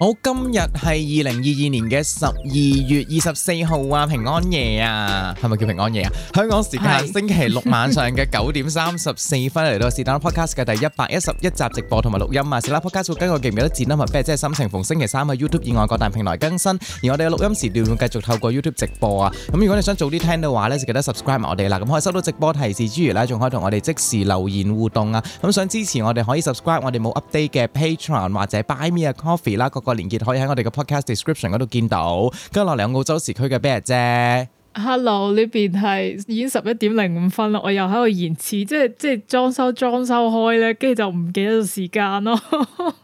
我今日係二零二二年嘅十二月二十四號啊，平安夜啊，係咪叫平安夜啊？香港時間星期六晚上嘅九點三十四分嚟到是但啦 Podcast 嘅第一百一十一集直播同埋錄音啊！是但啦 Podcast 會記唔記得剪，或者即係心情逢星期三喺 YouTube 以外各大平台更新，而我哋嘅錄音時段會繼續透過 YouTube 直播啊！咁如果你想早啲聽嘅話呢，就記得 subscribe 埋我哋啦，咁可以收到直播提示，之餘呢，仲可以同我哋即時留言互動啊！咁想支持我哋，可以 subscribe 我哋冇 update 嘅 Patron 或者 Buy Me a Coffee 啦，個。個連結可以喺我哋嘅 podcast description 度見到，跟落嚟澳洲時區嘅 Bear 姐。Hello，呢邊係已經十一點零五分啦，我又喺度延遲，即係即係裝修裝修開咧，跟住就唔記得咗時間咯。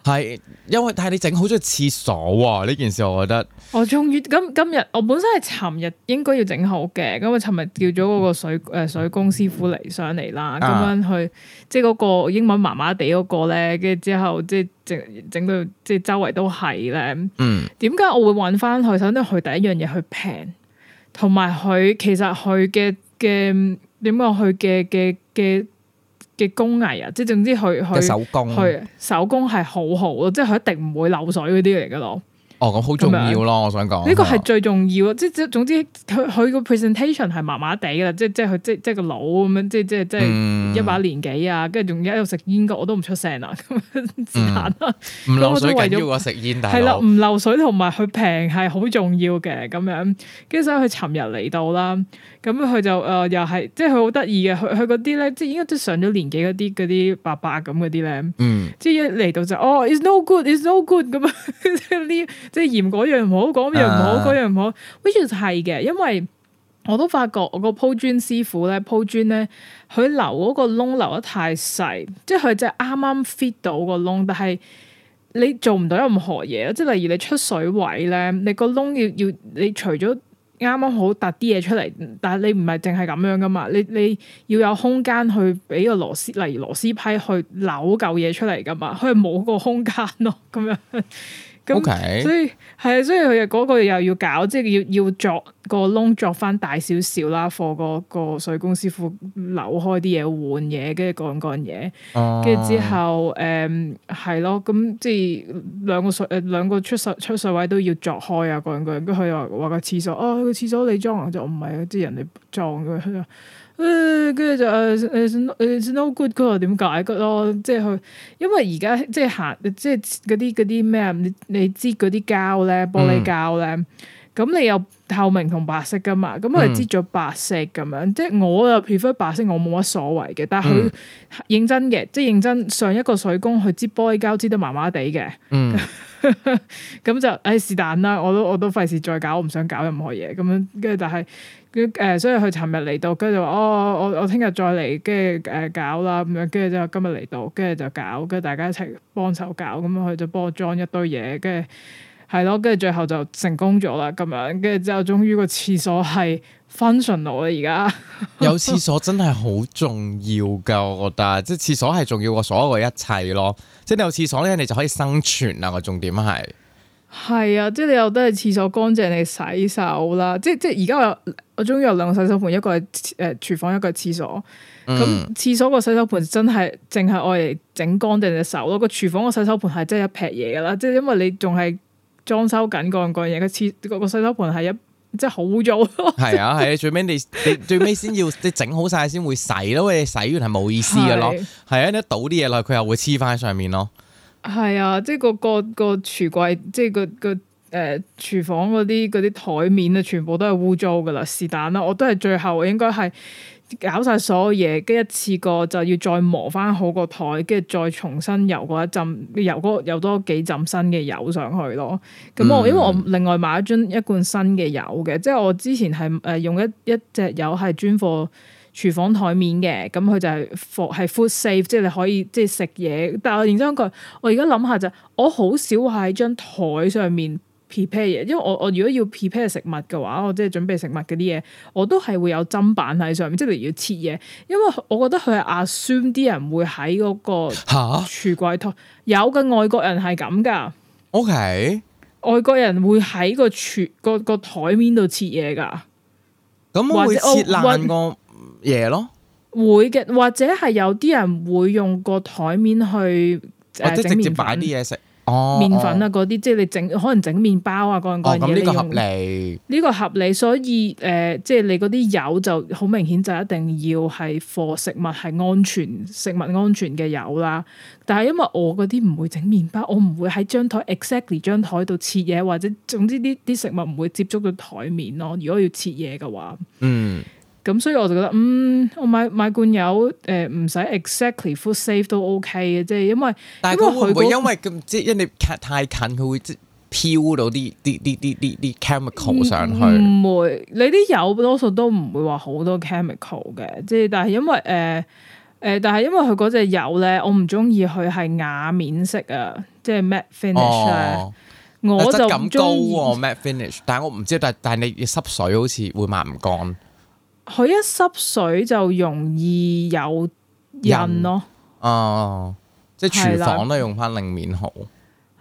係 因為但係你整好咗廁所呢、啊、件事，我覺得我終於今今，今日我本身係尋日應該要整好嘅，咁我尋日叫咗嗰個水誒水工師傅嚟上嚟啦，咁樣去、啊、即係嗰個英文麻麻地嗰個咧，跟住之後即係整整，整，整到即係周圍都係咧。呢嗯，點解我會揾翻佢？首先去第一樣嘢去平。同埋佢其實佢嘅嘅點講佢嘅嘅嘅嘅工藝啊，即係總之佢佢佢手工係好好咯，即佢一定唔會漏水嗰啲嚟㗎咯。哦，咁好重要咯！我想講呢個係最重要，嗯即，即即總之，佢佢個 presentation 係麻麻地噶啦，即係即佢即係即係個腦咁樣，即係即即，即，即，即一把年紀啊，跟住仲一路食煙噶，我都唔出聲啦咁樣，唔漏水為咗要我食煙但係係啦，唔漏水同埋佢平係好重要嘅咁樣，跟住所以佢尋日嚟到啦。咁佢就誒又係，即係佢好得意嘅。佢佢嗰啲咧，即係應該都上咗年紀嗰啲嗰啲伯伯咁嗰啲咧，即係一嚟到就哦，It's no good，It's no good 咁啊！即係呢，即係嫌嗰樣唔好，嗰樣唔好，嗰樣唔好，which is 係嘅。因為我都發覺我個鋪磚師傅咧鋪磚咧，佢留嗰個窿留得太細，即係佢就啱啱 fit 到個窿，但係你做唔到任何嘢。即係例如你出水位咧，你個窿要要，你除咗。啱啱好突啲嘢出嚟，但係你唔係淨係咁樣噶嘛，你你要有空間去俾個螺絲，例如螺絲批去扭嚿嘢出嚟噶嘛，佢係冇個空間咯，咁樣。 咁 Okay. 所以係啊，所以佢又嗰個又要搞，即係要要鑿個窿鑿翻大少少啦，貨個個水工師傅扭開啲嘢換嘢，跟住講講嘢，跟住之後誒係咯，咁、啊嗯、即係兩個水誒、呃、兩個出水出水位都要鑿開啊，各樣各樣，跟住佢又話個廁所，哦佢、這個廁所你裝就唔係啊，即係人哋裝嘅佢話。誒，跟住就誒誒誒 no good, good。佢話點解？佢話即係去，因為而家即係行，即係嗰啲嗰啲咩啊？你你擠嗰啲膠咧，玻璃膠咧。嗯咁你有透明同白色噶嘛？咁佢擠咗白色咁樣，即、就、係、是、我又 prefer 白色，我冇乜所謂嘅。但係佢認真嘅，嗯、即係認真。上一個水工佢擠玻璃膠擠得麻麻地嘅，咁、嗯、 就哎是但啦，我都我都費事再搞，我唔想搞任何嘢咁樣。跟住但係誒、呃，所以佢尋日嚟到，跟住就話哦，我我聽日再嚟，跟住誒搞啦咁樣，跟住就今日嚟到，跟住就搞，跟住大家一齊幫手搞，咁樣佢就幫我裝一堆嘢，跟住。係咯，跟住最後就成功咗啦，咁樣，跟住之後終於個廁所係 functional 啦，而家有廁所真係好重要噶， 我覺得即係廁所係重要過所有嘅一切咯。即係你有廁所咧，你就可以生存啦。個重點係係啊，即係你有得係廁所乾淨，你洗手啦。即係即係而家我有我終於有兩個洗手盆，一個係誒廚房，一個係、嗯、廁所。咁廁所個洗手盆真係淨係愛嚟整乾淨隻手咯。個廚房個洗手盆係真係一劈嘢噶啦，即係因為你仲係。裝修緊嗰樣嘢，個廁個個洗手盆係一即係好污糟。係啊，係啊，最尾你 你最尾先要你整好晒先會洗咯，你洗完係冇意思噶咯。係啊，一倒啲嘢落去佢又會黐翻喺上面咯。係啊，即係、那個個個櫥櫃，即係、那個個誒、呃、廚房嗰啲嗰啲台面啊，全部都係污糟噶啦，是但啦，我都係最後應該係。搞晒所有嘢，跟一次過就要再磨翻好個台，跟住再重新油過一浸，油過油多幾浸新嘅油上去咯。咁我、嗯、因為我另外買咗樽一罐新嘅油嘅，即係我之前係誒用一一隻油係專貨廚房台面嘅，咁佢就係放係 food safe，即係你可以即係食嘢。但係我然之後佢，我而家諗下就，我好少喺張台上面，prepare 嘢，因為我我如果要 prepare 食物嘅話，我即係準備食物嗰啲嘢，我都係會有砧板喺上面，即係例如要切嘢。因為我覺得佢係 assume 啲人會喺嗰個吓櫥櫃台，哈有嘅外國人係咁噶。O Okay ? K，外國人會喺個廚個個台面度切嘢噶，咁會切爛個嘢咯。會嘅，或者係有啲人會用個台面去，或者、呃、直接擺啲嘢食。麵粉啊，嗰啲，哦，即係你整，可能整麵包啊，各樣嘢，哦，呢個合理。呢、這個合理，所以誒、呃，即係你嗰啲油就好明顯就一定要係貨食物係安全，食物安全嘅油啦。但係因為我嗰啲唔會整麵包，我唔會喺張台 exactly 張台度切嘢，或者總之呢啲食物唔會接觸到台面咯。如果要切嘢嘅話，嗯。咁所以我就覺得，嗯，我買買罐油，誒、呃，唔使 exactly food safe 都 OK 嘅，即係因為，但係佢會，唔會因為咁，即係你太近佢會即係飄到啲啲啲啲啲啲 chemical 上去？唔會，你啲油多數都唔會話好多 chemical 嘅，即係但係因為誒誒、呃呃，但係因為佢嗰隻油咧，我唔中意佢係瓦面色、哦、啊，即係 mat finish 啊，但我就質感高喎，mat finish，但係我唔知，但係但係你濕水好似會抹唔乾。佢一濕水就容易有印咯，啊、哦！即係廚房都用翻令面好，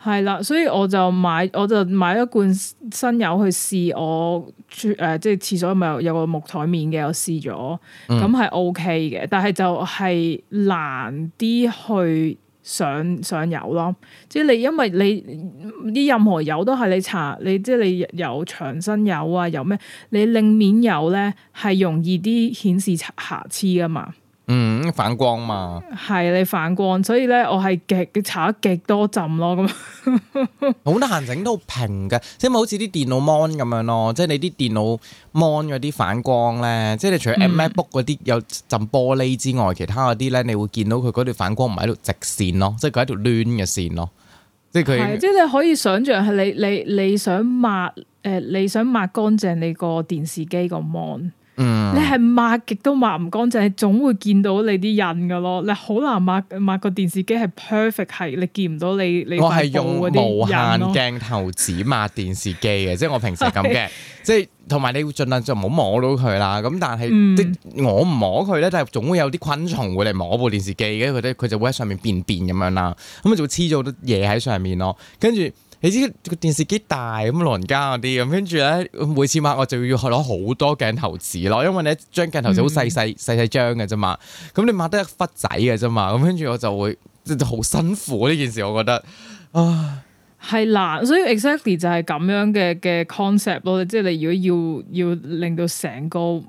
係啦。所以我就買我就買一罐新油去試我，誒、呃，即係廁所咪有有個木台面嘅，我試咗，咁係 O K 嘅，但係就係難啲去。上上油咯，即係你，因為你啲任何油都係你搽。你即係你有牆身油啊，有咩？你令面油咧係容易啲顯示瑕疵噶嘛。嗯，反光嘛，係你反光，所以咧，我係極擦極多浸咯，咁好難整到平噶，即係咪好似啲電腦 mon 咁樣咯？即係你啲電腦 mon 嗰啲反光咧，即係你除咗 MacBook 嗰啲有浸玻璃之外，嗯、其他嗰啲咧，你會見到佢嗰條反光唔係喺度直線咯，即係佢喺度攣嘅線咯，即係佢。即係你可以想象係你你你想抹誒，你想抹乾淨你個電視機個 mon。嗯、你係抹極都抹唔乾淨，係總會見到你啲印嘅咯。你好難抹抹個電視機係 perfect，係你見唔到你你的的我係用無限鏡頭紙抹電視機嘅， 即係我平時咁嘅， 即係同埋你會盡量就唔好摸到佢啦。咁但係即我唔摸佢咧，但係、嗯、總會有啲昆蟲會嚟摸部電視機嘅。佢啲佢就會喺上面便便咁樣啦，咁啊就會黐咗啲嘢喺上面咯，跟住。你知個電視機大咁老人家嗰啲咁，跟住咧每次抹我就要去攞好多鏡頭紙咯，因為你一張鏡頭紙好細細細細張嘅啫嘛，咁、嗯、你抹得一忽仔嘅啫嘛，咁跟住我就會好辛苦呢件事，我覺得啊，係啦，所以 exactly 就係咁樣嘅嘅 concept 咯，即係你如果要要令到成個。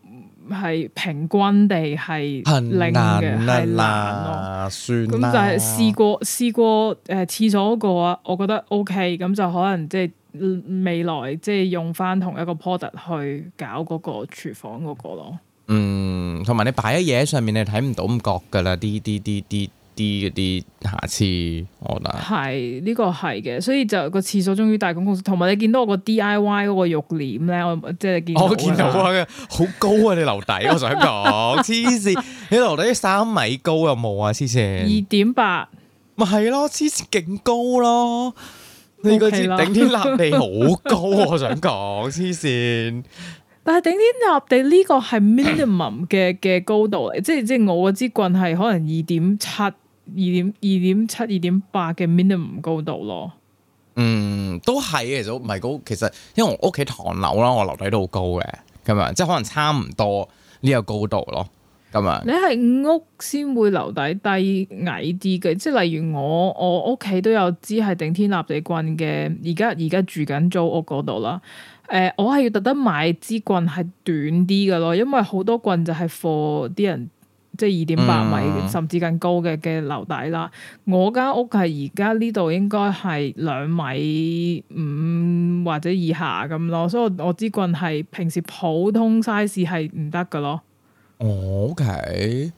係平均地係難嘅，係難咯。算啦。咁就係試過試過誒、呃、廁所嗰個啊，我覺得 OK。咁就可能即係未來即係用翻同一個 product 去搞嗰個廚房嗰個咯。嗯，同埋你擺喺嘢上面你睇唔到咁覺㗎啦，啲啲啲啲。啲嗰啲瑕疵，我覺得係呢個係嘅，所以就個廁所終於大公公。同埋你見到我個 D I Y 嗰個浴簾咧，我即係見我見到好高啊！你樓底 我想講黐線，你樓底三米高有冇啊？黐線二點八咪係咯，黐線勁高咯，呢個支頂天立地好高， 我想講黐線，但係頂天立地呢個係 minimum 嘅嘅 高度嚟，即係即係我嗰支棍係可能二點七。二點二點七二點八嘅 minimum 高度咯，嗯，都係其實唔係高，其實因為我屋企唐樓啦，我樓底都好高嘅，咁啊，即係可能差唔多呢個高度咯，咁啊，你係屋先會樓底低矮啲嘅，即係例如我我屋企都有支係頂天立地棍嘅，而家而家住緊租屋嗰度啦，誒、呃，我係要特登買支棍係短啲嘅咯，因為好多棍就係 for 啲人。即係二點八米、嗯、甚至更高嘅嘅樓底啦，我間屋係而家呢度應該係兩米五或者以下咁咯，所以我我支棍係平時普通 size 係唔得㗎咯。哦，OK，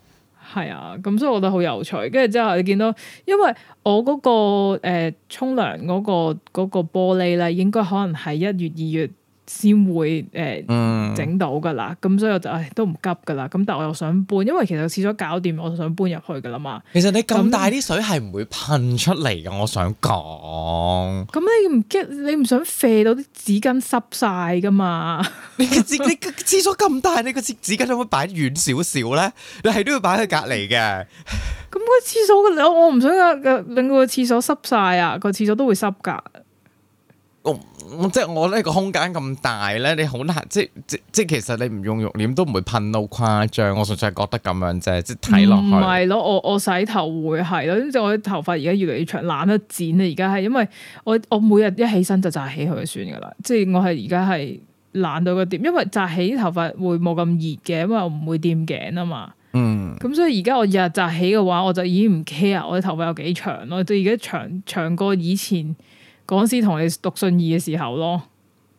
係啊，咁所以我覺得好有趣。跟住之後、就是、你見到，因為我嗰、嗰個誒沖涼嗰個嗰、嗰個玻璃咧，應該可能係一月二月。先會誒，整、呃嗯、到噶啦，咁所以我就誒都唔急噶啦，咁但係我又想搬，因為其實廁所搞掂，我就想搬入去噶啦嘛。其實你咁大啲水係唔會噴出嚟噶，嗯、我想講。咁你唔你唔想飛到啲紙巾濕晒噶嘛？你廁廁所咁大，你個紙巾可唔可以擺遠少少咧？你係都要擺喺隔籬嘅。咁 個廁所嘅，我我唔想令個廁所濕晒啊！個廁所都會濕噶。哦、即係我呢個空間咁大咧，你好難即係即，即其實你唔用浴簾都唔會噴到誇張，我純粹係覺得咁樣啫，即係睇落去。唔係咯，我我洗頭會係咯，即係我啲頭髮而家越嚟越長，懶得剪啦。而家係因為我我每日一起身就紮起佢算噶啦，即係我係而家係懶到個點，因為紮起頭髮會冇咁熱嘅，因為我唔會掂頸啊嘛。嗯。咁所以而家我日日紮起嘅話，我就已經唔 care 我啲頭髮有幾長咯，就而家長長過以前。嗰陣時同你讀信義嘅時候咯，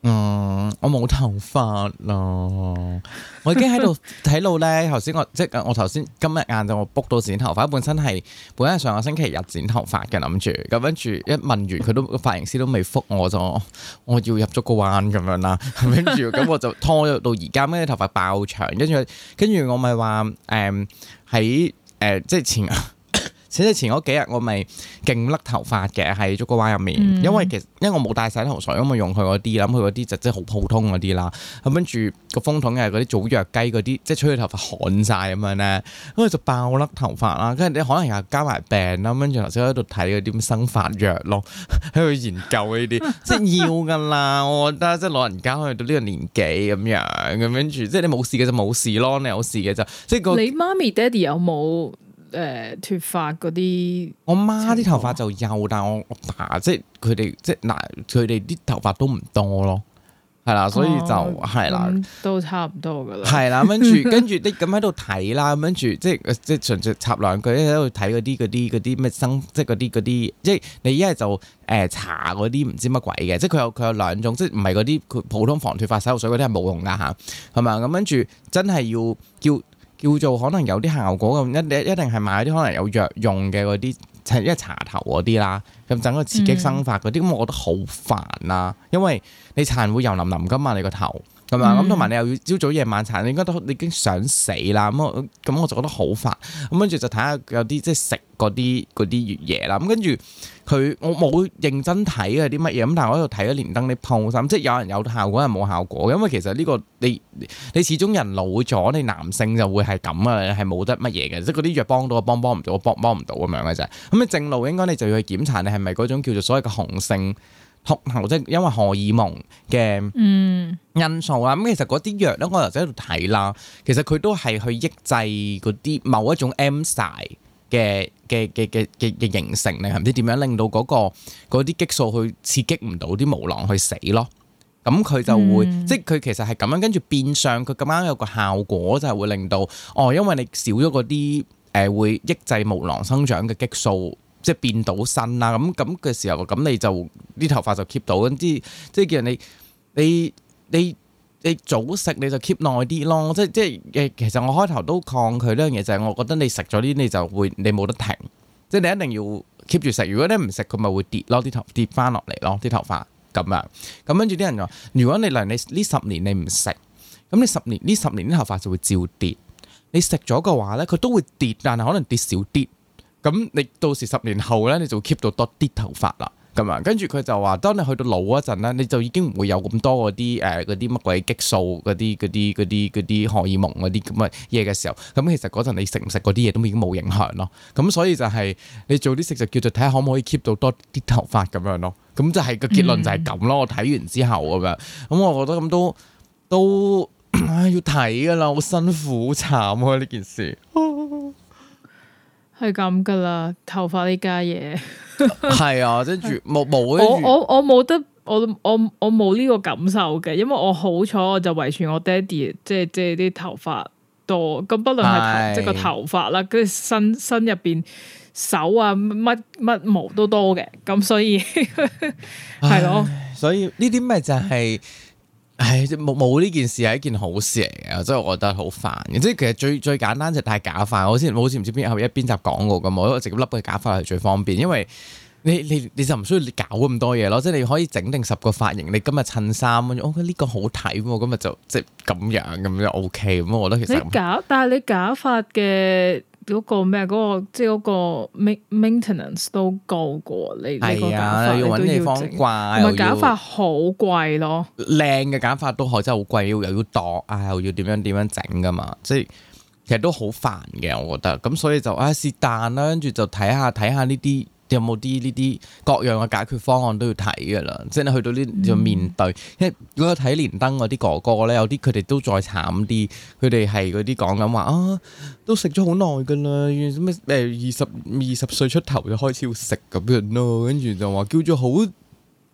嗯，我冇頭髮啦，我已經喺度睇路咧。頭先 我即係我頭先今日晏晝我 book 到剪頭髮，本身係本身係上個星期日剪頭髮嘅，諗住，咁跟住一問完佢都髮型師都未覆我咗，我要入咗個彎咁樣啦，跟住咁我就拖到而家，咩？啲頭髮爆長，跟住跟住我咪話誒係誒即係前寫住前嗰幾日，我咪勁甩頭髮嘅，喺竹篙灣入面。嗯、因為其實因為我冇帶洗頭水，咁咪用佢嗰啲，咁佢嗰啲就即係好普通嗰啲啦。咁跟住個風筒又係嗰啲早藥雞嗰啲，即係吹到頭髮乾晒咁樣咧，咁就爆甩頭髮啦。跟住你可能又加埋病啦，跟住頭先喺度睇嗰啲生髮藥咯，喺 度研究呢啲， 即係要㗎啦。我覺得即係老人家去到呢個年紀咁樣，咁跟住即係你冇事嘅就冇事咯，你有事嘅就即係、嗰個。你媽咪、爹哋有冇？誒，脫髮嗰啲，我媽啲頭髮就幼，但係我嗱，啊，即係佢哋即係嗱，佢哋啲頭髮都唔多咯，係啦，所以就係啦，哦啊嗯，都差唔多噶，啊，啦，係啦，跟住跟住你咁喺度睇啦，咁跟住即係即係純粹插兩句喺度睇嗰啲嗰啲嗰啲咩生，即係嗰啲嗰啲，即係你一係就誒，呃、查嗰啲唔知乜鬼嘅，即係佢有佢有兩種，即係唔係嗰啲佢普通防脫髮洗頭水嗰啲係冇用噶吓？係嘛？咁跟住真係要叫。要要叫做可能有啲效果咁，一定一定係買啲可能有藥用嘅嗰啲，即係一茶頭嗰啲啦，咁整個刺激生髮嗰啲，咁、嗯、我覺得好煩啊，因為你搽會油淋淋㗎嘛，你個頭。咁同埋你又要朝早夜晚查，你應該都已經想死啦。咁我咁我就覺得好煩。咁跟住就睇下有啲即係食嗰啲月啲嘢啦。咁跟住佢我冇認真睇啊啲乜嘢。咁但係我喺度睇咗連登你鋪衫，即係有人有效，有人冇效果。因為其實呢個你你始終人老咗，你男性就會係咁啊，係冇得乜嘢嘅。即係嗰啲藥幫到啊，幫唔到啊，幫唔到咁樣嘅啫。咁你正路應該你就要去檢查你係咪嗰種叫做所謂嘅雄性。即係因為荷爾蒙嘅因素啦，咁、嗯、其實嗰啲藥咧，我頭先喺度睇啦。其實佢都係去抑制嗰啲某一種 M 細嘅嘅嘅嘅嘅嘅形成咧，唔知點樣令到嗰、嗰個啲激素去刺激唔到啲毛囊去死咯。咁佢就會、嗯、即係佢其實係咁樣跟住變相，佢咁啱有個效果就係會令到哦，因為你少咗嗰啲誒會抑制毛囊生長嘅激素。即係變到新啦，咁咁嘅時候，咁你就啲頭髮就 keep 到，之即係叫你你你你早食你就 keep 耐啲咯，即即係其實我開頭都抗拒呢樣嘢，就係我覺得你食咗啲你就會你冇得停，即係你一定要 keep 住食。如果你唔食，佢咪會跌咯，啲頭跌翻落嚟咯，啲頭髮咁樣。咁跟住啲人話，如果你嚟你呢十年你唔食，咁你十年呢十年啲頭髮就會照跌。你食咗嘅話呢，佢都會跌，但係可能跌少啲。咁你到時十年後咧，你就 keep 到多啲頭髮啦，咁啊，跟住佢就話，當你去到老嗰陣咧，你就已經唔會有咁多嗰啲誒啲乜鬼激素嗰啲啲啲啲荷爾蒙嗰啲咁嘅嘢嘅時候，咁其實嗰陣你食唔食嗰啲嘢都已經冇影響咯。咁所以就係、是、你做啲食就叫做睇下可唔可以 keep 到多啲頭髮咁樣咯。咁就係、是、個結論就係咁咯。Mm. 我睇完之後咁樣，咁我覺得咁都都要睇噶啦，好辛苦，好慘啊，呢件事。 係咁噶啦，頭髮呢家嘢係 啊，即係毛毛。我我我冇得，我我我冇呢個感受嘅，因為我好彩我就遺傳我爹哋，即係即係啲頭髮多，咁不論係即係個頭髮啦，跟住，身身入邊手啊乜乜毛都多嘅，咁所以係咯 的。所以呢啲咪就係。 唉，冇冇呢件事係一件好事嚟嘅，即係我，我覺得好煩嘅。即係其實最最簡單就係戴假髮，我之前好似唔知邊後一邊集講過咁，我直接笠個假髮係最方便，因為你你你就唔需要你搞咁多嘢咯。即係你可以整定十個髮型，你今日襯衫，我覺得呢個好睇咁，今日就即係咁樣咁就 OK 咁。我覺得其實你搞，但係你假髮嘅。嗰個咩？嗰、那個即係嗰個 maintenance 都高過你呢、啊、個方你要要地方。唔係假髮好貴咯。靚嘅假髮都係真係好貴，又要度，啊，又要點樣點樣整噶嘛，即係其實都好煩嘅。我覺得咁，所以就啊是但啦，跟住就睇下睇下呢啲。看看有冇啲呢啲各樣嘅解決方案都要睇㗎啦，即係你去到呢就面對。嗯、因為如果睇連登嗰啲哥哥咧，有啲佢哋都再慘啲，佢哋係嗰啲講緊話啊，都食咗好耐㗎啦，咩誒二十二十歲出頭就開始要食咁樣咯，跟住就話叫做好。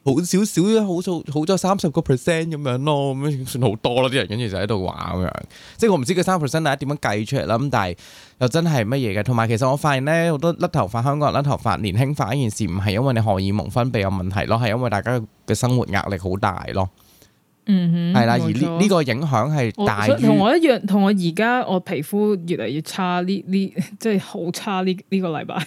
好少少，好少，好咗三十個 percent 咁樣咯，咁樣算好多咯。啲人跟住就喺度話咁樣，即係我唔知佢三十 percent 大家點樣計出嚟啦。咁但係又真係乜嘢嘅？同埋其實我發現咧，好多甩頭髮，香港人甩頭髮，年輕化呢件事唔係因為你荷爾蒙分泌有問題咯，係因為大家嘅生活壓力好大咯。嗯，哼，係啦的，錯而呢呢、呢個影響係大。同我，我一樣，同我而家我皮膚越嚟越差，呢呢即係好差呢呢個禮拜。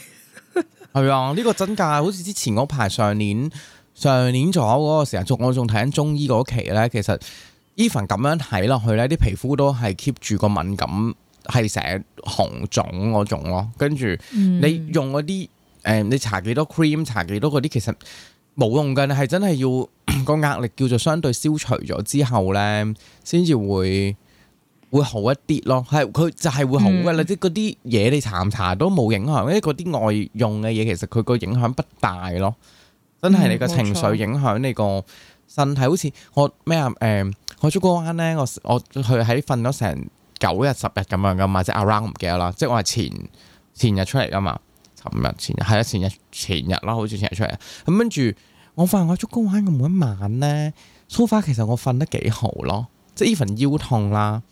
係啊，呢個真假好似之前嗰排上年。上年左嗰個時候，我仲睇緊中醫嗰期咧，其實 even 咁樣睇落去咧，啲皮膚都係 keep 住個敏感，係成日紅腫嗰種咯。跟住你用嗰啲誒，你搽幾多 cream，搽幾多嗰啲，其實冇用噶。你係真係要個壓 力叫做相對消除咗之後咧，先至會會好一啲咯。係佢就係會好噶啦，嗯、即嗰啲嘢你搽唔搽都冇影響，因為嗰啲外用嘅嘢，其實佢個影響不大咯。真係、嗯、你個情緒影響你個身體，好似我咩啊？誒、呃，我竹篙灣咧，我我去喺瞓咗成九日十日咁樣噶，即係 around 唔記得啦。即係我係前前日出嚟噶嘛，尋日前日係啊，前日前日啦，好似前日出嚟。咁跟住我發現我竹篙灣嘅每一晚咧，so far 其實我瞓得幾好咯，即係 even 腰痛啦，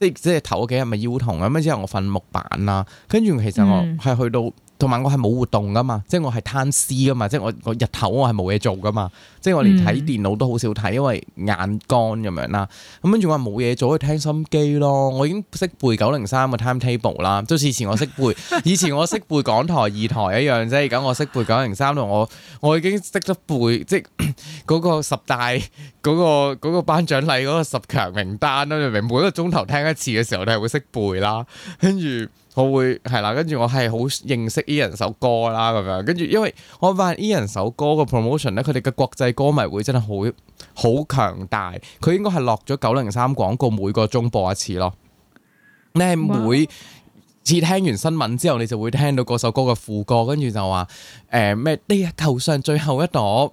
即係即係頭幾日咪腰痛，咁之後我瞓木板啦，跟住其實我係去到。嗯同埋我係冇活動噶嘛，即係我係攤屍噶嘛，即係我我日頭我係冇嘢做噶嘛，嗯、即係我連睇電腦都好少睇，因為眼乾咁樣啦。咁跟住我冇嘢做，去聽心機咯。我已經識背九零三個 time table 啦，即係以前我識背， 以前我識背港台二台一樣啫。而家我識背九零三同我我已經識得背，即係嗰、 個十大嗰、個嗰、個頒獎禮嗰個十強名單啦，你明唔明？每一個鐘頭聽一次嘅時候，你係會識背啦，跟住。我會係啦，跟住我係好認識 e 人首歌啦咁樣，跟住因為我發現 e 人首歌個 promotion 咧，佢哋嘅國際歌迷會真係好好強大，佢應該係落咗九零三廣告每個鐘播一次咯。你係哇每次聽完新聞之後，你就會聽到嗰首歌嘅副歌，跟住就話誒咩地球上最後一朵。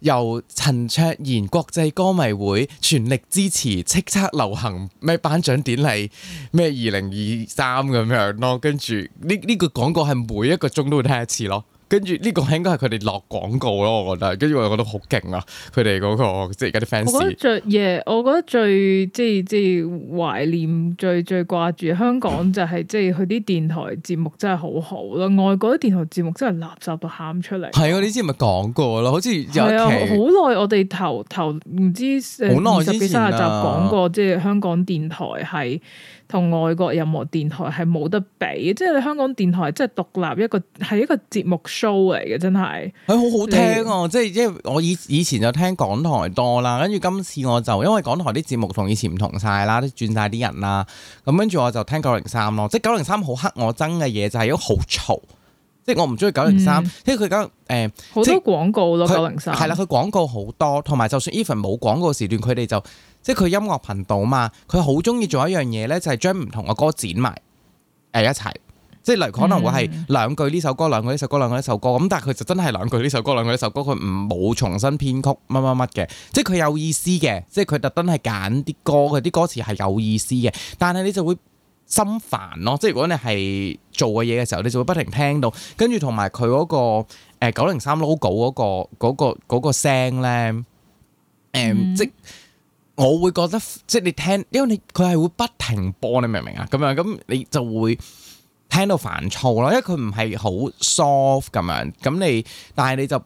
由陳卓賢國際歌迷會全力支持，叱咤流行咩頒獎典禮咩二零二三咁樣咯，跟住呢呢個廣告係每一個鐘都會聽一次咯。跟住呢、這個應該係佢哋落廣告咯，我覺得。跟住我又覺得好勁啊！佢哋嗰個即係而家啲 fans。著嘢，我覺得最即係即係懷念、最最掛住香港就係、是 就是、即係佢啲電台節目真係好好咯。外國啲電台節目真係垃圾到喊出嚟。係啊，你之前咪講過咯，好似有好耐、啊、我哋頭頭唔知二十幾、三十集講過，即係香港電台係。同外國任何電台係冇得比，即係你香港電台即係獨立一個，係一個節目 show 嚟嘅，真係。佢好、欸、好聽啊！是即係即係我以以前就聽港台多啦，跟住今次我就因為港台啲節目同以前唔同曬啦，都轉晒啲人啦，咁跟住我就聽九零三咯。即係九零三好黑我憎嘅嘢就係如果好嘈，即係我唔中意九零三，因為佢而家誒好多廣告咯、啊。九零三係啦，佢廣告好多，同埋就算 even 冇廣告時段，佢哋就。即係佢音樂頻道嘛，佢好中意做一樣嘢呢，就係將唔同嘅歌剪埋誒一齊。即係例如可能會係兩句呢首歌，兩句呢首歌，兩句呢首歌。咁但係佢就真係兩句呢首歌，兩句呢首歌。佢唔冇重新編曲乜乜乜嘅。即係佢有意思嘅，即係佢特登係揀啲歌，佢啲歌詞係有意思嘅。但係你就會心煩咯。即係如果你係做嘅嘢嘅時候，你就會不停聽到，跟住同埋佢嗰個九零三 logo 嗰個嗰個嗰個聲咧，嗯、即。我會覺得即係你聽，因為你佢係會不停播，你明唔明啊？咁樣咁你就會聽到煩躁咯，因為佢唔係好 soft 咁樣。咁你但係你就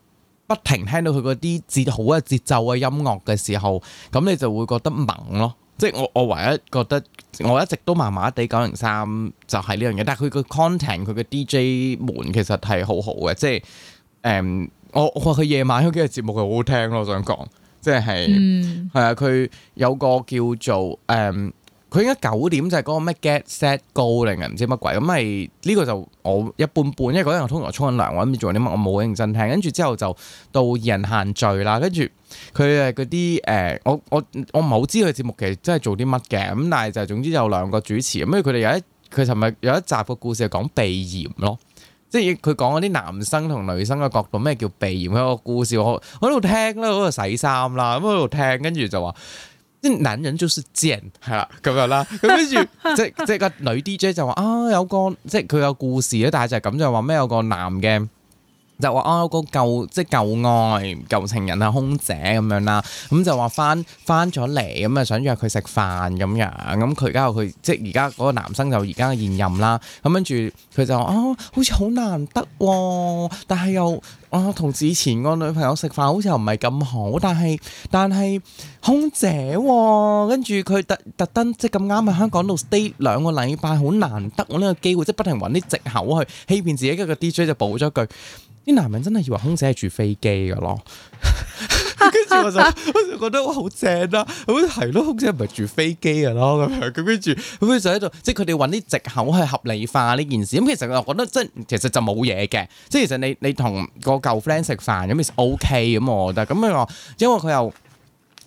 不停聽到佢嗰啲節好啊節奏嘅音樂嘅時候，咁你就會覺得猛咯。即係我我唯一覺得我一直都麻麻地九零三就係呢樣嘢，但係佢個 content 佢嘅 DJ 們其實係好好嘅，即係誒、嗯、我我話佢夜晚嗰幾日節目係好好聽咯，我想講。即係，係啊、嗯！佢有個叫做誒，佢、嗯、應該九點就係嗰個咩 Get Set Go 令人唔知乜鬼咁，係呢個就我一半半，因為嗰陣我通常沖緊涼，我諗住做啲乜，我冇認真聽。跟住之後就到人限聚啦，跟住佢誒嗰啲誒，我我我唔係好知佢節目其實真係做啲乜嘅，咁，但係就總之有兩個主持。咁跟住佢哋有一佢尋日有一集個故事係講鼻炎咯。即係佢講嗰啲男生同女生嘅角度咩叫鼻炎嗰個故事，我我喺度聽啦，喺度洗衫啦，咁喺度聽，跟住就話，即男人就是賤，係啦咁樣啦，咁跟住即係即係個女 DJ 就話啊有個即係佢有故事啊，但係就咁就話咩有個男嘅。就話哦，個舊即舊愛舊情人啊空姐咁樣啦，咁、嗯、就話翻翻咗嚟咁啊想約佢食飯咁樣，咁佢而家佢即而家嗰個男生就而家現任啦，咁跟住佢就話哦，好似好難得、哦，但係又啊同、哦、之前個女朋友食飯好似又唔係咁好，但係但係空姐、哦，跟住佢特特登即咁啱喺香港度 stay 兩個禮拜，好難得我呢個機會，即不停揾啲藉口去欺騙自己，跟住個 DJ 就補咗句。啲男人真係以為空姐係住飛機嘅咯，跟 住我就我就覺得好正啦，咁係咯，空姐唔係住飛機嘅咯咁樣，咁跟住咁佢就喺度，即係佢哋揾啲藉口去合理化呢件事。咁其實我覺得即係其實就冇嘢嘅，即係其實你你同個舊 friend 食飯咁其實 O K 咁，我覺得咁啊，因為佢又。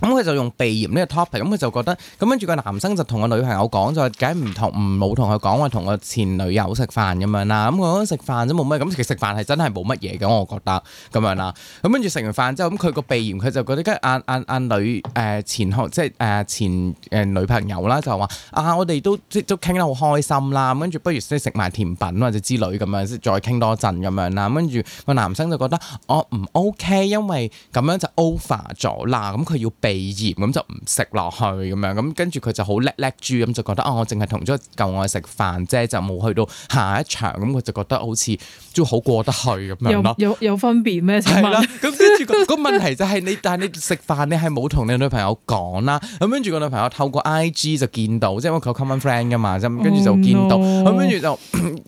咁佢、嗯、就用鼻炎呢個 topic，咁、嗯、佢就覺得咁跟住個男生就同個女朋友講就，梗係唔同唔冇同佢講話同個前女友食飯咁樣啦，咁講食飯都冇乜，咁其實食飯係真係冇乜嘢嘅，我覺得咁樣啦。咁、嗯、跟住食完飯之後，咁佢個鼻炎佢就覺得跟晏晏女誒、啊、前學即係誒、啊、前誒女朋友啦，就話啊我哋都即都傾得好開心啦、嗯，跟住不如即食埋甜品或者之類咁樣，即再傾多陣咁樣啦。跟住個男生就覺得我唔、哦、OK，因為咁樣就 over 咗啦，咁、嗯、佢、嗯、要避鼻炎咁就唔食落去咁樣，咁跟住佢就好叻叻豬咁就覺得啊、哦，我淨係同咗舊愛食飯啫，就冇去到下一場，咁佢就覺得好似都好過得去咁樣。有有，有分別咩？係啦，咁 跟住、那個問題就係你，但係你食飯你係冇同你女朋友講啦，咁跟住個女朋友透過 IG 就見到，即係我佢有 common friend 噶嘛，咁跟住就見到，咁、oh、no. 跟住就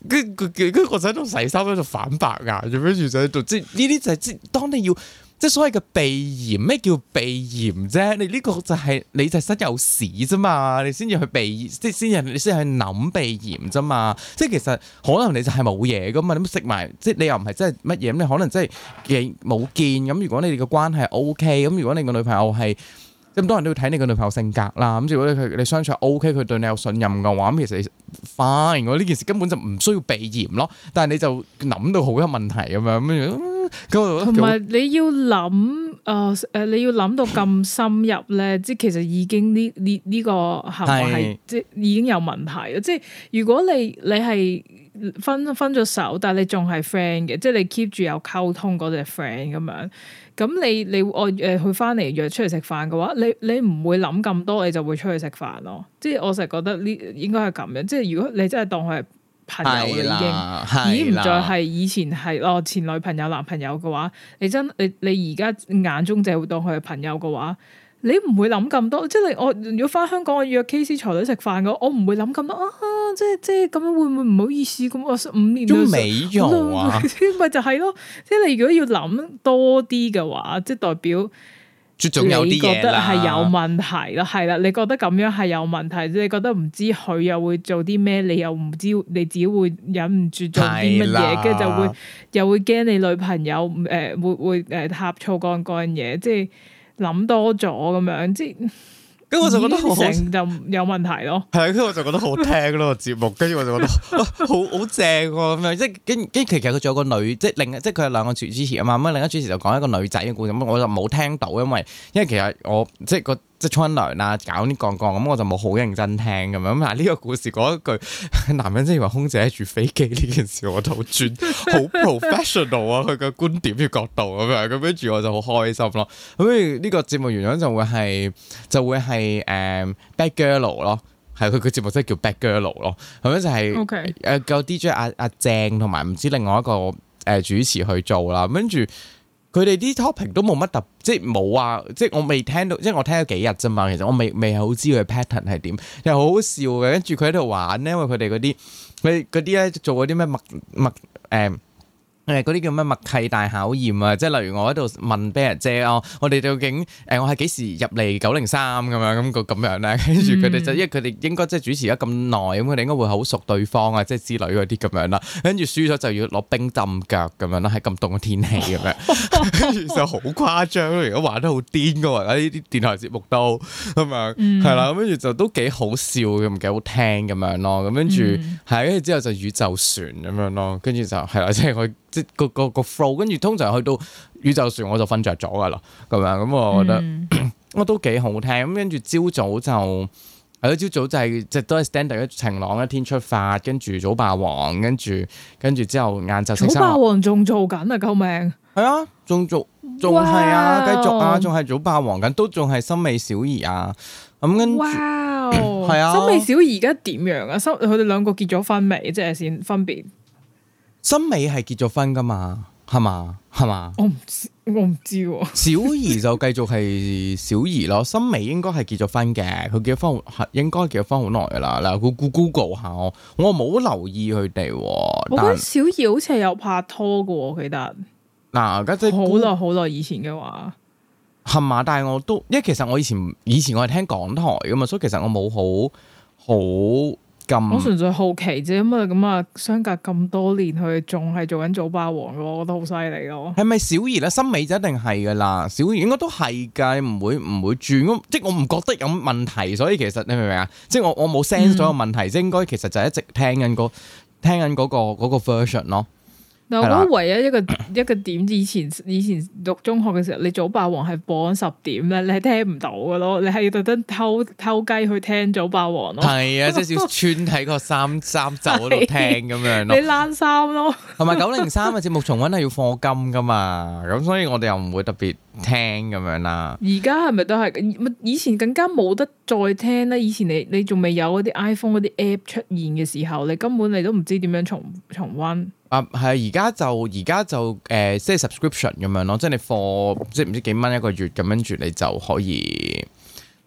跟佢跟個仔喺度洗衫咧，就反白眼，咁跟住就喺度，即係呢啲就係、是、即當你要。即所謂嘅鼻炎，咩叫鼻炎啫？你呢個就係、是、你就身有屎啫嘛，你先至去鼻，即係先至你先去諗鼻炎啫嘛。即係其實可能你就係冇嘢噶嘛，咁食埋即你又唔係真係乜嘢，咁可能真係冇見咁。如果你哋嘅關係 OK，咁如果你個女朋友係咁多人都要睇你個女朋友性格啦，咁如果佢你相處 OK，佢對你有信任嘅話，咁其實 fine 我呢件事根本就唔需要鼻炎咯，但係你就諗到好多問題咁樣、嗯同埋你要諗誒誒，你要諗到咁深入咧，即其實已經呢呢呢個行為係即已經有問題。即如果你你係分分咗手，但係你仲係 friend 嘅，即你 keep 住有溝通嗰隻 friend 咁樣。咁你你我誒佢翻嚟約出嚟食飯嘅話，你你唔會諗咁多，你就會出去食飯咯。即我成日覺得呢應該係咁樣。即如果你真係當佢係。朋友啦，已經已經唔再係以前係哦，前女朋友男朋友嘅話，你真你你而家眼中淨係會當佢係朋友嘅話，你唔會諗咁多。即係你，我如果翻香港，我約 K C 才女食飯嘅話，我唔會諗咁多啊！即係即係咁樣會唔會唔好意思咁？我五年都做美容咪、啊、 就係咯。即係你如果要諗多啲嘅話，即代表。總有你覺得係有問題咯，係啦，你覺得咁樣係有問題，你覺得唔知佢又會做啲咩，你又唔知，你自己會忍唔住做啲乜嘢，跟住的就會又會驚你女朋友誒、呃、會會誒呷醋講講嘢，即係諗多咗咁樣，即咁我就覺得好正就有問題咯。係 啊，跟住我就覺得好聽咯個節目，跟住我就覺得好好正咁樣。即係跟跟，其實佢仲有個女，即係另即係佢係兩個主持啊嘛。咁啊，另一主持就講一個女仔嘅故事，咁我就冇聽到，因為因為其實我即係個。即係沖涼啦，搞啲槓槓咁，我就冇好認真聽咁樣。但係呢個故事嗰一句，男人真以為空姐住飛機呢件事，我都好專，好 professional 啊！佢個 觀點嘅角度咁樣，咁跟住我就好開心咯。咁呢個節目原因就會、是、係，就會係誒 bad girl 咯，係佢個節目真係叫 bad girl 咯。咁樣就係、是，誒 Okay.、啊，夠 DJ 阿阿鄭同埋唔知另外一個誒、呃、主持去做啦。跟住。佢哋啲 topic 都冇乜特，即係冇啊，即係我未聽到，即係我聽咗幾日啫嘛。其實我未未係好知佢嘅 pattern 係點，又好好笑嘅。跟住佢喺度玩咧，因為佢哋嗰啲佢嗰啲咧做嗰啲咩麥麥誒。嗰啲叫咩默契大考驗啊！即係例如我喺度問俾人借哦，我哋究竟誒，我係幾時入嚟九零三咁樣咁個咁樣咧？跟住佢哋就因為佢哋應該即係主持咗咁耐，咁佢哋應該會好熟對方啊，即係之類嗰啲咁樣啦。跟住輸咗就要攞冰浸腳咁樣啦，喺咁凍嘅天氣咁樣，跟住就好誇張，如果玩得好癲噶喎，呢啲電台節目都咁樣，係啦，跟住就都幾好笑，咁唔幾好聽咁樣咯。咁跟住係，跟住之後就宇宙船咁樣咯，跟住就係啦，即係我。即個個個 flow，跟住通常去到宇宙船我就瞓着咗㗎喇，咁樣咁我覺得、嗯、我都幾好聽。咁跟住朝早就係咯，朝、嗯、早就係、是、即都係 standard 嘅晴朗一天出發，跟住早霸王，跟住跟住之後晏晝。早霸王仲做緊啊！救命！係啊，仲做仲係啊，Wow 繼續啊，仲係早霸王緊，都仲係森美小儀啊。咁、嗯、跟哇，Wow 啊！森美小儀而家點樣啊？森佢哋兩個結咗婚未？即係先分別。森美係結咗婚噶嘛？係嘛？係嘛？我唔知、啊 我，我唔知。小儀就繼續係小儀咯。森美應該係結咗婚嘅，佢結咗婚，係應該結咗婚好耐噶啦。嗱，佢 google 下，我我冇留意佢哋。我覺得小儀好似係有拍拖噶，我記得。嗱、啊，家真好耐好耐以前嘅話，係嘛？但係我都，因為其實我以前以前我係聽港台噶嘛，所以其實我冇好好。我純粹好奇啫，咁啊，咁啊，相隔咁多年，佢仲係做緊早霸王嘅話，我覺得好犀利咯。係咪小儀咧？森美就一定係噶啦，小儀應該都係噶，唔會唔會轉，即係我唔覺得有問題，所以其實你明唔明啊？即係我我冇 sense 咗個問題，即係、嗯、應該其實就一直聽緊嗰聽緊、嗰個、嗰個 version 咯。嗱，我覺得唯一一個一個點，以前以前讀中學嘅時候，你早霸王係播緊十點咧，你係聽唔到㗎咯，你係要特登偷偷雞去聽早霸王咯。係啊，即係要穿喺個衫衫袖度聽咁樣咯。你爛衫咯。同埋九零三嘅節目重溫係要課金噶嘛，咁所以我哋又唔會特別聽咁樣啦。而家係咪都係？以前更加冇得再聽啦。以前你你仲未有嗰啲 iPhone 嗰啲 app 出現嘅時候，你根本你都唔知點樣重重溫。啊，而家就而家就誒、呃，即係 subscription 咁樣咯，即係你貨即係唔知幾蚊一個月咁樣住，你就可以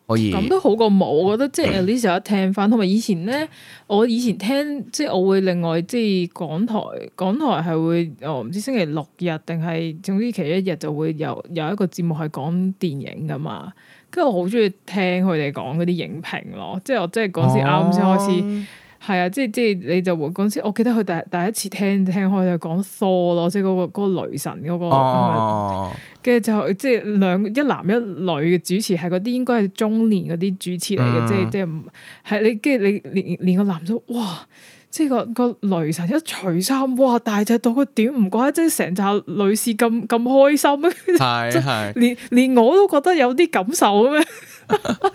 可以咁都好過冇，我覺得 即係呢時候一聽翻，同埋以前咧，我以前聽即係我會另外即係港台，港台係會唔、哦、知星期六日定係總之其一日就會有有一個節目係講電影噶嘛，跟住我好中意聽佢哋講嗰啲影評咯，即係我即係嗰時啱先開始。哦係啊，即係即你就換嗰陣時，我記得佢第第一次聽聽開就講 show 咯，即係嗰個嗰個雷神嗰個，跟住就即係兩一男一女嘅主持，係嗰啲應該係中年嗰啲主持嚟嘅，即係即係唔係你跟住你連連個男都哇，即係個個雷神一除衫，哇大隻到佢點唔怪，即係成紮女士咁咁開心，啊，係係 連連我都覺得有啲感受嘅咩？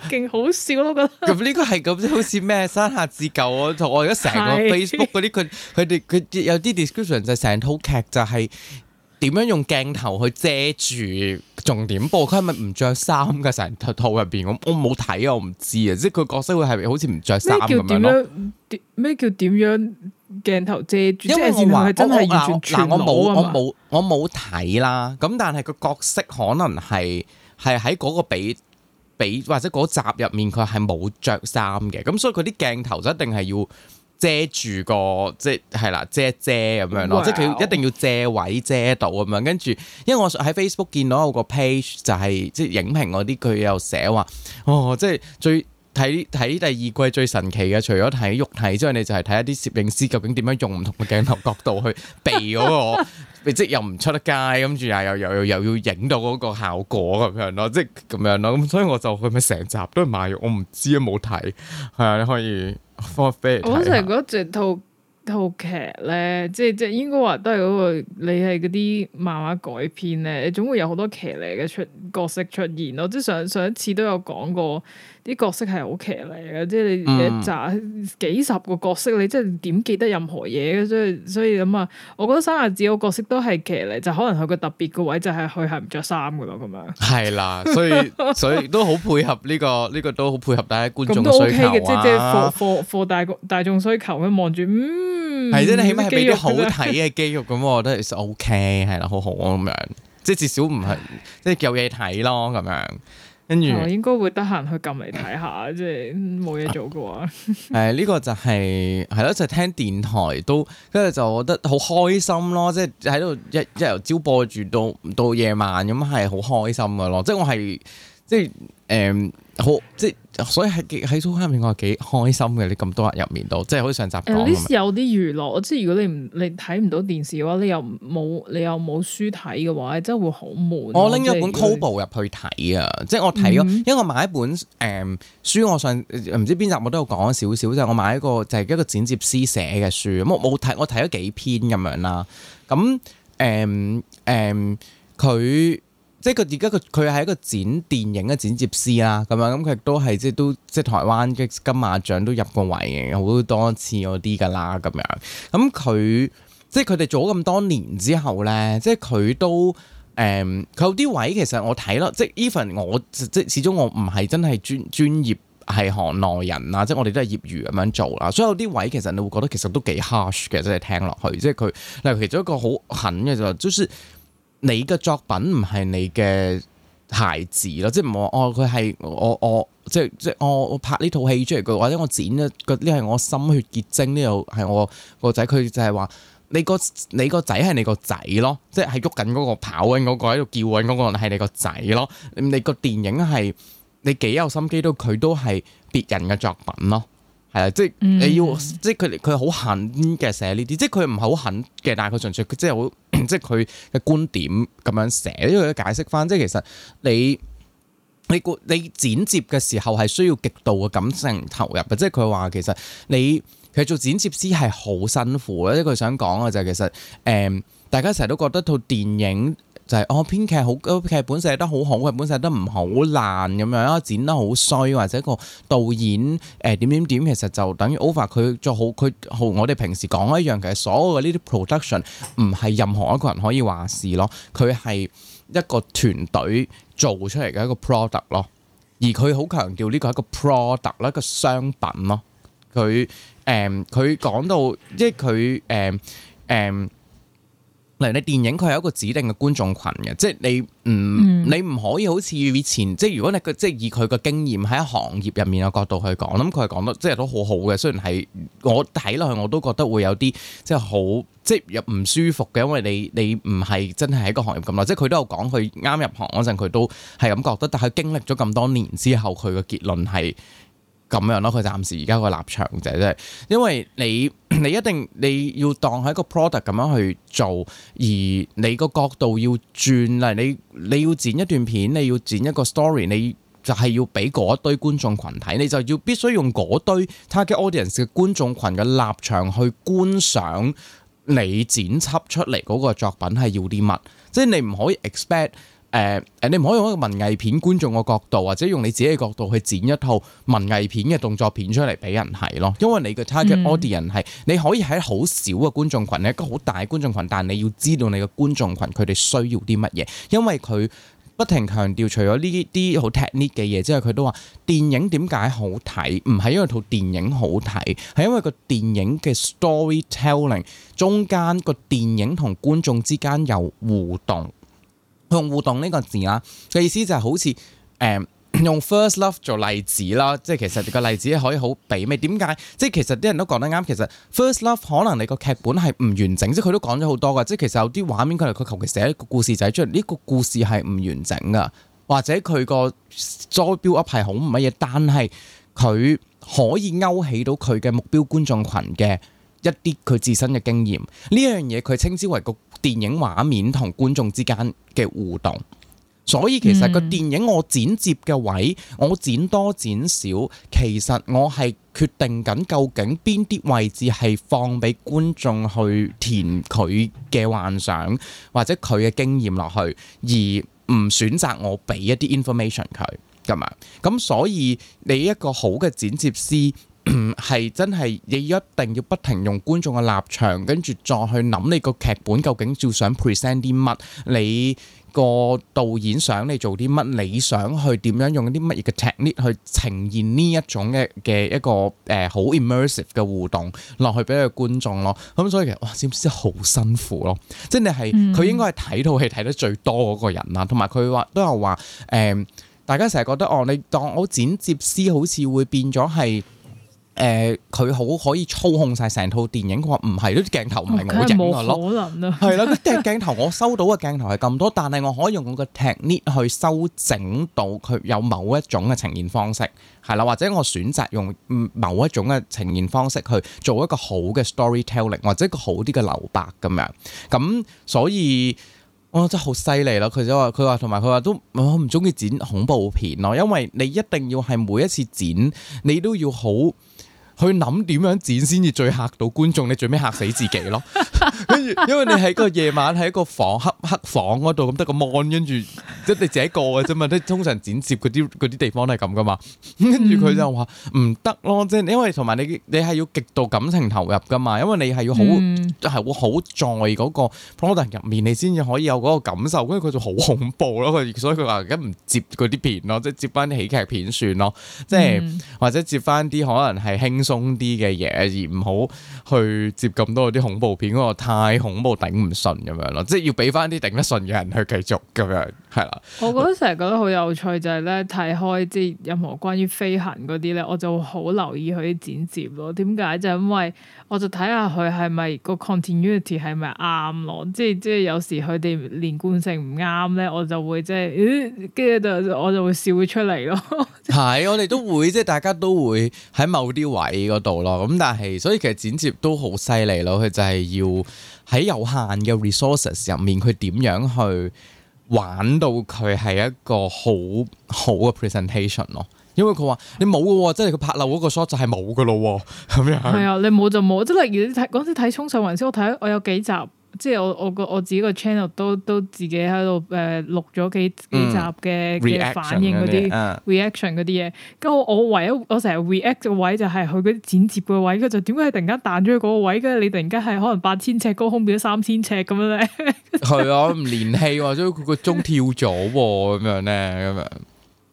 勁 好笑咯，我覺得。咁呢個係咁，好似咩山下智久啊！同我而家成個 Facebook 嗰啲佢佢哋佢有啲 description 就成套劇就係點樣用鏡頭去遮住重點部。佢係咪唔着衫噶？成套入邊，我我冇睇，我唔知啊！即係佢角色會係好似唔着衫咁樣。咩叫點樣？咩叫點樣鏡頭遮住？因為我話、那個、真係嗱嗱，我冇我冇我冇睇啦。咁但係個角色可能係係喺嗰個比。俾或者嗰集入面佢係冇着衫嘅，咁所以佢啲鏡頭就一定係要遮住個即係啦，遮遮咁樣咯，Wow. 即係佢一定要借位遮到咁樣。跟住，因為我喺 Facebook 見到有個 page 就係即係影評嗰啲，佢又寫話哦，即係最。睇睇第二季最神奇嘅，除咗睇肉體之外，你就係睇一啲攝影師究竟點樣用唔同嘅鏡頭角度去避嗰個。 即又唔出得街，跟住又又又又要影到嗰個效果咁樣咯，即係咁樣咯。咁所以我就去咪成集都係賣肉，我唔知啊，冇睇。係啊，你可以。我成日覺得整套套劇咧，即係即係應該話都係嗰個你係嗰啲漫畫改編咧，你慢慢總會有好多騎呢嘅出角色出現咯。即係上上一次都有講過。啲角色係好騎呢嘅，即係你一集、嗯、幾十個角色，你即係點記得任何嘢？所以所以咁啊，我覺得三日子個角色都係騎呢，就可能佢個特別個位就係佢係唔着衫噶咯，咁樣。係啦，所以,所以, 所以所以都好配合呢、這個呢、這個都好配合大家觀眾需求啊！貨貨貨大大眾需求，咁望住嗯，係啫，你起碼係俾啲好睇嘅肌肉咁，我覺得 OK 係啦，好好咁樣，即係至少唔係即係有嘢睇咯咁樣。我、哦、應該會得閒去撳嚟睇下，即係冇嘢做嘅話。誒、呃，呢、這個就係係咯，就是、聽電台都，跟住就覺得好開心咯，即係喺度一一由朝播住到到夜晚咁，係好開心嘅咯。即係我係即係誒，好、即。呃所以喺喺 showroom 入面，我幾開心嘅，你咁多人入面度，即係好似上集講。嗯、有啲有啲娛樂，即係如果你唔你睇唔到電視嘅話，你又冇你又冇書睇嘅話，真係會好悶、啊。我拎咗本 Kobo 入去睇啊，嗯、即係我睇咯，因為我買一本誒、嗯、書，我上唔知邊集我都有講少少，即、就、係、是、我買一個就係、是、一個剪接師寫嘅書，咁我冇睇，我睇咗幾篇咁樣啦。咁誒誒佢。嗯嗯嗯即係佢而家佢佢係一個剪電影嘅剪接師啦、啊，咁樣咁佢都係即係都即係台灣嘅金馬獎都入過圍嘅好多次嗰啲噶啦，咁樣咁佢即係佢哋做咗咁多年之後咧，即係佢都誒佢、嗯、有啲位其實我睇咯，即係 even 我即始終我唔係真係專專業係行內人啊，即係我哋都係業餘咁樣做啦，所以有啲位其實你會覺得其實都幾 harsh 嘅，即係聽落去，即係佢嗱，例如其中一個好狠嘅就就是。你嘅作品唔係你嘅孩子咯，即係唔話哦佢係我我即係即係我我拍呢套戲出嚟，佢或者我剪咗嗰啲係我心血結晶，呢度係我個仔。佢就係話你個你個仔係你個仔咯，即係喐緊嗰個跑緊嗰個喺度叫緊嗰個人係你個仔咯。你個電影係你幾有心機，都佢都係別人嘅作品咯。係啊，即係你要，mm hmm。即係佢佢好狠嘅寫呢啲，即係佢唔係好狠嘅，但係佢純粹，佢即係好，即係佢嘅觀點咁樣寫，因為佢解釋翻，即係其實你你你剪接嘅時候係需要極度嘅感性投入嘅，即係佢話其實你其實做剪接師係好辛苦咧，即佢想講嘅就係其實，誒、嗯，大家成日都覺得套電影。就係、是、哦，編劇好個劇本寫得好好，劇本寫得唔好爛咁樣啦，剪得好衰，或者個導演誒、呃、點點點，其實就等於 over 佢做好佢好。我哋平時講一樣，其實所有嘅呢啲 production 唔係任何一個人可以話事咯，佢係一個團隊做出嚟嘅一個 product 咯。而佢好強調呢個一個 product，一個商品咯。佢誒佢講到即係佢誒誒。嗯嗯嗱，你電影佢係一個指定嘅觀眾群嘅，即係你唔、嗯嗯、你唔可以好似以前，即係如果你個即係以佢嘅經驗喺行業入面嘅角度去講，咁佢係講得即係都好好嘅。雖然係我睇落去我都覺得會有啲即係好即係又唔舒服嘅，因為你你唔係真係喺個行業咁耐，即係佢都有講佢啱入行嗰陣佢都係咁覺得，但係經歷咗咁多年之後，佢嘅結論係。咁樣咯，佢暫時而家個立場就係，因為你你一定你要當一個 product 咁樣去做，而你個角度要轉啦，你你要剪一段片，你要剪一個 story，你就係要俾嗰一堆觀眾群體，你就要必須用嗰堆 target audience 嘅觀眾群嘅立場去觀賞你剪輯出嚟嗰個作品係要啲乜，即係你唔可以 expect。誒誒、呃，你唔可以用一個文藝片觀眾嘅角度，或者用你自己嘅角度去剪一套文藝片嘅動作片出嚟俾人睇咯。因為你嘅 target audience 係，你可以喺好少嘅觀眾群，嗯、群，你一個好大嘅觀眾群，但係你要知道你嘅觀眾群佢哋需要啲乜嘢。因為佢不停強調，除咗呢啲好 technique 嘅嘢之外，佢都話電影點解好睇？唔係因為套電影好睇，係因為個電影嘅 storytelling 中間個電影同觀眾之間有互動。用互動呢個字啦，嘅意思就係好似誒、嗯、用 first love 做例子啦，即係其實個例子可以好比咩？點解？即係其實啲人都講得啱，其實 first love 可能你個劇本係唔完整，即係佢都講咗好多㗎，即係其實有啲畫面佢係佢求其寫一個故事仔出嚟，呢、這個故事係唔完整㗎，或者佢個 story build up 係好唔乜嘢，但係佢可以勾起到佢嘅目標觀眾群嘅。一啲佢自身嘅經驗呢樣嘢佢稱之為個電影畫面同觀眾之間嘅互動。所以其實個電影我剪接嘅位，我剪多剪少，其實我係決定緊究竟邊啲位置係放俾觀眾去填佢嘅幻想或者佢嘅經驗落去，而唔選擇我俾一啲 information 佢，咁樣，咁所以你一個好嘅剪接師。係 真係，你一定要不停用觀眾嘅立場，跟住再去諗你個劇本究竟照想 present 啲乜？你個導演想你做啲乜？你想去點樣用啲乜嘢嘅 technique 去呈現呢一種嘅嘅一個誒好、呃、immersive 嘅互動落去俾個觀眾，俾你嘅觀眾咯？咁、嗯、所以其實哇，剪師好辛苦咯，即係你係佢、嗯、應該係睇套戲睇得最多嗰個人啦。同埋佢話都有話誒、呃，大家成日覺得哦，你當我剪接師好似會變咗係。誒佢、呃、好可以操控晒成套電影。佢話唔係啲鏡頭唔係我影可能，係啦，啲鏡頭我收到嘅鏡頭係咁多，但係我可以用我嘅 technique 去修整到佢有某一種嘅呈現方式，係啦，或者我選擇用某一種嘅呈現方式去做一個好嘅 storytelling，或者個好啲嘅留白咁樣。咁所以我真係好犀利咯！佢就話佢話同埋佢話都我唔中意剪恐怖片咯，因為你一定要係每一次剪你都要好。佢諗點樣剪先至最嚇到觀眾？你最尾嚇死自己咯！跟住，因為你喺個夜晚喺一個房黑黑房嗰度，咁得個 mon 跟住，即你自己個嘅啫嘛。即通常剪接嗰啲啲地方都係咁噶嘛。跟住佢就話唔得咯，即係因為同埋你你係要極度感情投入噶嘛，因為你係要好係、嗯、會好在嗰個 product 入面，你先至可以有嗰個感受。跟住佢就好恐怖咯。所以佢話而家唔接嗰啲片咯，即係接翻啲喜劇片算咯，即係、嗯、或者接翻啲可能係輕鬆中啲嘅嘢，而唔好去接咁多啲恐怖片，個太恐怖頂唔順咁樣咯。即係要俾翻啲頂得順嘅人去繼續，咁樣，係啦。我覺得成日覺得好有趣，就係咧睇開即係任何關於飛行嗰啲咧，我就好留意佢啲剪接咯。點解？就係因為我就睇下佢係咪個 continuity 係咪啱咯。即係即係有時佢哋連貫性唔啱咧，我就會即係誒，跟住就我就會笑出嚟咯。係是， 我哋都會即係大家都會喺某啲位嗰度咯，咁但係所以其實剪接都好犀利咯，佢就係要喺有限嘅 resources 入面，佢點樣去玩到佢係一個好好嘅 presentation 咯？因為佢話你冇嘅，即係佢拍漏嗰個 shot 就係冇嘅咯，咁樣係啊，你冇就冇，即係例如你睇嗰陣時睇衝上雲霄，我睇我有幾集。即係我我個我自己個 channel 都都自己喺度誒錄咗幾幾集嘅嘅、嗯、反應嗰啲、嗯、reaction 嗰啲嘢，咁、嗯、我唯一我成日 react 嘅位就係佢嗰啲剪接嘅位，佢就點解突然間彈咗去嗰個位嘅？你突然間係可能八千尺高空變咗三千尺咁樣咧？係、嗯、 啊，我唔連戲喎、啊啊啊，所以佢個鐘跳咗喎，咁樣咧，咁樣。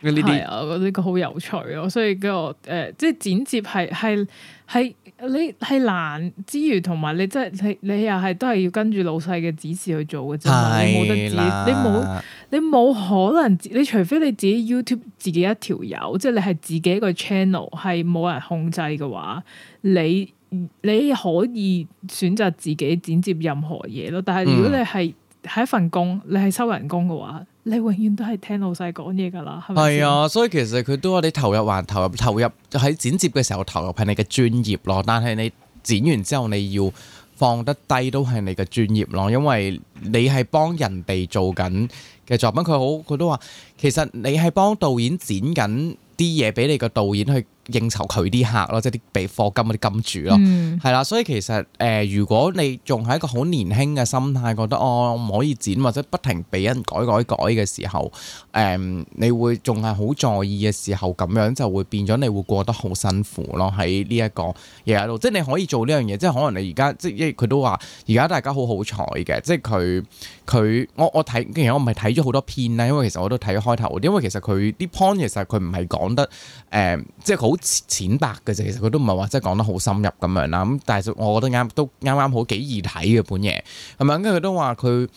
呢啲啊，我覺得呢個好有趣咯，所以跟住我誒，即係剪接係係係。你係難之餘，同埋你真係你你又係都係要跟住老細嘅指示去做嘅咋啦。你冇得自你冇你冇可能。你除非你自己 YouTube 自己一條友，即係你係自己一個 channel，係冇人控制嘅話，你你可以選擇自己剪接任何嘢咯。但係如果你係係一份工，你係收人工嘅話，你永遠都係聽老細講嘢㗎啦，係咪先？係啊，所以其實佢都話你投入還投入，投入喺剪接嘅時候投入係你嘅專業咯。但係你剪完之後你要放得低，都係你嘅專業咯。因為你係幫人哋做緊嘅作品，佢好佢都話其實你係幫導演剪緊啲嘢俾你個導演去。應酬佢啲客咯，即係啲俾課金嗰啲金主咯，係啦、嗯。所以其實誒、呃，如果你仲係一個好年輕嘅心態，覺得哦我唔可以剪或者不停俾人改改改嘅時候，誒、呃，你會仲係好在意嘅時候，咁樣就會變咗你會過得好辛苦咯。喺呢一個嘢喺度，即係你可以做呢樣嘢，即係可能你而家即係佢都話，而家大家好好彩嘅，即係佢佢我我睇，跟住我唔係睇咗好多篇啦，因為其實我都睇開頭，因為其實佢啲 point 其實佢唔係講得誒、呃，即係好。淺白嘅啫，其實佢都唔係話即係講得好深入咁樣啦。咁但係我覺得啱，都啱啱好幾易睇嘅本嘢係咪？跟住佢都話佢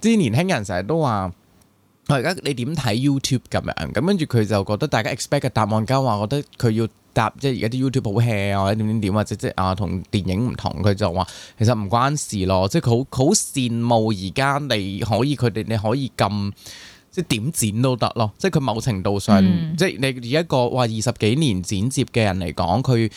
啲年輕人成日都話，我而家你點睇 YouTube 咁樣？咁跟住佢就覺得大家 expect 嘅答案加話，覺得佢要答即係而家啲 YouTube 好 hea 啊，或者點點點或者即啊同電影唔同。佢就話其實唔關事咯，即係佢好好羨慕而家你可以，佢哋你可以咁。即點剪都得咯，即佢某程度上，嗯、即你而一個話二十幾年剪接嘅人嚟講，佢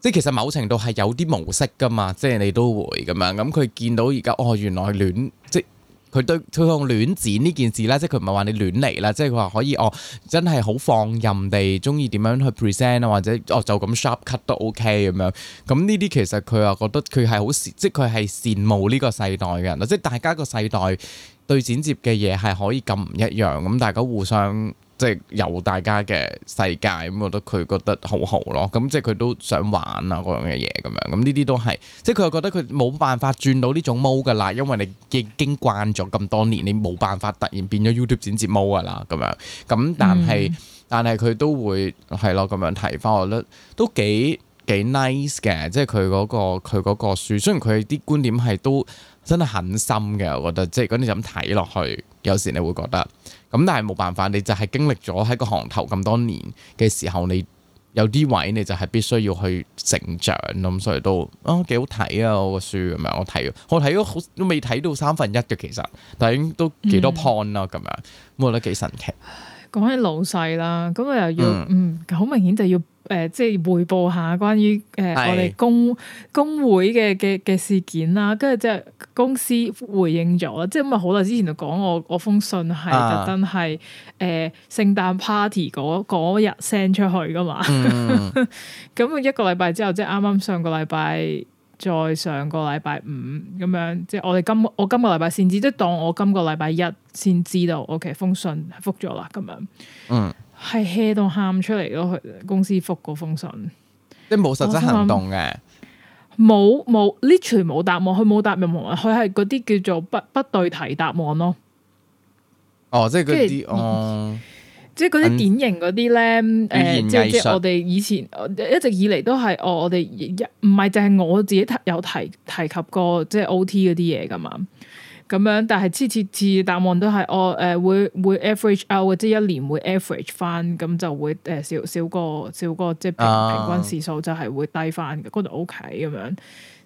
即其實某程度係有啲模式㗎嘛，即你都會咁樣。咁佢見到而家哦，原來亂即佢對佢用亂剪呢件事咧，即佢唔係話你亂嚟啦，即佢話可以哦，真係好放任地鍾意點樣去 present 啊，或者哦就咁 sharp cut 都 OK 咁樣。咁呢啲其實佢又覺得佢係好即佢係羨慕呢個世代嘅人，即大家個世代。對剪接嘅嘢係可以咁唔一樣咁，大家互相即係有大家嘅世界咁，我覺得佢覺得好好咯。咁即係佢都想玩啊嗰樣嘅嘢咁樣。咁呢啲都係，即係佢又覺得佢冇辦法轉到呢種毛㗎喇，因為你已經慣咗咁多年，你冇辦法突然變咗 YouTube 剪接毛㗎喇咁樣。咁但係、嗯、但係佢都會係咯咁樣提返，我覺得都幾幾 nice 嘅，即係佢嗰個佢嗰個書，雖然佢啲觀點係都。真係很深嘅，我覺得，即係嗰你咁睇落去，有時你會覺得，咁但係冇辦法，你就係經歷咗喺個行頭咁多年嘅時候，你有啲位你就係必須要去成長咯。咁所以都啊幾好睇啊，我個書咁樣，我睇，我睇都未睇到三分一嘅其實，但係都幾多 point 啦咁樣，我覺得幾神奇。講起老細啦，咁我又要，嗯，好，嗯，明顯就要。誒、呃，即係匯報下關於誒、呃、是我哋工工會嘅嘅嘅事件啦，跟住即係公司回應咗，即係因為啊，好耐之前就講我嗰封信係特登係誒聖誕 party 嗰嗰日 send 出去噶嘛，咁、嗯、 一個禮拜之後，即係啱啱上個禮拜再上個禮拜五咁樣，即係我哋今我今個禮拜先知，即係當我今個禮拜一先知道，我其實封信係覆咗啦，咁樣，嗯係 hea 到喊出嚟咯！佢公司覆嗰封信，即係冇實質行動嘅，冇冇 literally 冇答案，佢冇答任何，佢係嗰啲叫做不不對題答案咯。哦，即係嗰啲哦，即係嗰啲典型嗰啲咧，誒很，呃、即係即係我哋以前一直以嚟都係、哦、我我哋唔係淨係我自己有提提及過即係 O T 嗰啲嘢噶嘛。咁樣，但係次次次答案都係我誒會會 average out 啊，即係一年會 average 翻，咁就會誒少少個少個即係平均時數就係會低翻，嗰度、啊、OK 咁樣，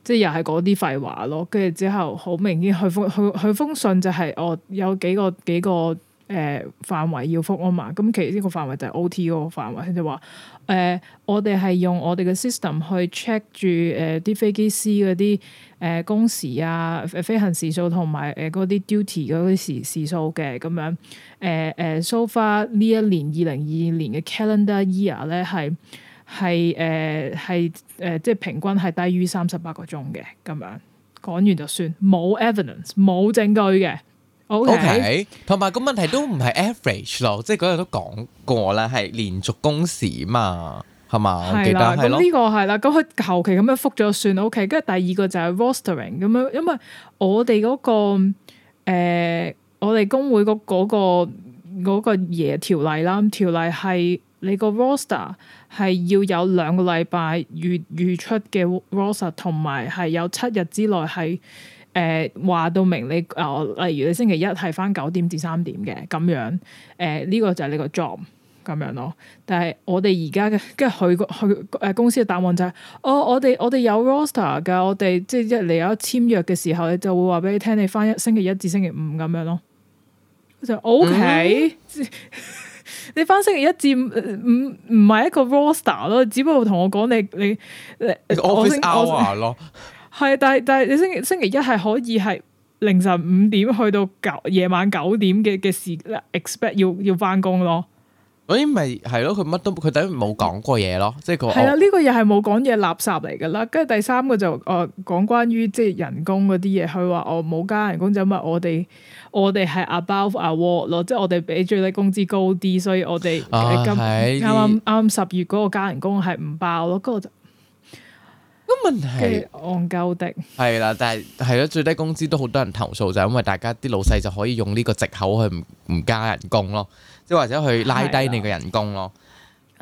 即係又係嗰啲廢話咯。跟住之後，好明顯去封去封信就係、是、我、哦、有幾個幾個誒、呃、範圍要覆啊嘛。咁其實呢個範圍就係 OT 嗰個範圍，佢就話誒我哋係用我哋嘅 system 去 check 住誒啲飛機師嗰啲。誒工、呃、時啊，飛行時數同埋誒嗰啲 duty 嗰啲時時數嘅咁樣，誒、呃、誒，收翻呢一年二零二二年嘅 calendar year 咧，係係誒係誒，即係平均係低於三十八個鐘嘅咁樣，講完就算，冇 evidence，冇證據嘅。O K，同埋個問題都唔係 average 咯，即係嗰日都講過啦，係連續工時嘛。係啦，咁呢個係啦，咁佢的的後期咁樣復咗算 O K，跟住第二個就係 rostering 咁樣，因為我哋嗰、那個誒、呃，我哋工會嗰嗰、那個、那個嘢、那個、條例啦，條例係你個 roster 係要有兩個禮拜預預，預出嘅 roster，同埋係有七日之內係誒話到明你、呃、例如你星期一係返九點至三點嘅咁樣，誒、呃、呢、這個就係你個 job。咁住樣咯，但係我哋而家嘅，跟佢個佢誒公司嘅答案就係、是，哦，我哋我哋有 roster 噶，我哋即係一嚟有簽約嘅時候，你就會話俾你聽，你返一星期一至星期五咁樣咯。就 O、okay? K，、嗯、 你返星期一至五唔唔係一個 roster 咯，只不過同我講你你你 's 我 office hour 咯，係，但係但係你星期星期一係可以係凌晨五點去到九夜晚九點嘅嘅時 expect 要要返工咯。哎，咪係咯，佢乜都佢等於冇講過嘢咯，即係佢係啦，呢的、哦、個又係冇講嘢垃圾嚟噶啦。跟住第三個就是，我、呃、講關於即係人工嗰啲嘢，佢話我冇加人工，就因為我哋我哋係 above award 咯，即係我哋比最低工資高啲，所以我哋今啱啱啱十月嗰個加人工係唔爆咯。咁我就咁問題，戇鳩，嗯、的係啦，但係係咯，最低工資都好多人投訴，就係因為大家啲老細就可以用呢個借口去唔唔加人工咯。即或者去拉低你嘅人工咯，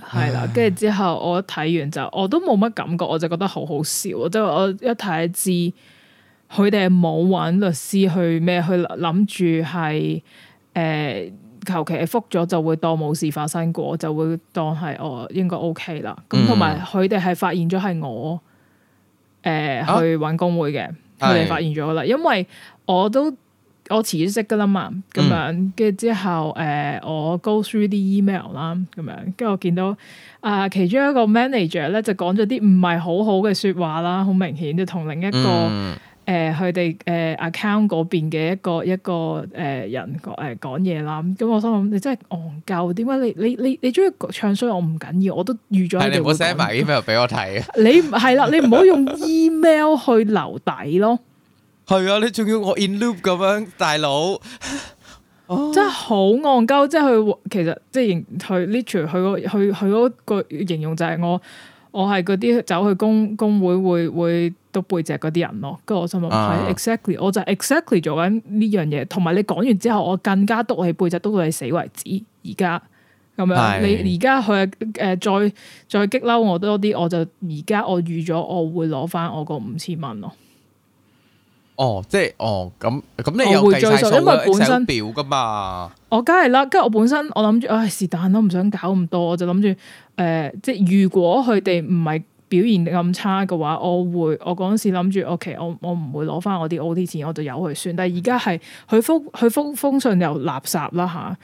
係啦的。跟住唉之後我一睇完就我都冇乜感覺，我就覺得好好笑，即係我一睇就知，佢哋冇揾律師去咩，去諗住係誒，求其覆咗就會當冇事發生過，就會當係哦應該 OK 啦。咁同埋佢哋係發現咗係我誒、呃、去揾工會嘅，佢哋、啊、發現咗啦，的因為我都。我辭咗職㗎啦嘛，咁樣跟住之後，誒、呃、我 go through 啲 email 啦，咁樣跟住我見到啊、呃，其中一個 manager 咧就講咗啲唔係好好嘅説話啦，好明顯就同另一個誒佢哋誒 account 嗰邊嘅一個一個誒人誒講嘢啦。咁我心諗你真係戇鳩，點解你你你你中意唱衰我唔緊要，我都預咗、啊。你唔好 send 埋 email 俾我睇啊！你係啦，你唔好用 email 去留底咯。係啊！你仲要我 in loop 咁樣，大佬，oh. 真係好戇鳩，即係佢其實即係形容，佢佢佢嗰個形容就係我，我係嗰啲走去工工會會會督背脊嗰啲人咯。跟住我心諗係 exactly，我就 exactly 做緊呢樣嘢。同埋你講完之後，我更加督你背脊，督到你死為止。而家咁樣，的你而家佢誒再再激嬲我多啲，我就而家我預咗我會攞翻我個五千蚊咯。哦，即係哦，咁咁你又會追溯，因為本身表噶嘛，身我梗係啦，跟住我本身我諗住，唉，是但咯，唔想搞咁多，我就諗住，誒、呃，即係如果佢哋唔係表現咁差嘅話，我會我嗰時諗住，o k 我我唔會攞翻我啲 O T 錢，我就由佢算。但係而家係佢封佢封封信又垃，垃圾啦吓，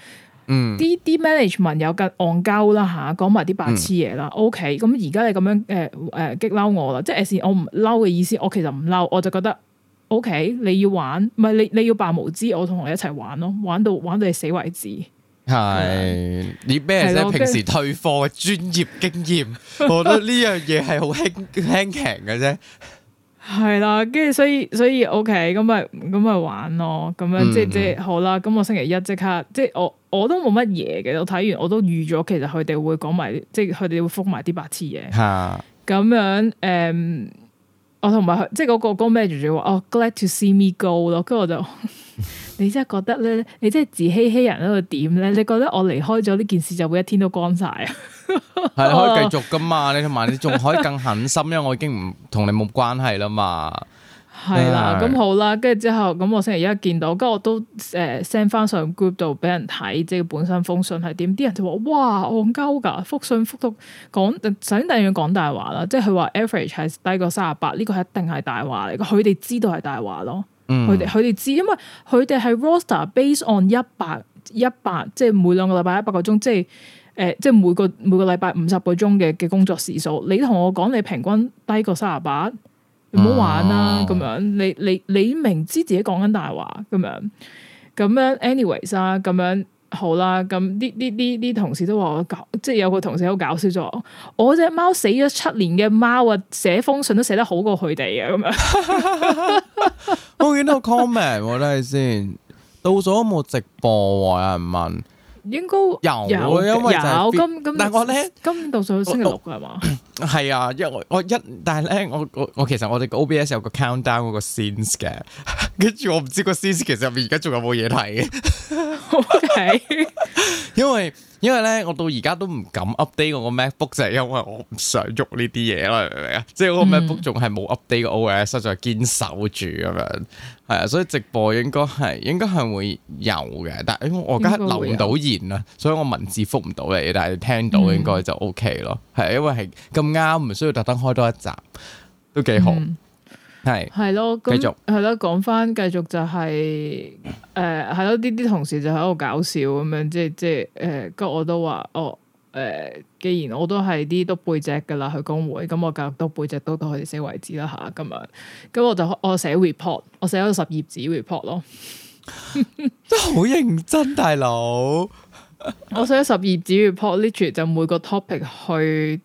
啲啲 management 又更戇鳩啦吓，講埋啲白痴嘢啦。O K，咁而家你咁樣誒誒、呃呃呃、激嬲我啦，即係先我唔嬲嘅意思，我其實唔嬲，我就覺得。O、okay, K，你要玩，唔係你你要扮無知，我同你一齊玩咯，玩到玩到你死為止。係的、嗯、你咩啫？的平時退貨嘅專業經驗， 我覺得呢樣嘢係好輕輕劇嘅啫。係啦， 跟住所以所以 O K，咁咪咁咪玩咯。咁樣、嗯、即即好啦。咁我星期一即刻，即我我都冇乜嘢嘅。我睇完我都預咗，其實佢哋會講埋，即佢哋會覆埋啲白痴嘢。吓咁 樣誒。嗯嗯我同埋佢，即係嗰個歌咩住住話，哦、oh, Glad to see me go 咯，跟住我就，你真係覺得咧，你真係自欺欺人喺度點咧？你覺得我離開咗呢件事就會一天都光晒啊？係 可以繼續噶嘛？你同埋你仲可以更狠心，因為我已經唔同你冇關係啦嘛。係啦，咁 好啦，跟住之後，咁我星期一見到，跟住我都誒 send 翻上 group 度俾人睇，即係本身封信係點，啲人就話：哇，戇鳩㗎，覆信復到講，首先第二樣講大話啦，即係佢話 average 係低過卅八，呢個係一定係大話嚟，佢哋知道係大話咯，佢哋佢哋知，因為佢哋係 roster based on 一百一百，即係每兩個禮拜一百個鐘，即係誒，即係每個每個禮拜五十個鐘嘅嘅工作時數，你同我講你平均低過卅八。唔好玩啦、啊，咁、嗯、樣你你你明知自己講緊大話咁樣，咁樣 anyways 啊，咁樣好啦，咁啲啲啲啲同事都話我搞，即係有個同事好搞笑咗，我隻貓死咗七年嘅貓啊，寫封信都寫得好過佢哋 啊，咁樣。我見到 comment 都係先，到咗冇直播、啊，有人問，應該有，有因有今今，但係我咧，今到咗星期六嘅係嘛？係啊，因為我一但係咧，我我我其實我哋個 OBS 有個 countdown 嗰 個 scenes 嘅，跟住我唔知個 scenes 其實入邊而家仲有冇嘢睇。O K，因為因為咧，我到而家都唔敢 update 我個 MacBook，就係因為我唔想喐呢啲嘢啦，明唔明啊？即係我個 MacBook 仲係冇 update 個 O S，就係堅守住咁樣。係啊，所以直播應該係應該係會有嘅，但係我而家留唔到言啊，所以我文字覆唔到你，但係聽到應該就 O K 咯。Mm. 係，因為係咁啱，唔需要特登開多一集，都幾好。係係咯，繼續係咯，講翻繼續就係、是、誒，係咯，呢啲同事就喺度搞笑咁樣，即係即係誒，咁、呃、我都話哦，誒、呃，既然我都係啲督背脊噶啦，去工會，咁我繼續督背脊都都可以寫為止啦吓，咁、啊、樣，咁我就我寫 re report，我寫咗十頁紙 report 咯，都好認真 大佬。 我想十二指月 podcast 就每個 topic 去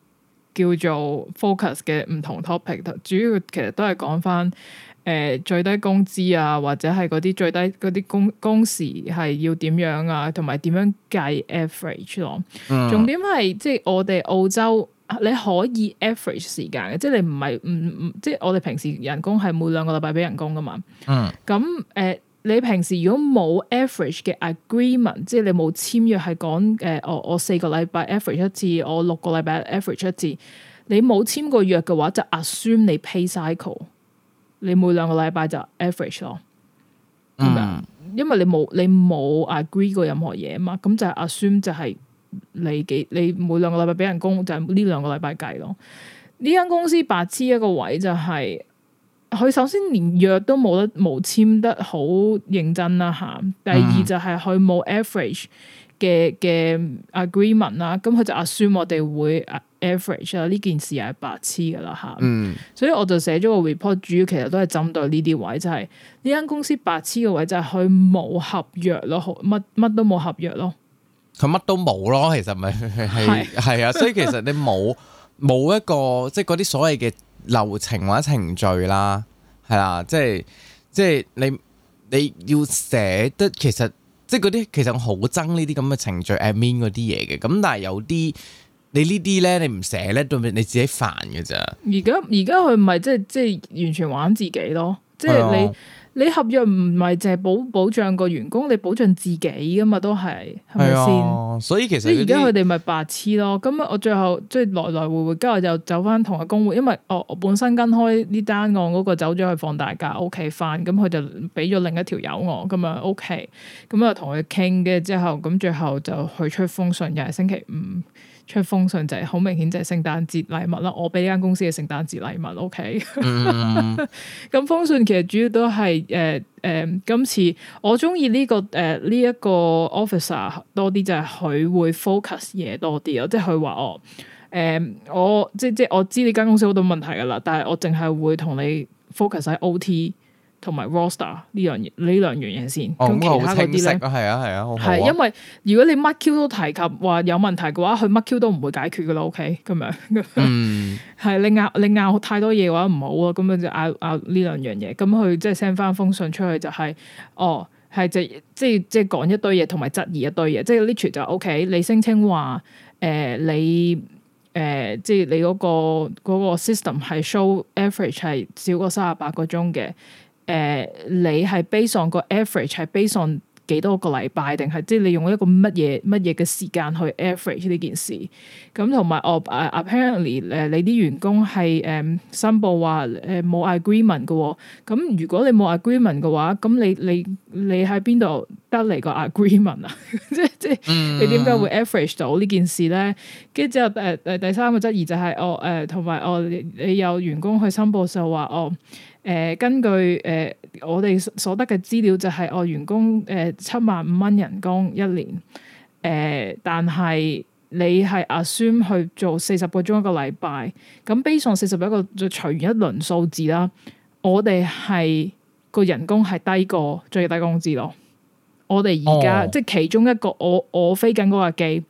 叫做 focus 嘅唔同 topic，主要其實都係講翻誒最低工資啊，或者係嗰啲最低嗰啲工工時係要點樣啊，同埋點樣計 average 咯。嗯、重點係即係我哋澳洲你可以 average 時間嘅，即係你唔係唔唔即係我哋平時人工係每兩個禮拜俾人工噶嘛。咁誒、嗯。你平時如果冇 average 嘅 agreement，即係你冇簽約係講誒，我、呃、我四個禮拜 average 一次，我六個禮拜 average 一次。你冇簽過約嘅話，就 assume 你 pay cycle，你每兩個禮拜就 average 咯。嗯。因為你冇你冇 agree 過任何嘢啊嘛，咁就 assume 就係你幾你每兩個禮拜俾人工就係、是、呢兩個禮拜計咯。呢間公司白痴一個位就係、是。佢首先連約都冇得冇簽得好認真啦吓，第二就係佢冇 average 嘅嘅 agreement 啦，咁佢就 assume 我哋會 average 啦，呢件事又係白痴噶啦吓。嗯，所以我就寫咗個 report，主要其實都係針對呢啲位，就係呢間公司白痴嘅位就係佢冇合約咯，好乜乜都冇合約咯，佢乜都冇咯，其實咪係係啊，所以其實你冇冇 一個即係嗰啲所謂嘅。流程或者程序啦，係啊，即係即係你你要寫得，其實即係嗰啲，其實我好憎呢啲咁嘅程序 Admin 嗰啲嘢嘅。咁但係有啲你呢啲咧，你唔寫咧，對唔住你自己煩嘅咋。而家而家佢唔係即係即係完全玩自己咯，即係你。你合約唔係淨係保保障個員工，你保障自己噶嘛，都係，係咪先？所以其實即而家佢哋咪白痴咯。咁我最後即係來來回回，跟住我就走翻同個工會，因為我我本身跟開呢單案嗰、嗰個走咗去放大假屋企翻，咁、OK，佢就俾咗另一條友我，咁啊 OK，咁啊同佢傾嘅之後，咁最後就去出封信，又係星期五。出封信就係好明顯就係聖誕節禮物啦，我俾間公司嘅聖誕節禮物，OK、 嗯。咁 封信其實主要都係誒誒，今次我中意呢個誒呢一個 officer 多啲，就係佢會 focus 嘢多啲咯，即係佢話我：呃「誒我即即我知呢間公司好多問題噶啦，但係我淨係會同你 focus 喺 OT。同埋 roster 呢兩呢兩樣嘢先。咁啊好清晰，係啊係啊，好，好啊。係因為如果你乜 q 都提及話有問題嘅話，佢乜 q 都唔會解決嘅啦。OK，咁樣。 嗯。係你拗你拗太多嘢嘅話唔好啊，咁樣就拗拗呢兩樣嘢。咁佢即係 send 翻封信出去就係、是，哦，係即即即講一堆嘢同埋質疑一堆嘢。即係 literally 就是、OK，你聲稱話誒、呃、你誒即係你嗰、那個嗰、那個 system 係 show average 係少過三十八個鐘嘅。誒、呃，你係 base on, average, based on 個 average，係 base on 幾多個禮拜，定係即係你用一個乜嘢乜嘢嘅時間去 average 呢件事？咁同埋哦 apparently 誒、呃，你啲員工係誒、呃、申報話誒冇 agreement 嘅、哦，咁如果你冇 agreement 嘅話，咁你你你喺邊度得嚟個 agreement 啊？ 即即你點解會 average 到呢件事咧？跟住之後誒誒、呃，第三個質疑就係我誒，同埋我你有員工去申報就話我。哦誒、呃、根據誒、呃、我哋所得嘅資料就係我員工誒七萬五蚊人工一年誒、呃，但係你係 assume 去做四十個鐘一個禮拜，咁 based on 四十一個就除完一輪數字啦，我哋係個人工係低過最低工資咯。我哋而家即係其中一個，我我飛緊嗰架機，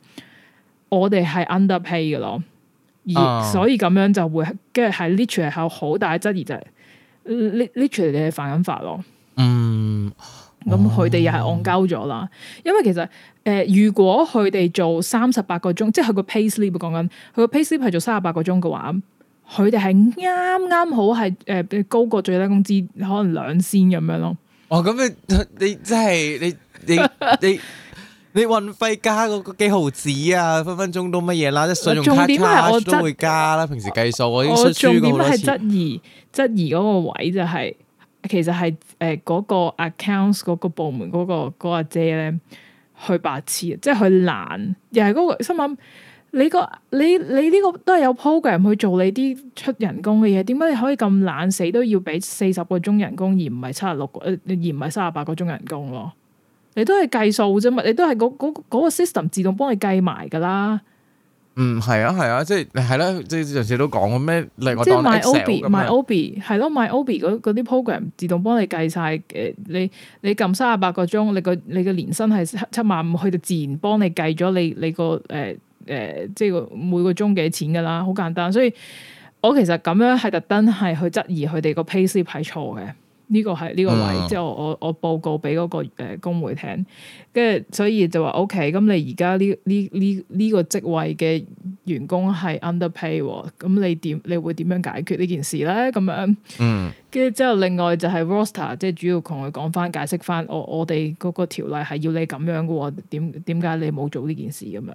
我哋係 underpay 嘅咯，而、哦、所以咁樣就會跟住係 literally 係有好大質疑就係。Literally 你係犯緊法咯，嗯，咁佢哋又係戇鳩咗啦，因為其實誒如果佢哋做三十八個鐘，即係佢個 pay slip 講緊，佢個 pay slip 係做三十八個鐘嘅話，佢哋係啱啱好係誒高過最低工資可能兩千咁樣咯。哦，咁你你真係你你你。你運費加嗰個幾毫子啊，分分鐘都乜嘢啦！啲信用卡差都會加啦，平時計數嗰啲，我，我重點係質疑質疑嗰個位就係、係，其實係誒嗰個 accounts 嗰個部門嗰、嗰個嗰阿、嗰個、姐咧，去白痴，即係佢懶，又係嗰、嗰個心諗你個你你呢個都係有 program 去做你啲出人工嘅嘢，點解你可以咁懶死都要俾四十個鐘人工，而唔係七十六個，而唔係三十八個鐘人工咯？你都係計數啫嘛，你都係嗰嗰個 system 自動幫你計埋噶啦。嗯，係啊係啊，即係你係啦，即係、啊啊、上次都講咩，即係買 obi 買 obi 係咯，買 obi 嗰啲 program 自動幫你計晒誒，你你撳三十八個鐘，你個你個年薪係七萬五，佢就自然幫你計咗你你個誒誒，即係每個鐘幾錢噶啦，好簡單。所以我其實咁樣係特登係去質疑佢哋個 pay slip 係錯嘅。呢個係呢個位，之後、嗯、我我我報告俾嗰個誒工會聽，跟住所以就話 O K，咁你而家呢呢呢呢個職位嘅員工係 underpay 喎、哦，咁你點你會點樣解決呢件事咧？咁樣，跟住之後另外就係 roster，即係主要同佢講翻解釋翻，我我哋嗰個條例係要你咁樣嘅喎，點點解你冇做呢件事咁樣？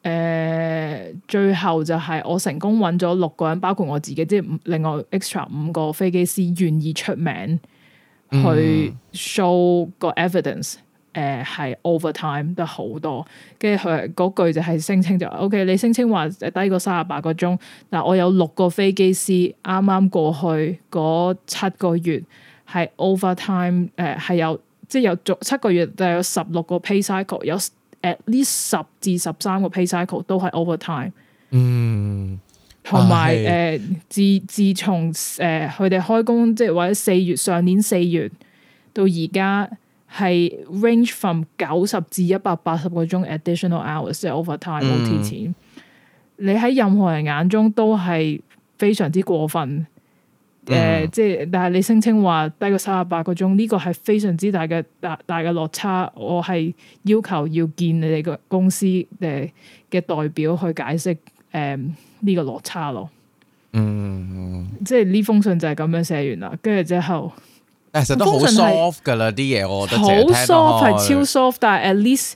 誒、呃，最後就係我成功揾咗六個人，包括我自己，即係另外 extra 五個飛機師願意出名、嗯、去 show 個 evidence、呃。誒，係 overtime 得好多，跟住佢嗰句就係聲稱就 OK，你聲稱話低過三十八個鐘，但我有六個飛機師啱啱過去嗰七個月係 overtime，誒、呃、係有即係有做七個月就有十六個 pay cycle 有。誒，呢十至十三個 pay cycle 都係 overtime，同埋誒，自自從誒佢哋開工，即係或者四月上年四月到而家係 range from 九十至一百八十個鐘 additional hours 即係 overtime 冇貼錢、嗯，你喺任何人眼中都係非常之過分。誒，即係、嗯呃、但係你聲稱話低過三十八個鐘，呢個係非常之大嘅大大嘅落差。我係要求要見你哋嘅公司誒嘅代表去解釋誒呢個落差咯、嗯。嗯，即係呢封信就係咁樣寫完啦。跟住之後，其實都好 soft 噶啦啲嘢，我覺得好 soft 係超 soft，但係 at least。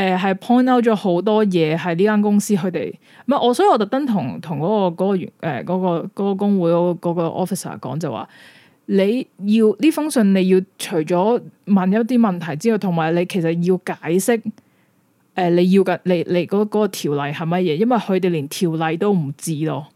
誒，係、呃、point out 咗好多嘢，係呢間公司佢哋唔係我，所以我特登同同嗰個嗰、嗰個員誒，嗰個嗰個工會嗰個 officer 講就話，你要呢封信，你要除咗問一啲問題之外，同埋你其實要解釋誒、呃，你要嘅你你嗰、嗰、嗰個條、嗰個、例係乜嘢？因為佢哋連條例都唔知咯。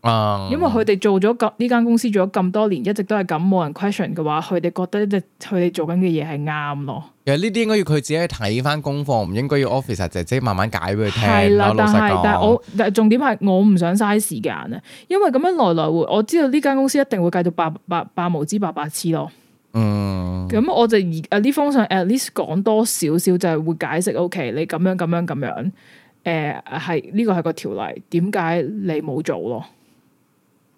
啊！嗯、因為佢哋做咗咁呢間公司做咗咁多年，一直都係咁，冇人 question 嘅話，佢哋覺得佢哋做緊嘅嘢係啱咯。其實呢啲應該要佢自己睇翻功課，唔應該要 office 姐姐慢慢解俾佢聽。係啦的，但係但係我但係重點係我唔想嘥時間啊，因為咁樣來來回，我知道呢間公司一定會繼續白白白無知白白痴咯。嗯，咁我就而呢封信 at least 講多少少就係會解釋。OK，你咁樣咁樣咁樣，誒係呢個係個條例，點解你冇做咯？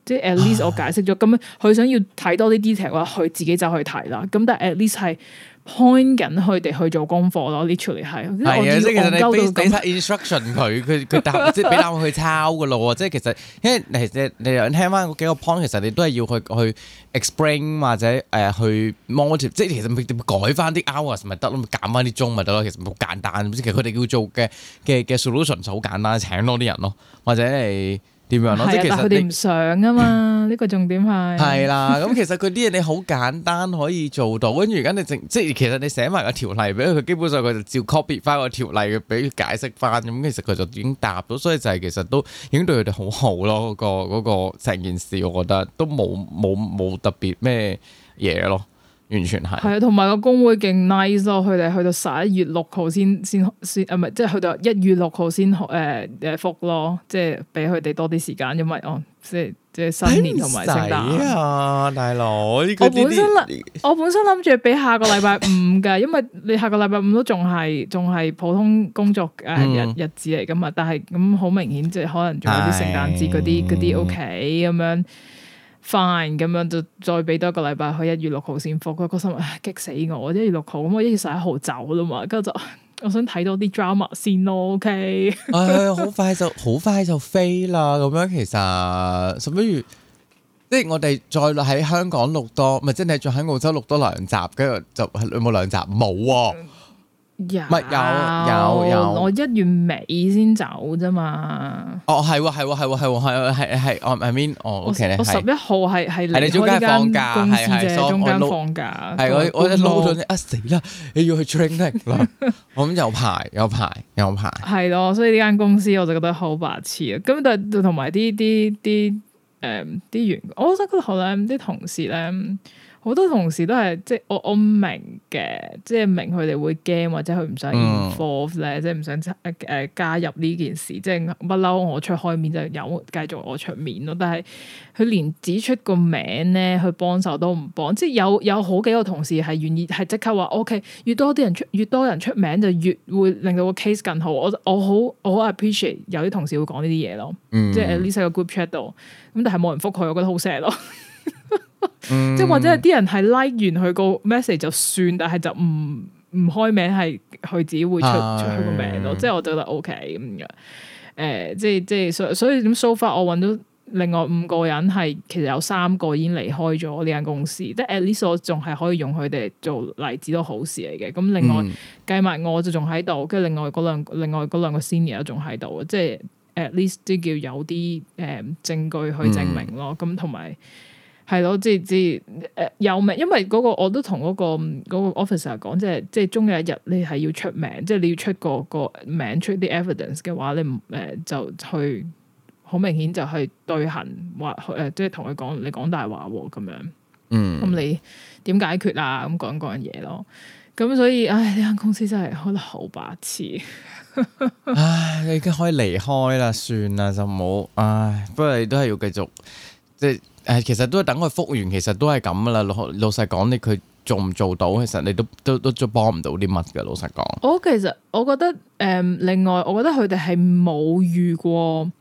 即係 at least 我解釋咗，咁佢想要睇多啲 detail 嘅話，佢自己就去睇啦。咁但係 at least 係 point 緊佢哋去做功課咯，literally 係係啊，即係其實你俾 set instruction 佢，佢佢即係俾答案去抄噶咯。即係其實因為你你你聽翻幾個 point，其實你都係要去去 explain 或者誒去 motivate。即係其實點改翻啲 hours 咪得咯，減翻啲鐘咪得咯。其實好簡單。即其實佢哋叫做嘅嘅嘅 solution 就好簡單，請多啲人咯，或者係。點樣咯？即係但係佢哋唔想啊嘛，呢 個重點係。係啦， 咁其實佢啲嘢你好簡單可以做到，跟住而家你整，即係其實你寫埋個條例俾佢，基本上佢就照 copy 翻個條例俾佢解釋翻咁，其實佢就已經答到，所以就係其實都已經對佢哋好好咯。嗰個嗰個成件事，我覺得都冇冇冇特別咩嘢咯。完全係，係啊，同埋個工會勁 nice 咯，佢哋去到十一月六號先先先，啊唔係，即係去到一月六號先，誒誒覆咯，即係俾佢哋多啲時間，因為哦，即係即係新年同埋聖誕啊，大佬你！我本身諗，我本身諗住俾下個禮拜五噶， 因為你下個禮拜五都仲係仲係普通工作誒日日子嚟噶嘛，嗯、但係咁好明顯即係可能仲有啲聖誕節嗰啲嗰啲 OK 咁樣。Fine 咁樣就再俾多一個禮拜去一月六號先覆，佢個心啊激死我！一月六號咁我一月十一號走啦嘛，跟住就我想睇多啲 drama 先咯，OK？哎、好快就好 快就飛啦，咁樣其實，甚不如即係我哋再喺香港錄多，咪即係你仲喺澳洲錄多兩集，跟住就係有冇兩集？冇啊！嗯咪有，有有我一月尾先走啫嘛。哦係喎係喎係喎係喎係係係哦。I mean 哦，O K 我十一號係係你中間放假，係係中間放假。係我我一攞咗你啊死啦！你要去 training 啦，我諗有排有排有排。係咯，所以呢間公司我就覺得好白痴啊。咁但係同埋啲啲啲誒啲員工，我真覺得可能啲同事咧。好多同事都係即係我我唔明嘅，即係明佢哋會驚或者佢唔想 force 咧，即係唔想出呃加入呢件事，即係不嬲我出開面就有繼續我出面咯。但係佢連指出個名咧，去幫手都唔幫，即係有有好幾個同事係願意係即刻話 OK，越多啲人出越多人出名就越會令到個 case 更好。我我好我 appreciate 有啲同事會講呢啲嘢咯，mm. 即係喺呢個 group chat 度，咁但係冇人覆佢，我覺得好 sad 咯。 即係或者啲人係 like 完佢個 message 就算，但係就唔唔開名，係佢自己會出、哎、出佢個名咯。即係我就覺得 OK 咁樣。誒、呃，即係即係所所以點數法，so far, 我搵到另外五個人係其實有三個已經離開咗呢間公司，即係 at least 我仲係可以用佢哋做例子都好事嚟嘅。咁另外計埋、嗯、我就仲喺度，跟住另外嗰兩個另外嗰兩個 senior 仲喺度，即係 at least 都叫有啲誒、呃、證據去證明咯。咁同埋。係咯，即係即誒有名，因為嗰、那個我都同嗰、那個嗰、嗯，那個 officer 講，即係即係終有一日，日你係要出名，即係你要出個個名，出啲 evidence 嘅話，你唔誒、呃、就去好明顯就去對行或誒、呃、即係同佢講你講大話喎咁樣，嗯，咁你點解決啊？咁講嗰樣嘢咯，咁所以唉呢間公司真係開得好白痴， 唉，你而家可以離開啦，算啦，就冇，唉，不過你都係要繼續即係。誒，其實都等佢復原，其實都係咁噶啦。老老實講你佢做唔做到，其實你都都都幫唔到啲乜㗎。老實講，我、哦、其實我覺得誒、呃，另外我覺得佢哋係冇遇過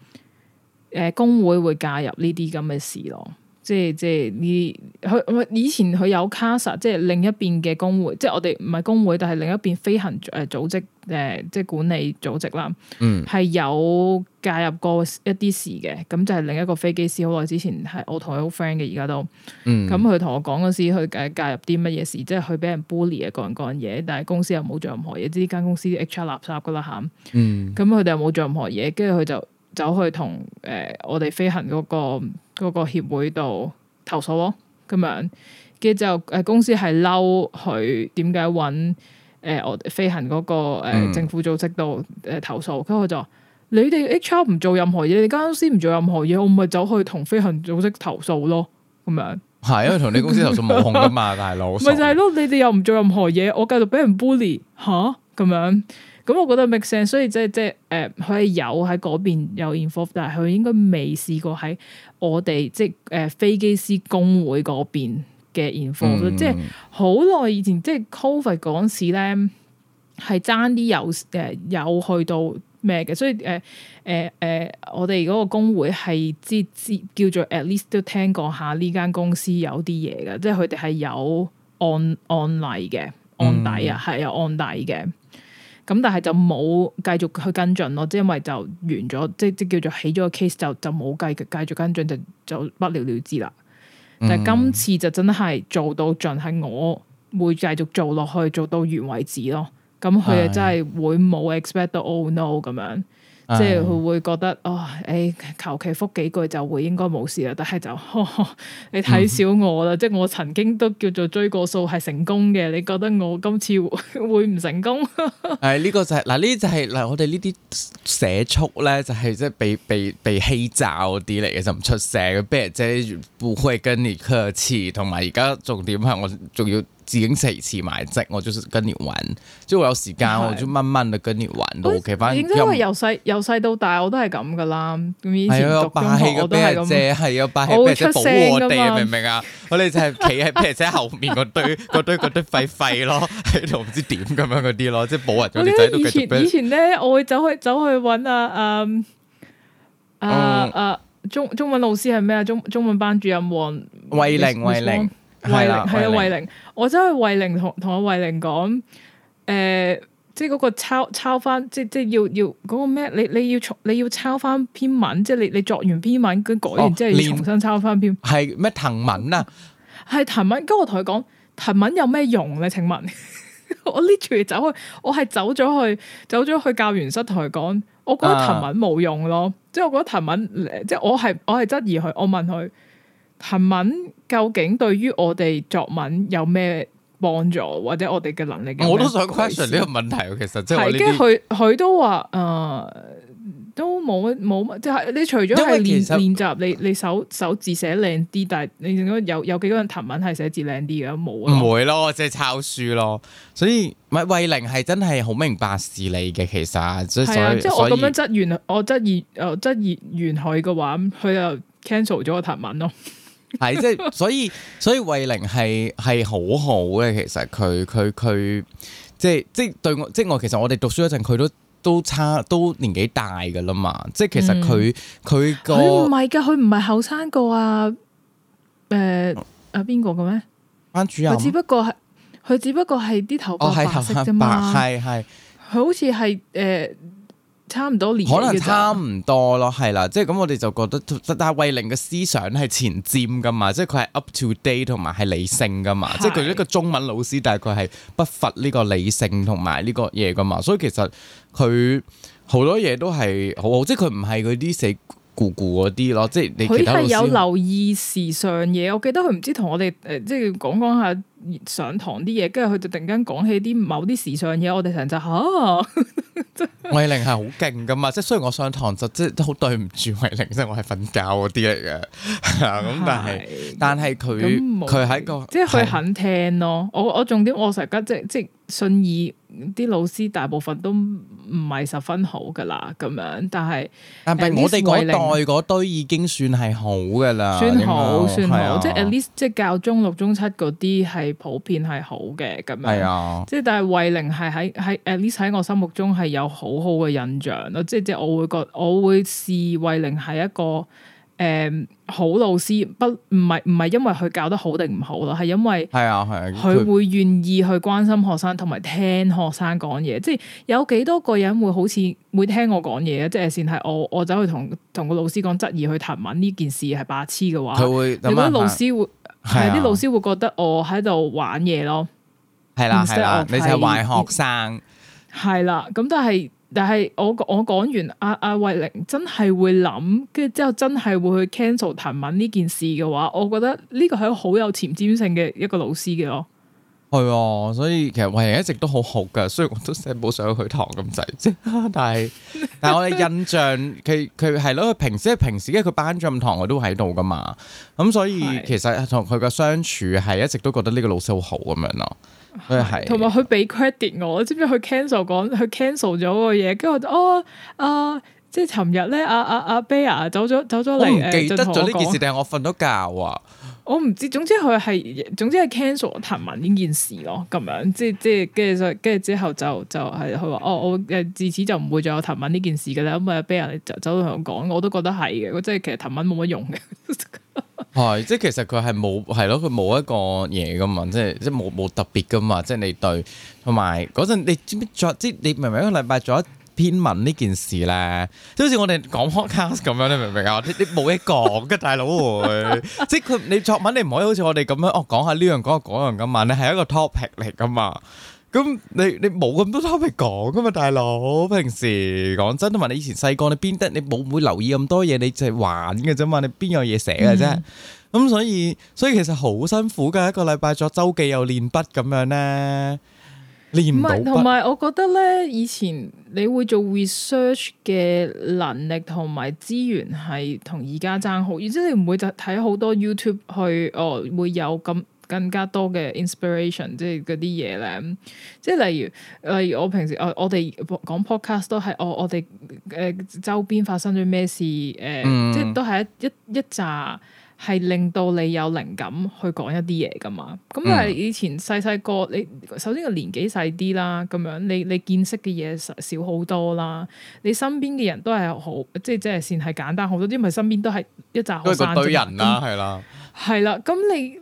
誒工會會介入呢啲咁嘅事咯。即係即係呢佢以前佢有 Casa 即係另一邊嘅工會，即係我哋唔係工會，但係另一邊飛行誒組織誒、呃、即係管理組織啦。嗯，係有介入過一啲事嘅，咁就係另一個飛機師好耐之前係我同佢好 friend 嘅，而家都嗯，咁佢同我講嗰時佢誒介入啲乜嘢事，即係佢俾人 bully 啊，各樣嘢，但係公司又冇做任何嘢，即呢間公司 HR 垃圾噶啦吓，咁佢哋又冇做任何嘢，跟住佢就。走去同誒、呃、我哋飛行嗰、嗰個嗰、嗰個協會度投訴咯，咁樣，佢就誒公司係嬲佢點解揾誒我飛行嗰、嗰個誒、呃、政府組織度誒、呃、投訴，跟住我就你哋 HR 唔做任何嘢，你間公司唔做任何嘢，我咪走去同飛行組織投訴咯，咁樣係啊，同 你公司投訴冇控噶嘛，大佬，咪 就係咯，你哋又唔做任何嘢，我繼續俾人 bully 吓咁樣。咁我覺得 make sense，所以即係即係誒，佢係、呃、有喺嗰邊有 involve，但係佢應該未試過喺我哋即係誒、呃、飛機師工會嗰邊嘅 involve、嗯。即係好耐以前，即係 COVID 嗰陣時咧，係爭啲有誒、呃、有去到咩嘅，所以誒誒誒，我哋嗰個工會係知知叫做 at least 都聽過下呢間公司有啲嘢嘅，即係佢哋係有案案例嘅案底啊，係、嗯、有案底嘅。咁但係就冇繼續去跟進咯，即因為就完咗，即即叫做起咗個 case 就就冇繼繼續跟進，就就不了了之啦。但今次就真係做到盡，係我會繼續做落去，做到完為止咯。咁佢哋真係會冇 expect 到 all no 咁樣。 即係佢會覺得哦，誒求其覆幾句就會應該冇事啦。但係就，呵呵你睇小我啦。嗯、哼即係我曾經都叫做追過數係成功嘅。你覺得我今次會唔成功？係 呢、哎呢個就係、是、嗱，呢、啊、啲就係、是、嗱、啊，我哋呢啲社畜咧就係即係被被被欺詐啲嚟嘅就唔、是、出聲。嘅。不，t e r 不會跟你客氣，同埋而家重點係我仲要。已經辭辭埋職，我就是跟你玩，就我有時間，是的 我就慢慢的跟玩你玩都 OK。反正因為由細由細到大，我都係咁噶啦。係啊，霸氣個啤車係啊，霸氣啤車保我哋，明唔明啊？我哋就係企喺啤車後面個堆，個堆個堆廢廢咯，喺度唔知點咁樣嗰啲咯，即係保護啲仔。都前以前咧，我會走去走去搵啊啊啊啊中中文老師係咩啊？中中文班主任王慧玲，慧玲 靈。慧玲，係啊，慧玲玲，慧玲我走去慧玲同同我慧玲講，誒、呃，即係嗰個抄抄翻，即係即係要要嗰個咩？你你要重你要抄翻篇文，即係你你作完篇文跟改完之後你重新抄翻篇，係咩、哦？藤文啊，係藤文。咁我同佢講藤文有咩用咧？請問 我 l 住走去，我係走咗去，走咗去教員室同佢講，我覺得藤文冇用咯。啊、即係我覺得藤文，即係我係我係質疑佢。我問佢。文究竟對於我哋作文有咩幫助，或者我哋嘅能力？我都想 question 呢個問題，其實即係佢佢都話誒、呃，都冇冇，即係你除咗練練習，你你手手字寫靚啲，但係你有有幾個人謄文係寫字靚啲嘅？冇啊，唔會咯，即係抄書咯。所以，咪慧玲係真係好明白白事理嘅，其實即係我咁樣質疑，我質疑誒質、呃、疑完佢嘅話，佢又 cancel 咗個謄文咯。係，即係 所以，所以慧玲係係好好嘅。其實佢佢佢，即係即係對我，即係我，我，我，我。其實我哋讀書嗰陣，佢都都差，都年紀大噶啦嘛。即係其實佢佢個唔係噶，佢唔係後生個啊。誒、呃、誒、邊、啊、個嘅咩？班主任。佢只不過係，佢只不過係啲頭髮白色啫嘛。係係、啊。佢好似係誒。呃差唔多年，可能差唔多咯，係啦，即係咁，我哋就覺得，但係慧玲嘅思想係前瞻噶嘛，即係佢係 up to date 同埋係理性噶嘛，是的 即係佢一個中文老師，但係佢係不乏呢個理性同埋呢個嘢噶嘛，所以其實佢好多嘢都係，即係佢唔係嗰啲死。啲咯，即係佢係有留意時尚嘢。嗯、我記得佢唔知同我哋誒、呃，即係講講下上堂啲嘢，跟住佢就突然間講起啲某啲時尚嘢，我哋成日就：「吓 ，慧玲係好勁噶嘛，即係雖然我上堂就即係都好對唔住慧玲，即係我係瞓覺嗰啲嚟嘅，咁但係但係佢佢喺個即係佢肯聽咯。的我我重點我成日即係即係信義。啲老師大部分都唔係十分好噶啦，咁樣，但係但係我哋嗰代嗰堆玲已經算係好噶啦，算好算好，即係 at least 即係教中六中七嗰啲係普遍係好嘅咁樣，係是啊，即，即係但係慧玲係喺喺 at least 喺我心目中係有好好嘅印象咯，即係即係我會覺我會視慧玲係一個。誒、嗯，好老師不唔係唔係因為佢教得好定唔好咯，係因為係啊係啊，佢會願意去關心學生，同埋聽學生講嘢。即係有幾多個人會好似會聽我講嘢咧？即係先係我我走去同同個老師講質疑去提問呢件事係白痴嘅話，佢會、如果、咩？如果老師會係啲、啊、老師會覺得我喺度玩嘢咯，係啦係啦，你就係壞學生係啦，咁、嗯啊、但係。但係我我講完阿阿、啊啊、慧玲真係會諗，跟住之後真係會去 cancel 提問呢件事嘅話，我覺得呢個係好有前瞻性嘅一個老師嘅咯。係啊、哦，所以其實慧玲一直都好好噶，雖然我都成日冇上去堂咁滯，即係但係但係我嘅印象佢佢係咯，佢平時係平時，因為佢班進堂我都喺度噶嘛，咁所以其實同佢嘅相處係一直都覺得呢個老師好好咁樣咯。係，同埋佢俾 credit 我，知唔知佢 cancel 講，佢 cancel 咗個嘢？跟住我，我就哦，啊，即係尋日咧、啊，阿阿阿 Bear 走咗走咗嚟，記得咗呢、uh, 件事定係我瞓咗覺啊？我唔知，總之佢係，總之係 cancel 我譚文呢件事咯，咁樣，即係即係，跟住跟住之後就就係佢話哦，我誒自此就唔會再有譚文呢件事噶啦，咁啊 Bear 就走到同我講，我都覺得係嘅，即係其實譚文冇乜用嘅。 係， 即係其實佢係冇，係咯，佢冇一個嘢噶嘛，即係即係冇冇特別噶嘛，即係你對，同埋嗰陣你知唔知作，即你明唔明？一個禮拜做一篇文呢件事咧，即好似我哋講 podcast 咁樣，你明唔明啊？你你冇嘢講噶大佬，即係佢你作文你唔可以好似我哋咁樣哦，講下呢、這個那個那個、樣講下嗰樣噶嘛，你係一個 topic 嚟噶嘛。咁你你冇咁多嘢講噶嘛，大佬？平時講真啊，同埋你以前細個，你邊得，你冇會留意咁多嘢，你就係玩嘅啫嘛，你邊有嘢寫嘅啫？咁、嗯、所以所以其實好辛苦噶，一個禮拜作，周記又練筆咁樣咧，練唔到筆。同埋我覺得咧，以前你會做 research 嘅能力同埋資源係同而家爭好，而且你唔會就睇好多 YouTube 去哦會有咁。更加多嘅 inspiration，即係嗰啲嘢咧，即係例如，例如我平時我我哋講 podcast 都係我我哋誒周邊發生咗咩事誒、嗯呃，即係都係一一一扎係令到你有靈感去講一啲嘢噶嘛。咁但係以前細細個，你首先個年紀細啲啦，咁樣你你見識嘅嘢少少好多啦，你身邊嘅人都係好，即係即係先係簡單好多啲，因為身邊都係一扎。好係人啦、啊，係啦、嗯，係啦，咁你。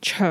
長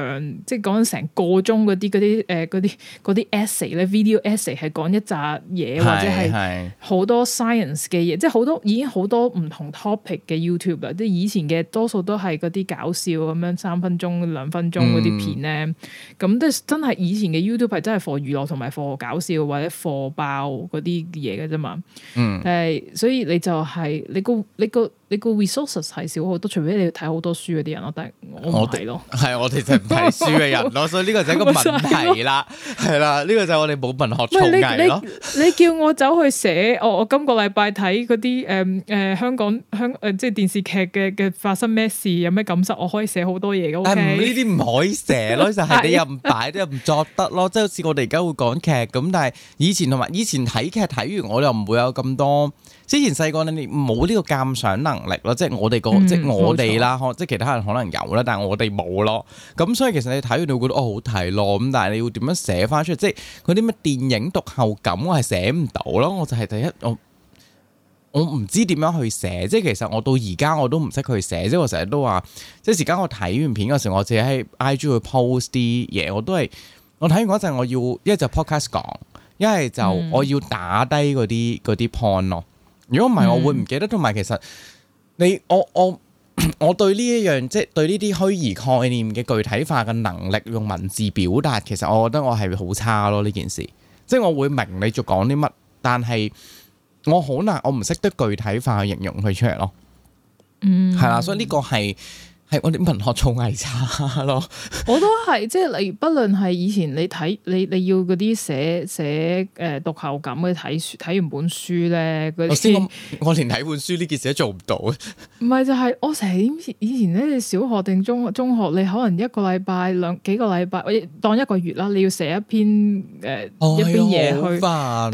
即係講成個鐘嗰啲嗰啲誒嗰啲嗰啲 essay 咧 video essay 係講一紮嘢或者係好多 science 嘅嘢，即係好多已經好多唔同 topic 嘅 YouTube 啦。即係以前嘅多數都係嗰啲搞笑咁樣三分鐘兩分鐘嗰啲片咧，咁都、嗯、真係以前嘅 YouTube 係真係 for 娛樂同埋 for 搞笑或者 for 爆嗰啲嘢嘅啫嘛。但誒、嗯，所以你就係你個你個。你個你個 resources 係少好多，除非你要睇好多書嗰啲人咯。但係我唔係咯，係我哋就唔睇書嘅人咯， 所以呢個就係個問題啦，係啦 是，呢嗎、呢個就係我哋冇文學創意咯。你叫我走去寫，我、哦、我今個禮拜睇嗰啲誒誒香港香誒、呃、即係電視劇嘅嘅發生咩事，有咩感受，我可以寫好多嘢嘅。但係呢啲唔可以寫咯，就係你又唔擺，又唔作得咯，即係好似我哋而家會講劇咁，但係以前同埋以前睇劇睇完，我又唔會有咁多。之前細個你冇呢個鑑賞能力咯，即係我哋個、嗯，即係我哋啦，即係冇錯，其他人可能有啦，但係我哋冇咯。咁所以其實你睇完你會覺得哦好睇咯，咁但係你要點樣寫翻出嚟？即係嗰啲咩電影讀後感，我係寫唔到咯。我就係第一，我我唔知點樣寫去寫。即係其實我到而家我都唔識去寫，即係我成日都話，即係時間我睇完片嗰時候，我自己喺 IG 去 post 啲嘢，我都係我睇完嗰陣，我，我要一就 podcast 講，一係就我要打低嗰啲啲 point 咯。如果唔係，我會唔記得。同埋、嗯，其實你我我 我對呢一樣，即係對呢啲虛擬概念嘅具體化嘅能力，用文字表達，其實我覺得我係好差咯。呢件事，即係我會明你仲講啲乜，但係我好難，我唔識得具體化去形容佢出嚟咯。嗯，係啦，所以呢個係。我啲文學造詣差咯， 我都係即係，你不論係以前你睇你你要嗰啲寫寫誒讀後感去睇書，睇完師些本書咧，嗰啲先。我連睇本書呢件事都做唔到，唔係就係我成以前咧，小學定中學、中學，你可能一個禮拜兩幾個禮拜，當一個月啦，你要寫一篇誒、呃、一篇嘢。去。哦，係好煩啊，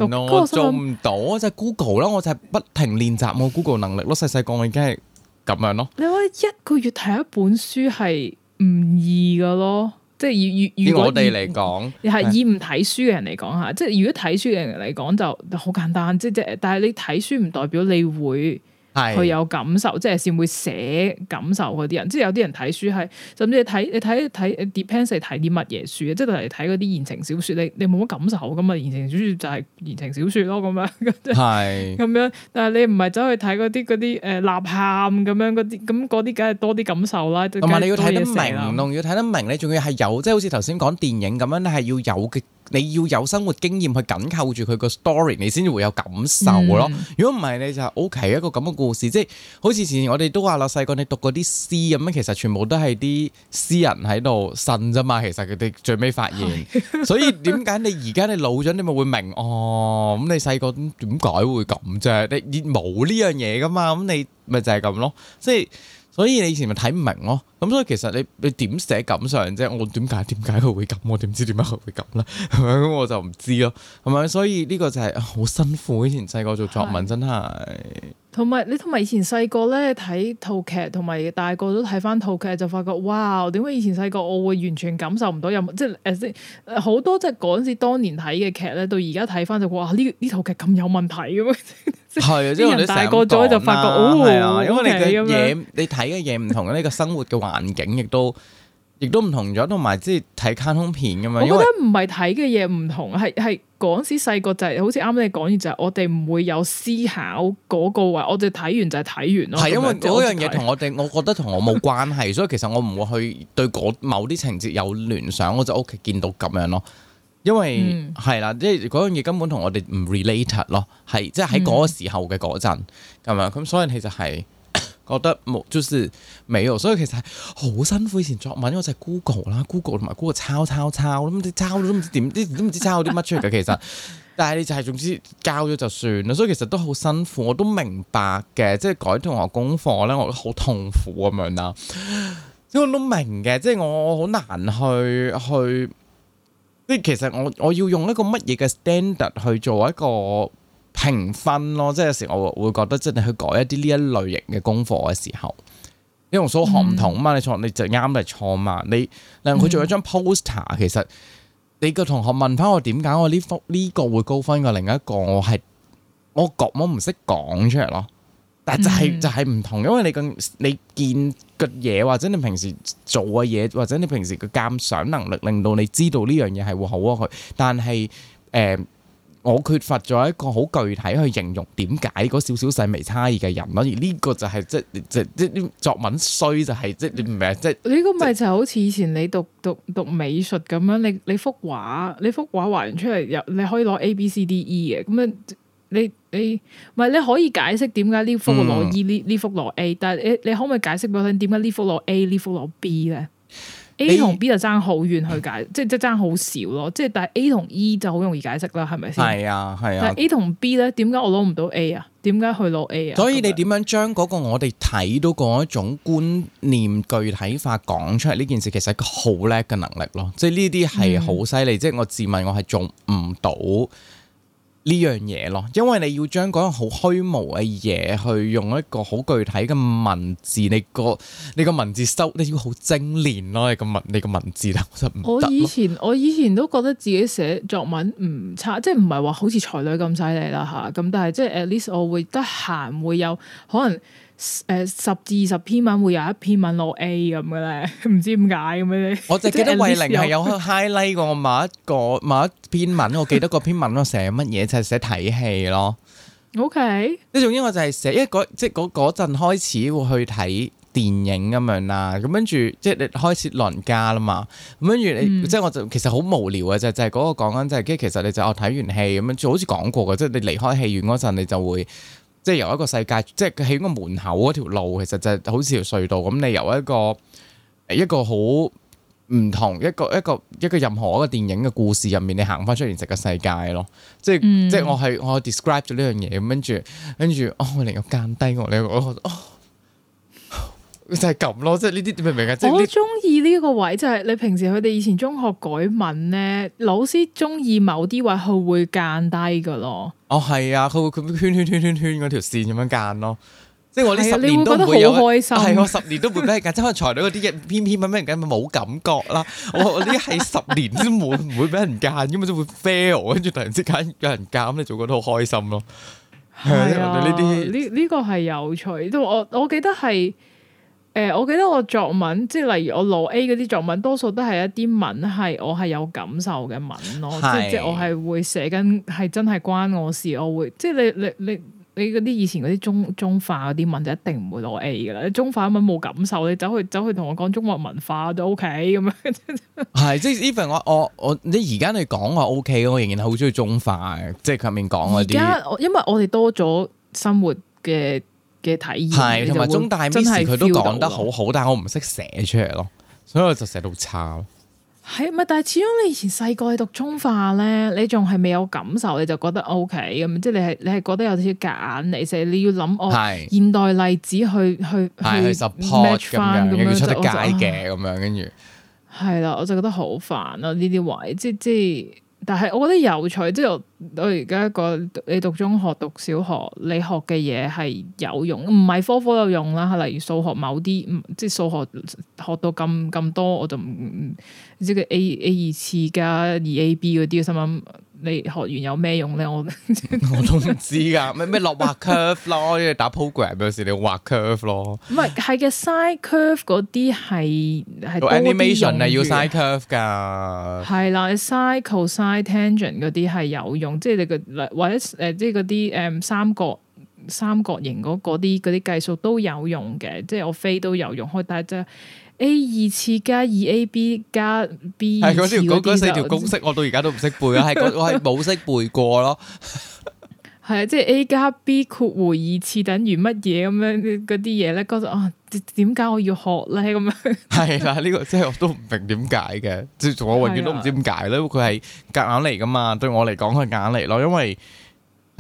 做唔到啊，就 Google 啦，我就係不停練習我 Google 能力咯。細細個已經係。咁樣咯，你可以一個月睇一本書係唔易噶咯，即係如如果以以我哋嚟講，又係以唔睇書嘅人嚟講，下即係如果睇書嘅人嚟講就好簡單，即即但係你睇書唔代表你會。佢是有感受，即係先會寫感受嗰啲人，即係有啲人睇書係，甚至你睇你睇睇，depends 係睇啲乜嘢書啊？即係例如睇嗰啲言情小說，你你冇乜感受噶嘛？言情小說就係言情小說咯，咁樣咁樣。樣是但係你唔係走去睇嗰啲嗰啲誒，吶喊咁樣嗰啲，咁嗰啲梗係多啲感受啦。同埋你要睇得明唔同要睇得明，你仲要係有，即係好似頭先講電影咁樣，你係要有嘅。你要有生活經驗去緊扣住佢個 story，你先至會有感受咯。如果唔係，你就 OK 一個咁嘅故事，即係好似前我哋都話啦，細個你讀過啲詩咁樣，其實全部都係啲詩人喺度呻啫嘛。其實佢哋最尾發現， 所以點解你而家你老咗，你咪會明哦？咁你細個點解會咁啫？你冇呢樣嘢噶嘛？咁你咪就係咁咯，即係。所以你以前咪睇唔明咯，咁所以其實你你點寫感想啫？我點解點解佢會咁？我點知點解佢會咁咧？咁 我就唔知咯，係咪？所以呢個就係、是、好、啊、辛苦。以前細個做作文真係。同埋你同埋以前細個咧睇套劇，同埋大個都睇翻套劇就發覺，哇！點解以前細個我會完全感受唔到有，即係好多即係嗰陣時當年睇嘅劇咧，到而家睇翻就哇！呢呢套劇咁有問題咁啊！係啊，即係人大個咗就發覺，哦，係啊，因為你睇嘅嘢唔同啦，你個 生活嘅環境亦都亦都唔同咗，同埋即係睇卡通片咁樣！我覺得唔係睇嘅嘢唔同，係係。嗰時細個就係、是、好似啱你講完就係、是、我哋唔會有思考嗰個位，我哋睇完就係睇完咯。係因為嗰樣嘢同我哋， 我覺得同我冇關係，所以其實我唔會去對某啲情節有聯想，我就屋企見到咁樣咯。因為係啦，即係嗰樣嘢根本同我哋唔 related 咯。係即係喺嗰個時候嘅嗰陣，咁樣。咁所以其實係。覺得冇，就是冇，所以其實好辛苦。以前作文我就係 Google 啦，Google 同埋 Google 抄抄抄，咁啲抄,抄,抄都唔知點，啲都唔知抄啲乜出嚟嘅。其實，但係你就係總之交咗就算啦。所以其實都好辛苦，我都明白嘅，即係改同學功課咧，我覺得好痛苦咁樣啦。所以我都明嘅，即係我好難去去。即係其實我我要用一個乜嘢嘅 standard 去做一個。評分咯，即係有時我會覺得，即係你去改一啲呢一類型嘅功課嘅時候，因為數學唔同嘛，你錯你就啱係錯嘛。你，嗱，佢做一張 poster，、嗯、其實你個同學問翻我點解我呢幅呢個會高分嘅，另一個我係我覺我唔識講出嚟咯。但就係、是、就係、是、唔同，因為你咁你見嘅嘢，或者你平時做嘅嘢，或者你平時嘅鑒賞能力，令到你知道呢樣嘢係會好啊佢，但係誒。呃我缺乏咗一個好具體去形容點解嗰少少細微差異嘅人咯，而呢個就係、係、即係即係即係啲作文衰就係即係你唔明。即係呢個咪就好似以前你讀讀讀，讀美術咁樣，你你幅畫你幅畫畫完出嚟入你可以攞 A B C D E 嘅咁樣你，你你唔係你可以解釋點解呢幅攞 E 呢呢、嗯、幅攞 A，但係你，你可唔可以解釋俾我聽點解呢幅攞 A 呢幅攞 B 咧？A 同 B 就爭好遠去解，你即係即爭好少咯，即係但係 A 同 E 就好容易解釋啦，係咪先？係啊係啊。啊但係 A 同 B 咧，點解我攞唔到 A 啊？點解去攞 A 啊？所以你點樣將嗰個我哋睇到嗰一種觀念具體化講出嚟呢件事，其實一個好叻嘅能力咯，即係呢啲係好犀利，即係、嗯、我自問我係做唔到。呢樣嘢咯，因為你要將嗰樣好虛無嘅嘢，去用一個好具體嘅文字，你個你個文字收，你要好精練咯。你個文你個文字咧，我就唔得咯。我以前我以前都覺得自己寫作文唔差，即係唔係話好似才女咁犀利啦嚇，咁但係即係 at least 我會得閒會有可能。誒十至二十篇文會有一篇文攞 A 咁嘅咧，唔 知點解咁嘅。你我就記得慧玲係有 highlight 過我某一個某一篇文， 我記得嗰篇文我寫乜嘢？就係寫睇戲咯。O K，你係總之我就係寫，一嗰即係嗰嗰陣開始會去睇電影咁樣啦。咁跟住即係你開始鄰家啦嘛。咁跟住你即係我就其實好無聊嘅就係嗰個講緊就係，跟其實你就我、是、睇、哦、完戲咁樣，就好似講過嘅，即係你離開戲院嗰陣你就會。即係由一個世界，即係佢起個門口嗰條路，其實就係好似條隧道咁。你由一個一個好唔同一個一個一個任何一個電影嘅故事入面，你行翻出嚟成個世界咯。即係、嗯、即係我係我 describe 咗呢樣嘢，跟住跟住哦，另一間低我另一個哦。就係咁咯，即係呢啲明唔明啊，即係！我中意呢個位，就係、是、你平時佢哋以前中學改文咧，老師中意某啲位，佢會間低噶咯。哦，係啊，佢會圈圈圈圈圈嗰條線咁樣間咯。即係我呢十年都唔會有開心，係我十年都唔會俾人間，即係材料嗰啲嘢，偏偏俾人間咪冇感覺啦。我我呢係十年都滿，唔會俾人間噶嘛，就會 fail。跟住突然之間有人間咁，你就覺得好開心咯。係啊，呢啲呢呢個係有趣。我我記得係。誒、呃，我記得我作文，即係例如我攞 A 嗰啲作文，多數都係一啲文係，我係有感受嘅文咯是。即係即我係會寫緊係真係關我事，我會即係你你你你嗰啲以前嗰啲中中化嗰啲文就一定唔會攞 A 噶啦。中化文冇感受，你走去走去同我講中華文，文化都 OK 咁樣。係即係 even 我我我你而家你講話 OK，我仍然好中意中化嘅，即係上面講嗰啲。而家因為我哋多咗生活嘅嘅體驗係同埋中大 miss 佢都講得好好，但係我唔識寫出嚟咯，所以我就寫到差咯。係咪？但係始終你以前細個讀中化咧，你仲係未有感受，你就覺得 OK 咁即係你係你係覺得有少少夾硬你成你要諗哦，是現代例子去去是去 support 咁樣，要出得街嘅咁樣，跟住係啦，我就覺得好煩咯呢啲位，即係即係。但係我覺得有趣，即係我我而家講你讀中學讀小學，你學嘅嘢係有用，唔係科科有用啦。例如數學某啲，即係數學學到咁咁多，我就唔唔，唔知佢 A A 二次加二 A B 嗰啲咁。你學完有咩用咧？我 我都唔知噶，咩咩落畫 curve 咯，即係打 program 有時你要畫 curve 咯。唔係，係嘅，side curve 嗰啲係係多啲用。Animation 係要 side curve 噶。係啦，你 cycle side tangent 嗰啲係有用，即係你個或者誒即係嗰啲誒三角三角形嗰啲嗰啲計數都有用嘅，即係我飛都有用開，但係即係。2 A 二次加二 AB 加 B，係嗰條嗰嗰四條公式我， 我到而家都唔識背啊！係我係冇識背過咯。係 啊，即係 A 加 B 括弧二次等於乜嘢咁樣嗰啲嘢咧？覺得啊，點解我要學咧？咁樣係啦，呢、這個即係我都唔明點解嘅，即係我永遠都唔知點解咧。佢係夾硬嚟噶嘛？對我嚟講佢係硬嚟咯，因為。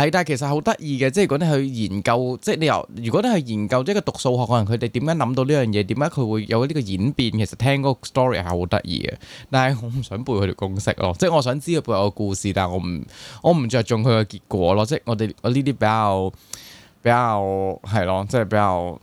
係，但係其實好得意嘅，即係如果你去研究，即係你由，如果你去研究，即係讀數學，可能佢哋點解諗到呢樣嘢？點解佢會有呢個演變？其實聽嗰個 story 係好得意嘅，但係我唔想背佢哋公式咯，即係我想知佢背後嘅故事，但係我唔我唔著重佢嘅結果咯，即係我哋呢啲比較比較係咯，即係、就是、比較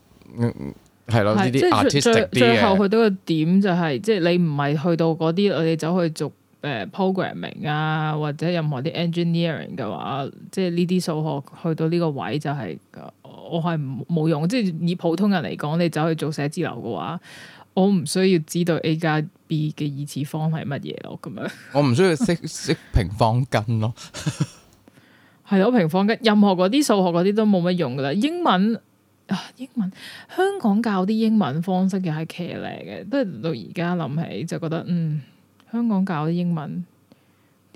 係咯呢啲 artistic 啲嘅，最後去到個點就係、是，即、就、係、是、你唔係去到嗰啲，我哋走去做。誒 programming 啊，或者任何啲 engineering 嘅話，即係呢啲數學去到呢個位就係、是，我係冇用。即係以普通人嚟講，你走去做寫字樓嘅話，我唔需要知道 a 加 b 嘅二次方係乜嘢咯。咁樣 我唔需要識識平方根咯。係 咯， 平方根，任何嗰啲數學嗰啲都冇乜用㗎喇。英文啊，英文，香港教啲英文方式嘅係騎呢嘅，都係到而家諗起就覺得嗯。香港教啲英文，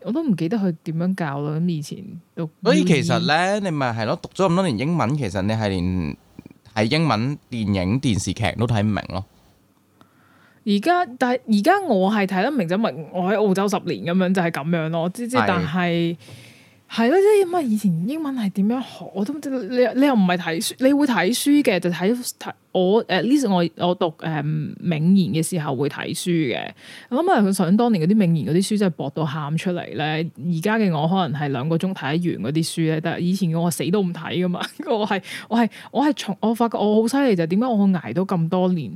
我都唔記得佢點樣教咯。咁以前讀，所以其實咧，你咪係咯，讀咗咁多年英文，其實你係連睇英文電影、電視劇都睇唔明咯。而家但係而家我係睇得明，就明我喺澳洲十年咁樣，就係咁樣咯。知知，但係。係咯，即係咁啊！以前英文係點樣學？我都唔知。你你又唔係睇書，你會睇書嘅就睇睇我誒 list。我我，我讀誒名言嘅時候會睇書嘅。我諗啊，佢想當年嗰啲名言嗰啲書真係薄到喊出嚟咧。而家嘅我可能係兩個鐘睇完嗰啲書咧，但係以前嘅我死都唔睇噶嘛。我係我係我係從我發覺我好犀利就係點解我會捱到咁多年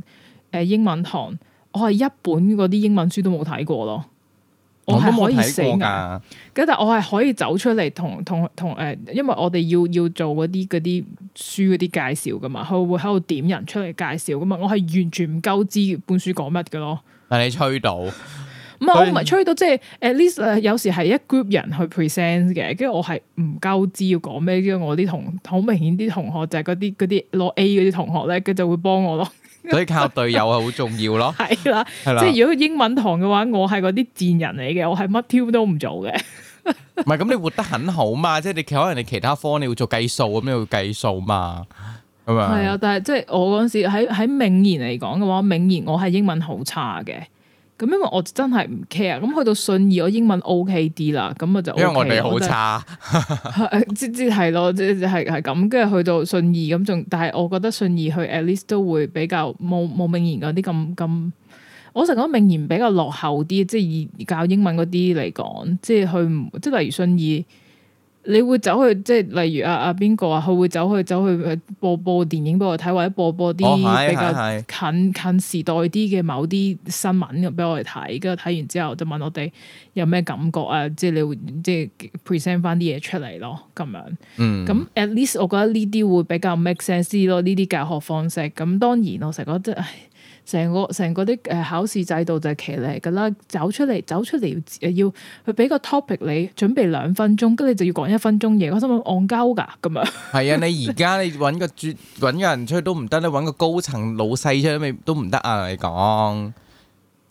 誒英文堂，我係一本嗰啲英文書都冇睇過咯。我係可以死噶，咁但係我係可以走出嚟同同同誒，因為我哋要要做嗰啲嗰啲書嗰啲介紹噶嘛，佢會喺度點人出嚟介紹噶嘛，我係完全唔鳩知本書講乜嘅咯。但係你吹到，唔係 我唔係吹到，即係 at least 有時係一 group 人去 present 嘅，跟住我係唔鳩知要講咩，跟住我啲同好明顯啲同學就係嗰啲嗰啲攞 A 嗰啲同學咧，佢就會幫我咯。 所以靠隊友係好重要咯，係 啦，係啦。即係如果英文堂嘅話，我係嗰啲賤人嚟嘅，我係乜挑都唔做嘅。唔係咁，你活得很好嘛？即係你可能你其他科你會做計數咁樣，要計數嘛？係 吧啊，但係即係我嗰陣時喺喺明言嚟講嘅話，明言我係英文好差嘅。咁因為我真係唔 care，咁去到信義我英文 OK 啲啦，咁我就 OK。因為我哋好差，即係，即即係咯，即係係咁，跟住去到信義咁仲，但係我覺得信義去 at least 都會比較冇冇明言嗰啲咁咁，我成日講明言比較落後啲，即係教英文嗰啲嚟講，即係去即係例如信義。你會走去即係例如阿阿邊個啊，佢、啊、會走去走去播播電影俾我睇，或者播一播啲比較近、哦、近，近時代啲嘅某啲新聞咁俾我哋睇，跟住睇完之後就問我哋有咩感覺啊？即係你會即係 present 翻啲嘢出嚟咯，咁樣。咁、嗯、at least 我覺得呢啲會比較 make sense 咯，呢啲教學方式。咁當然我成日覺得唉。成個成個啲誒、呃、考試制度就係騎呢㗎啦，走出嚟走出嚟要去佢，俾個 topic 你準備兩分鐘，跟住你就要講一分鐘嘢，我心諗戇鳩噶咁樣。係啊，你而家你揾個主揾個人出去都唔得，你揾個高層老細出去都唔得啊！你講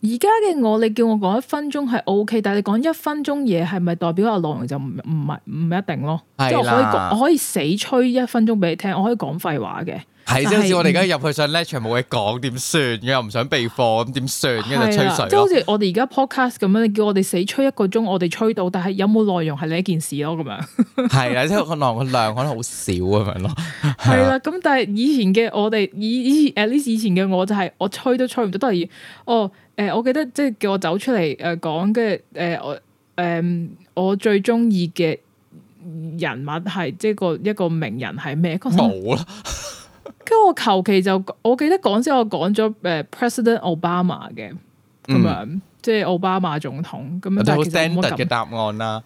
而家嘅我，你叫我講一分鐘係 O K，但係你講一分鐘嘢係咪代表個內容就唔唔係唔一定咯？是啦 即係可以我可以死吹一分鐘俾你聽，我可以講廢話嘅。係，即好似我哋而家入去上 lecture 冇嘢講點算，又唔想備課咁點算，了吹水即好似我哋而家 podcast 咁樣，叫我哋死吹一個鐘，我哋吹到，但係有冇內容係另一件事咯？咁樣係啦，即係個量個量可能好少咁樣咯。係 啦，咁但係以前嘅我哋以以 at least 以前嘅我就係、是、我吹都吹唔到，都係哦誒、呃，我記得即係叫我走出嚟誒講，跟住誒我誒我最中意嘅人物係即係個一個名人係咩？冇啦。跟住 我求其就，我記得講先，我講咗誒，President Obama 嘅咁樣，嗯、即係奧巴馬總統咁樣，但係其實冇乜嘅答案啦。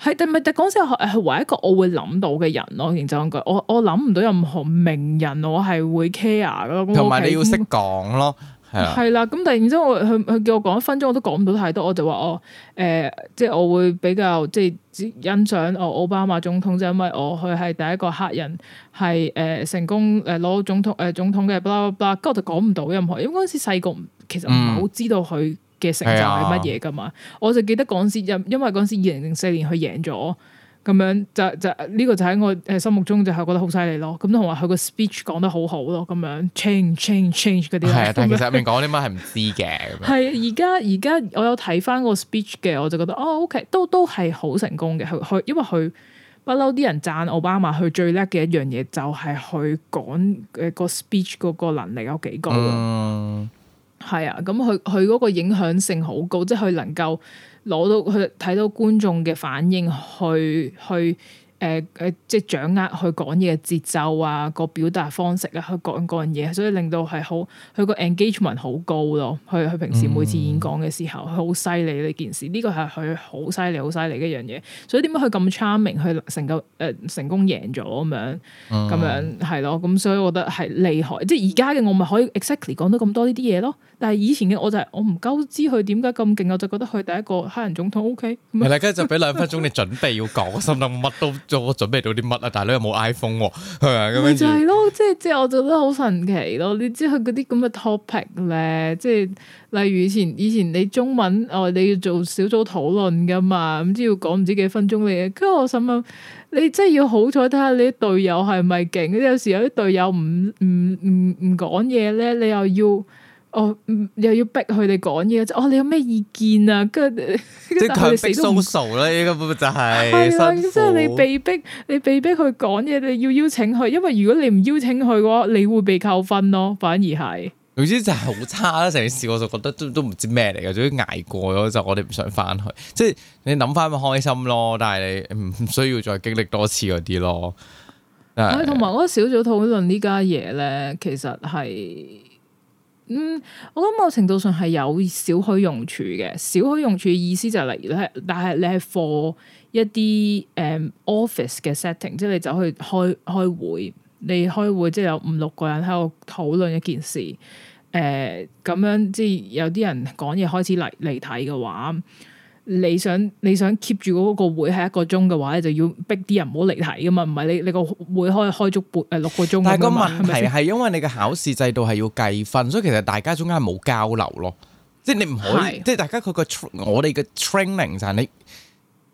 係、嗯、但係但講先，係唯一一個我會諗到嘅人咯。認真句，我我諗唔到任何名人，我係會 care 㗎。同埋你要識講咯。係啦，咁突然之間我佢佢叫我講一分鐘，我都講唔到太多，我就話哦，誒、呃，即係我會比較即係欣賞哦奧巴馬總統，就因為我佢係第一個黑人係誒、呃、成功誒攞總統誒、呃、總統嘅，巴拉巴拉，咁我就講唔到任何，因為嗰陣時細個其實唔係好知道佢嘅成就係乜嘢噶嘛，的我就記得嗰陣時，因因為嗰陣時二零零四年佢贏咗。咁樣就就呢個就喺我誒心目中就係覺得好犀利咯，咁同埋佢個 speech 講得好好咯，咁樣 change change change 嗰啲咧。係啊，但其實入面講啲乜係唔知嘅。係啊，而家而家我有睇翻個 speech 嘅，我就覺得哦 OK 都都係好成功嘅，係佢因為佢不嬲啲人讚奧巴馬，佢最叻嘅一樣嘢就係佢講嘅個 speech 嗰個能力有幾高咯。係啊，咁佢佢嗰個影響性好高，即係佢能夠。攞到佢睇到觀眾嘅反應，去去。誒誒、呃，即係掌握佢講嘢嘅節奏啊，個表達方式啊，佢講嗰樣嘢，所以令到係好佢個 engagement 好高咯。佢佢平時每次演講嘅時候，佢好犀利呢件事，呢、這個係佢好犀利好犀利一樣嘢。所以點解佢咁 charming，佢成個誒成功贏咗咁樣咁、嗯、樣係咯？咁所以我覺得係厲害。即係而家嘅我咪可以 exactly 講到咁多呢啲嘢咯。但係以前嘅我就係、是、我唔夠知佢點解咁勁，我就覺得佢第一個黑人總統 OK、嗯。大家就俾兩分鐘你準備要講，心諗乜都～做我準備到啲乜啊？大佬你又冇 iPhone 喎、啊，係 啊咁咪就係咯，即係即係我做得好神奇咯！你知佢嗰啲咁嘅 topic 咧，即係例如以前以前你中文哦，你要做小組討論噶嘛，咁即要講唔知幾分鐘嘅。跟住我諗諗，你真係要好彩睇下你啲隊友係咪勁。有時有啲隊友唔唔唔唔講嘢咧，你又要。哦，又要逼佢哋講嘢，即哦，你有咩意見啊？跟住即佢哋收手咧，素素就係係啊，即係你被逼，你被逼佢講嘢，你要邀請佢，因為如果你唔邀請佢嘅話，你會被扣分咯。反而係總之就係好差啦，成件事我就覺得都都唔知咩嚟嘅，總之捱過咗就我哋唔想翻去。即係你諗翻咪開心咯，但係你唔需要再經歷多次嗰啲咯。同埋我小組討論呢家嘢咧，其實係。嗯，我諗某程度上係有少許用處嘅。少許用處嘅意思就係例如咧，但係你係 for 一啲誒、um, office 嘅 setting，即係你走去開開會，你開會即係有五六個人喺度討論一件事，誒、呃、咁樣即係有啲人講嘢開始離離題嘅話，你想你想 keep 住嗰個會係一個鐘嘅話，就要逼啲人唔好離題噶嘛，唔係你你個會可以開開足半誒六個鐘。但係個問題係因為你嘅考試制度係要計分，嗯、所以其實大家中間係冇交流咯，即係你唔可以，是的 即係大家佢個我哋嘅 training 就係你。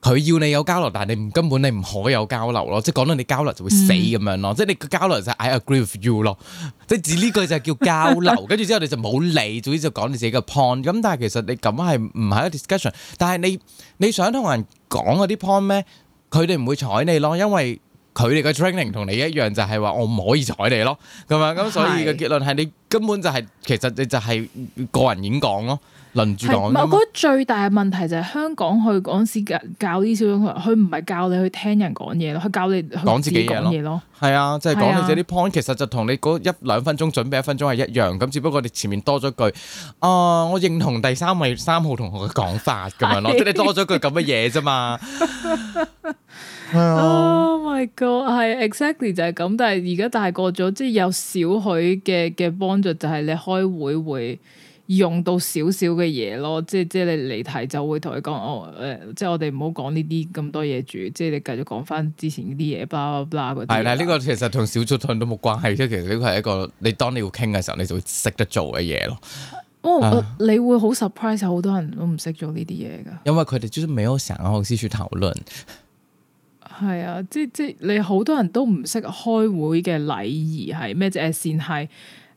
佢要你有交流，但係你唔根本你唔可有交流咯，即係講到你交流就會死咁樣咯，即係你個交流就係 I agree with you 咯，即係字呢句就叫交流，跟住之後你就冇理，總之就講你自己嘅 point。咁但係其實你咁係唔係一個 discussion，但係你你想同人講嗰啲 point 咩？佢哋唔會睬你咯，因為佢哋嘅 training 同你一樣，就係話我唔可以睬你咯，咁樣咁，所以嘅結論係你根本就係其實你就係個人演講咯。輪住講，唔係我覺得最大嘅問題就係香港佢嗰陣時教教啲小眾佢，佢唔係教你去聽人講嘢咯，佢教你講自己講嘢咯。係啊，就係講你哋啲 point，其實就同你嗰一兩分鐘準備一分鐘係一樣咁，只不過你前面多咗句啊，我認同第三位三號同學嘅講法咁樣咯，即係你多咗句咁嘅嘢啫嘛。Oh my god！係 exactly 就係咁，但係而家大個咗，即係有少許嘅嘅幫助，就係你開會會。用到少少嘅嘢咯，即係即係你離題，就會同佢講哦，誒、呃，即係我哋唔好講呢啲咁多嘢住，即係你繼續講翻之前啲嘢，blah blah blah 嗰啲係啦，呢 ab、啊這個其實同小組討論都冇關係，即係其實呢個係一個你當你要傾嘅時候，你就會識得做嘅嘢咯。我、oh, 啊、你會好 surprise 好多人都唔識做呢啲嘢噶，因為佢哋就是沒有想開始去討論。 啊，即即係好多人都唔識開會嘅禮儀係咩嘢線係。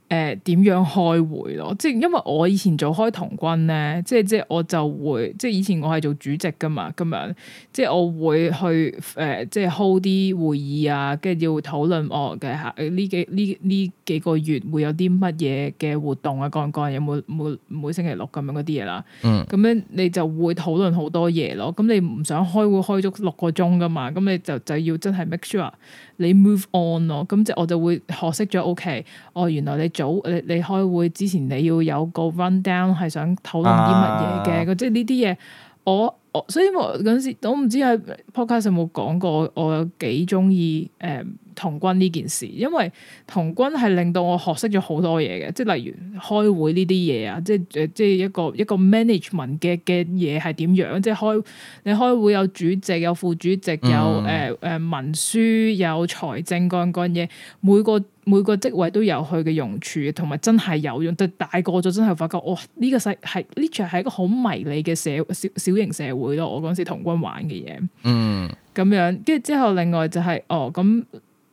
誒點樣開會咯？即因為我以前做開童軍咧，即即我就會即以前我係做主席噶嘛，咁樣即我會去誒即係 hold 啲會議啊，跟住要討論我嘅嚇呢幾呢呢幾個月會有啲乜嘢嘅活動啊，幹唔幹？有冇每每每星期六咁樣嗰啲嘢啦，嗯，咁樣你就會討論好多嘢咯。咁你唔想開會開足六個鐘噶嘛？咁你就就，就要真係 make sure。你 move on 咯，咁即我就會學識咗。OK，哦，原來你早你你開會之前你要有個 run down，係想討論啲乜嘢嘅，啊、即係呢啲嘢。我我所以我嗰陣時，我唔知喺 podcast 有冇講過，我有幾中意誒。嗯童軍呢件事，因為童軍係令到我學識咗好多嘢嘅，即係例如開會呢啲嘢啊，即係即係一個一個 management 嘅嘅嘢係點樣，即係開你開會有主席、有副主席、有誒誒、嗯呃呃、文書、有財政等等嘢，每個每個職位都有佢嘅用處，同埋真係有用。但係大個咗真係發覺，哦呢、這個世係呢場係一個好迷你嘅社小小型社會咯。我嗰時童軍玩嘅嘢，嗯，咁樣跟住之後，另外就係、是、哦咁。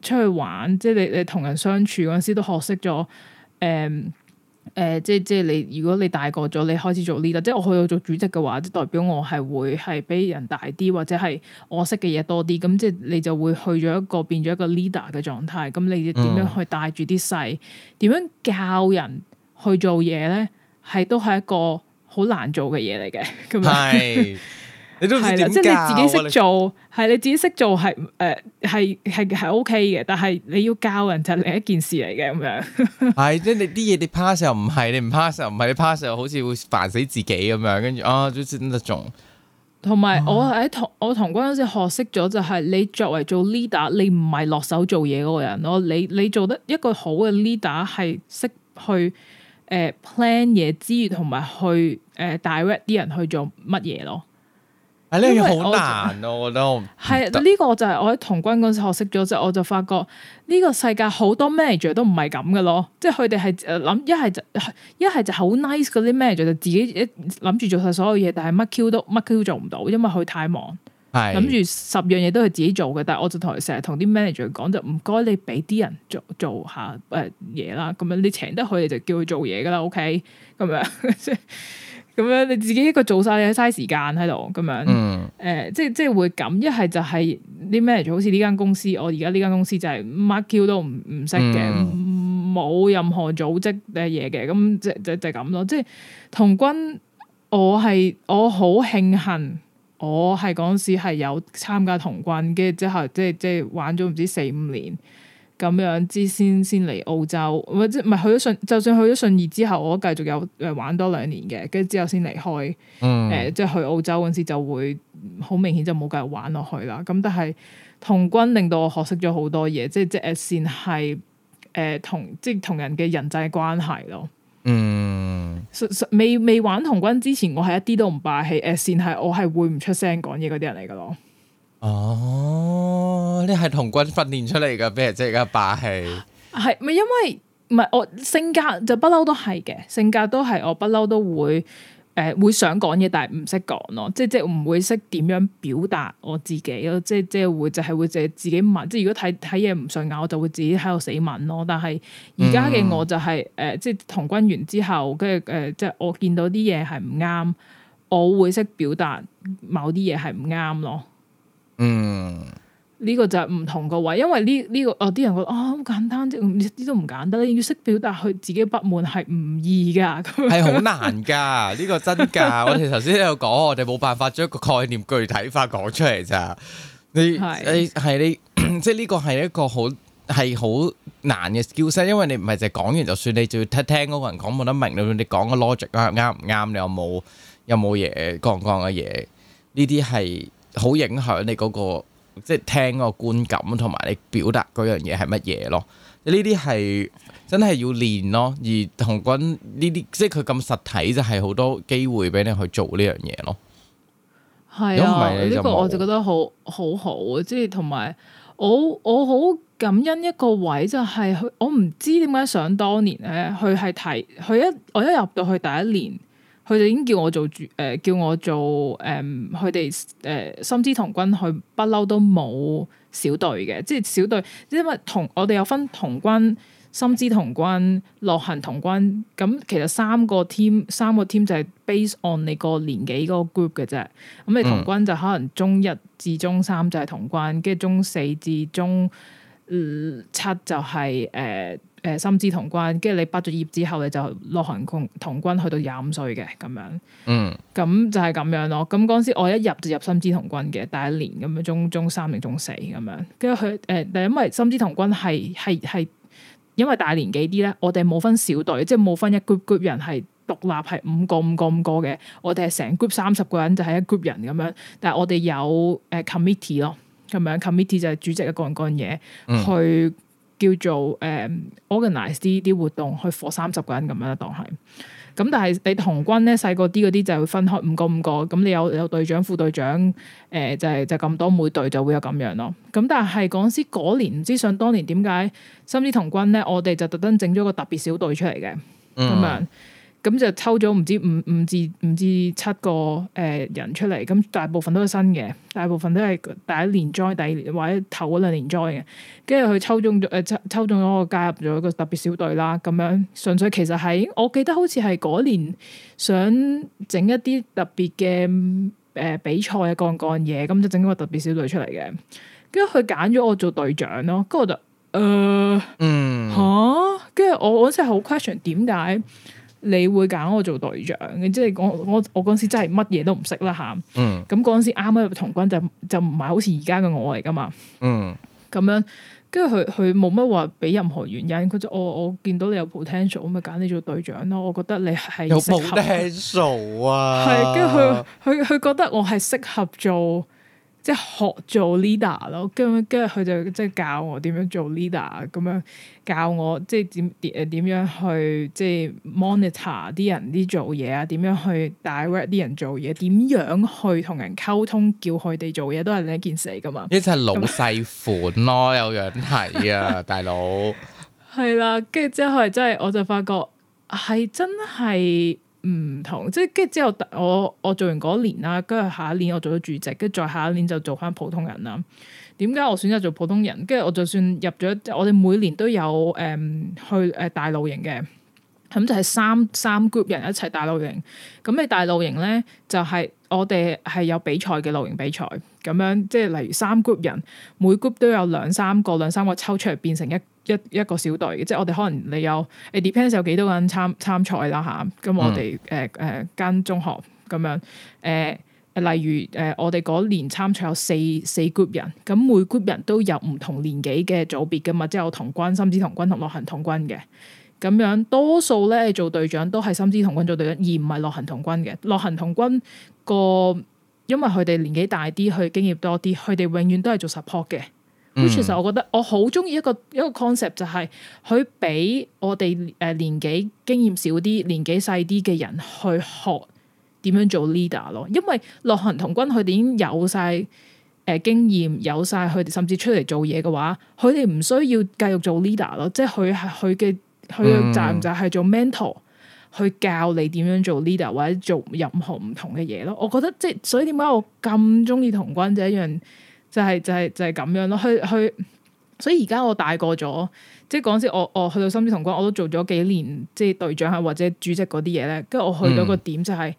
出去玩，即係你你同人相處嗰陣時都學識咗，誒、呃、誒、呃，即係即係你如果你大個咗，你開始做 leader，即係我去到做主席嘅話，即代表我係會係比人大啲，或者係我識嘅嘢多啲，咁即係你就會去咗一個變咗一個 leader 嘅狀態，咁你點樣去帶住啲細，點、嗯、樣教人去做嘢咧，係都係一個好難做嘅嘢嚟嘅，咁啊是。 係啦，即係你自己識做，係你，你自己識做係誒係係係 O K 嘅，但係你要教人就係另一件事嚟嘅咁樣。係即係你啲嘢，你，你 pass 又唔係，你唔 pass 又唔係，你 pass 又、er、好似會煩死自己咁樣，跟住啊都真係仲。啊、同埋我喺同我同嗰陣時學識咗，就係你作為做 leader，你唔係落手做嘢嗰個人，我你你做得一個好嘅 leader 係識去誒、呃、plan 嘢資源，同埋去誒 direct 啲人去做乜嘢咯。係呢樣好難咯，我覺得係呢是、嗯這個就係我喺童軍陣時學識咗之後，就是、我就發覺呢、這個世界好多 manager 都唔係咁嘅咯，即係佢哋係諗一係就一係就好 nice 嗰啲 manager 就自己諗住做晒所有嘢，但係乜 q 都乜 q 都做唔到，因為佢太忙，諗住是十樣嘢都係自己做嘅，但係我就同佢成日同啲 manager 講就唔該你俾啲人做做下誒嘢啦，咁、呃、樣你請得佢哋就叫佢做嘢噶啦，OK 咁樣。 咁樣你自己一個做晒，你嘥時間喺度咁樣，誒、呃，即係即係會咁。一係就係啲咩，就好似呢間公司，我而家呢間公司就係乜叫都唔唔識嘅，冇任何組織嘅嘢嘅，咁即即係咁咯。即係童軍，我係我好慶幸，我係嗰時係有參加童軍，跟住之後即係即係玩咗唔知四五年。咁樣先先嚟澳洲，咪即唔係去咗順，就算去咗順義之後，我都繼續有誒玩多兩年嘅，跟住之後先離開。誒、嗯呃，即係去澳洲嗰陣時就會好明顯就冇繼續玩落去啦。咁但係童軍令到我學識咗好多嘢，即係即係線係誒同即同人嘅人際關係咯。嗯，未未玩童軍之前，我係一啲都唔霸氣，誒線係我係會唔出聲講嘢嗰啲人嚟噶咯。哦，呢係童軍訓練出嚟噶，畀人，而家霸氣係咪？因為唔係我性格就不嬲都係嘅，性格都係我不嬲都會誒、呃、會想講嘢，但係唔識講咯，即係即係唔會識點樣表達我自己咯，即係即係會就係會就係自己問，即係如果睇睇嘢唔順眼，我就會自己喺度死問咯。但係而家嘅我就係、是、誒、嗯呃，即係童軍完之後，跟住誒即係我見到啲嘢係唔啱，我會識表達某啲嘢係唔啱咯。嗯，呢個就係唔同個位，因為呢呢個哦啲人覺得啊好簡單啫，一啲都唔簡單。你要識表達佢自己不滿係唔易噶，係好難噶。呢個真噶。我哋頭先都有講，我哋冇辦法將一個概念具體化講出嚟咋。你係係你，即係呢個係一個好係好難嘅 skills，因為你唔係淨係講完就算，你就要聽聽嗰個人講冇得明。你講個 logic 啱唔啱？你有冇有冇嘢講唔講嘅嘢？呢啲係。好影響你嗰、那個即係聽個觀感，同埋你表達嗰樣嘢係乜嘢咯？呢啲係真係要練咯，而童軍呢啲即係佢咁實體，就係好多機會俾你去做呢樣嘢咯。係啊，呢個我就覺得好好好，即係同埋我我好感恩一個位、就是，就係佢我唔知點解想當年咧，佢係提佢一我一入到去第一年。佢哋已經叫我做主，誒、呃、叫我做誒，佢哋誒深資童軍，佢不嬲都冇小隊嘅，即係小隊，因為同我哋有分童軍、深資童軍、樂行童軍，咁其實三個 team，三個 team 就係 based on 你個年紀嗰個 group 嘅啫。咁你童軍就可能中一至中三就係童軍，跟住中四至中、呃、七就係、是、誒。呃誒，深資童軍，跟住你畢咗業之後，你就落行童童軍去到廿五歲嘅咁樣，嗯，咁就係咁樣咯。咁嗰時我一入就入深資童軍嘅，大一年，咁樣中中三定中四咁樣。跟住佢誒，但因為深資童軍係係係因為大年紀啲咧，我哋冇分小隊，即係冇分一 group group 人係獨立係五,五個五個五個嘅，我哋係成 group 三十個人就係一 group 人咁樣。但係我哋有誒、呃、committee 咯，咁樣 committee 就係主席一個人幹嘢、嗯、去。叫做誒、呃、organize 啲啲活動去火三十個人咁樣啦，當係咁。但係你童軍咧，細個啲嗰啲就會分開五個五個，咁你有有隊長副隊長誒、呃，就係、是、就咁多每隊就會有咁樣咯。咁但係講師嗰年唔知想當年點解，深資童軍咧，我哋就特登整咗個特別小隊出嚟嘅咁樣。咁就抽咗唔知五五至五至七個誒、呃、人出嚟，咁大部分都係新嘅，大部分都係第一年 join，第二年或者頭嗰兩年 join 嘅，跟住佢抽中誒、呃、抽中咗我加入咗個特別小隊啦，咁樣純粹其實喺我記得好似係嗰年想整一啲特別嘅，誒、呃、比賽啊，幹干嘢，咁就整咗個特別小隊出嚟嘅，跟住佢揀咗我做隊長咯，跟住我就誒，呃、嗯，吓，跟住我我真係好 question，點解？你會揀我做隊長，即係我我我嗰時真係乜嘢都唔識啦下咁嗰陣時啱啱入童軍就就唔係好似而家嘅我嚟噶嘛，咁、嗯、樣跟住佢佢冇乜話俾任何原因，佢就我我見到你有 potential，咁咪揀你做隊長咯，我覺得你係有 potential 啊，係跟住佢佢佢覺得我係適合做。即係學做 leader 咯，咁跟住佢就即係教我點樣做 leader，咁樣教我即係點點樣去即係 monitor 啲人啲做嘢啊，點樣去 direct 啲人做嘢，點樣去同人溝通叫佢哋做嘢，都係另一件事嚟噶嘛？呢隻係老細款咯， 有樣睇啊，大佬。係 啦，跟住之後係真係，我就發覺係真係。唔同，即係跟住之後我，我我做完嗰年啦，跟住下一年我做咗主席，跟住再下一年就做翻普通人啦。點解我選擇做普通人？跟住我就算入咗，即我哋每年都有誒、嗯、去誒、呃、大露營嘅。咁就係三三 group 人一齊大露營，咁你大露營咧就係、是、我哋係有比賽嘅露營比賽，咁樣即係例如三 group 人，每 group 都有兩三個兩三個抽出嚟變成一一一個小隊，即係我哋可能你有，depends、嗯、有幾多個人參參賽啦吓，咁我哋誒誒間中學咁樣誒、呃，例如誒、呃、我哋嗰年參賽有四四 group 人，咁每 group 人都有唔同年紀嘅組別㗎嘛，即係有童軍、深資童軍同樂行童軍嘅。咁樣多數咧做隊長都係深資童軍做隊長，而唔係樂行童軍嘅。樂行童軍個，因為佢哋年紀大啲，佢經驗多啲，佢哋永遠都係做 support 嘅。w h、嗯、其實我覺得我好中意一個一個 concept 就係佢俾我哋誒年紀、呃、年紀經驗少啲、年紀細啲嘅人去學點樣做 leader 咯。因為樂行童軍佢哋已經有晒誒、呃、經驗，有晒佢哋甚至出嚟做嘢嘅話，佢哋唔需要繼續做 leader 咯。即係佢係佢嘅。佢嘅站就係做 mentor，去教你點樣做 leader 或者做任何唔同嘅嘢咯。我覺得即係所以點解我咁中意童軍就是、一樣，就係、是、就係、是、就係、是、咁樣咯。去去，所以而家我大個咗，即係嗰陣時我我去到深資童軍，我都做咗幾年即係隊長或者主席嗰啲嘢咧。跟住我去到個點就係、是嗯、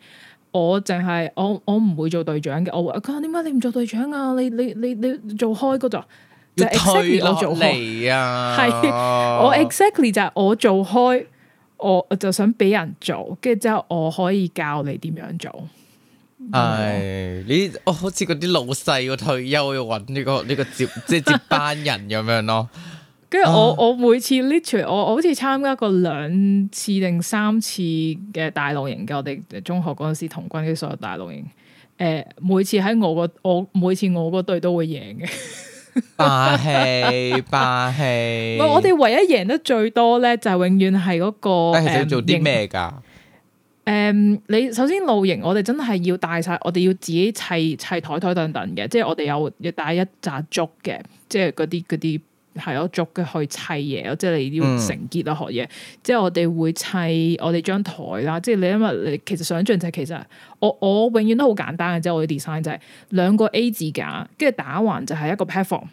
我淨係我我唔會做隊長嘅。我佢話點解你唔做隊長啊？你你你你,你,你做開嗰座。要推落嚟啊！ 係我 exactly 就係我做開，我就想俾人做，跟住之後我可以教你點樣做。係、哎嗯、你我、哦、好似嗰啲老細要退休要搵呢、這個呢、這個接即係 接班人咁樣咯。跟、嗯、住我我每次 literally 我我好似參加過兩次定三次嘅大露營嘅，我哋中學嗰陣時童軍嘅所有大露營，誒、呃、每次喺我個我每次我嗰隊都會贏嘅。 霸氣，霸氣！唔，我哋唯一贏得最多咧，就永遠係嗰個。想 做啲咩噶？誒、 嗯，你首先露營，我哋真係要帶晒，我哋要自己砌砌台台凳凳嘅，即係我哋有要帶一紮竹嘅，即係嗰啲嗰啲。係我逐嘅去砌嘢，即係你要承結啦、嗯、學嘢。即係我哋會砌我哋張台啦。即係你因為你其實想象就其實我我永遠都好簡單嘅。即係我啲 design 就係兩個 A 字架，跟住打橫就係一個 platform、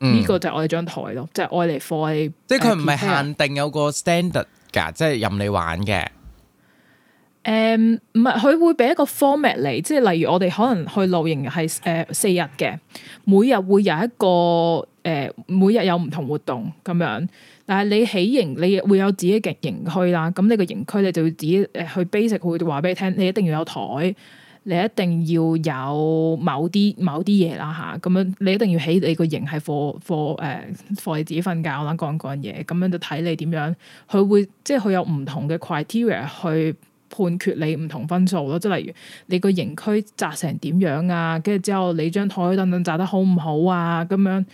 嗯。呢個就係我哋張台咯，即係 oil b o 即係佢唔係限定有個 standard 噶，即係任你玩嘅。誒，唔係佢會俾一個 format 嚟，即係例如我哋可能去露營係誒、呃、四日嘅，每日會有一個誒、呃，每日有唔同活動咁樣。但係你起營，你會有自己嘅營區啦。咁你個營區，你就要自己誒去 basic 佢會話俾你聽。你一定要有台，你一定要有某啲某啲嘢啦吓。咁樣你一定要起你個營係 for for 誒 for 你自己瞓覺啦，講講嘢。咁樣就睇你點樣，佢會即係佢有唔同嘅 criteria 去。判決你唔同分數咯，即例如你個營區紮成點樣啊，跟住之後你張枱等等紮得好唔好啊，咁樣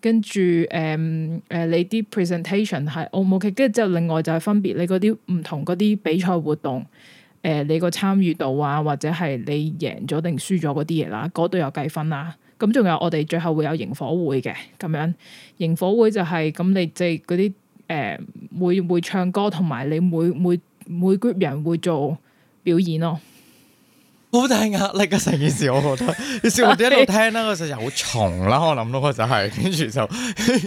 跟住誒誒你啲 presentation 係 o 唔 ok 跟住之後另外就係分別你嗰啲唔同嗰啲比賽活動，誒、呃、你個參與度啊，或者係你贏咗定輸咗嗰啲嘢啦，嗰度有計分啦、啊。咁仲有我哋最後會有營火會嘅，咁樣營火會就係、是、咁，你即係嗰啲誒會會唱歌同埋你會會。每每 group 人會做表演咯，好大壓力嘅、啊、成件事，我覺得。 你笑我哋一路聽啦 我成日好重啦，我諗咯，我就係，跟住就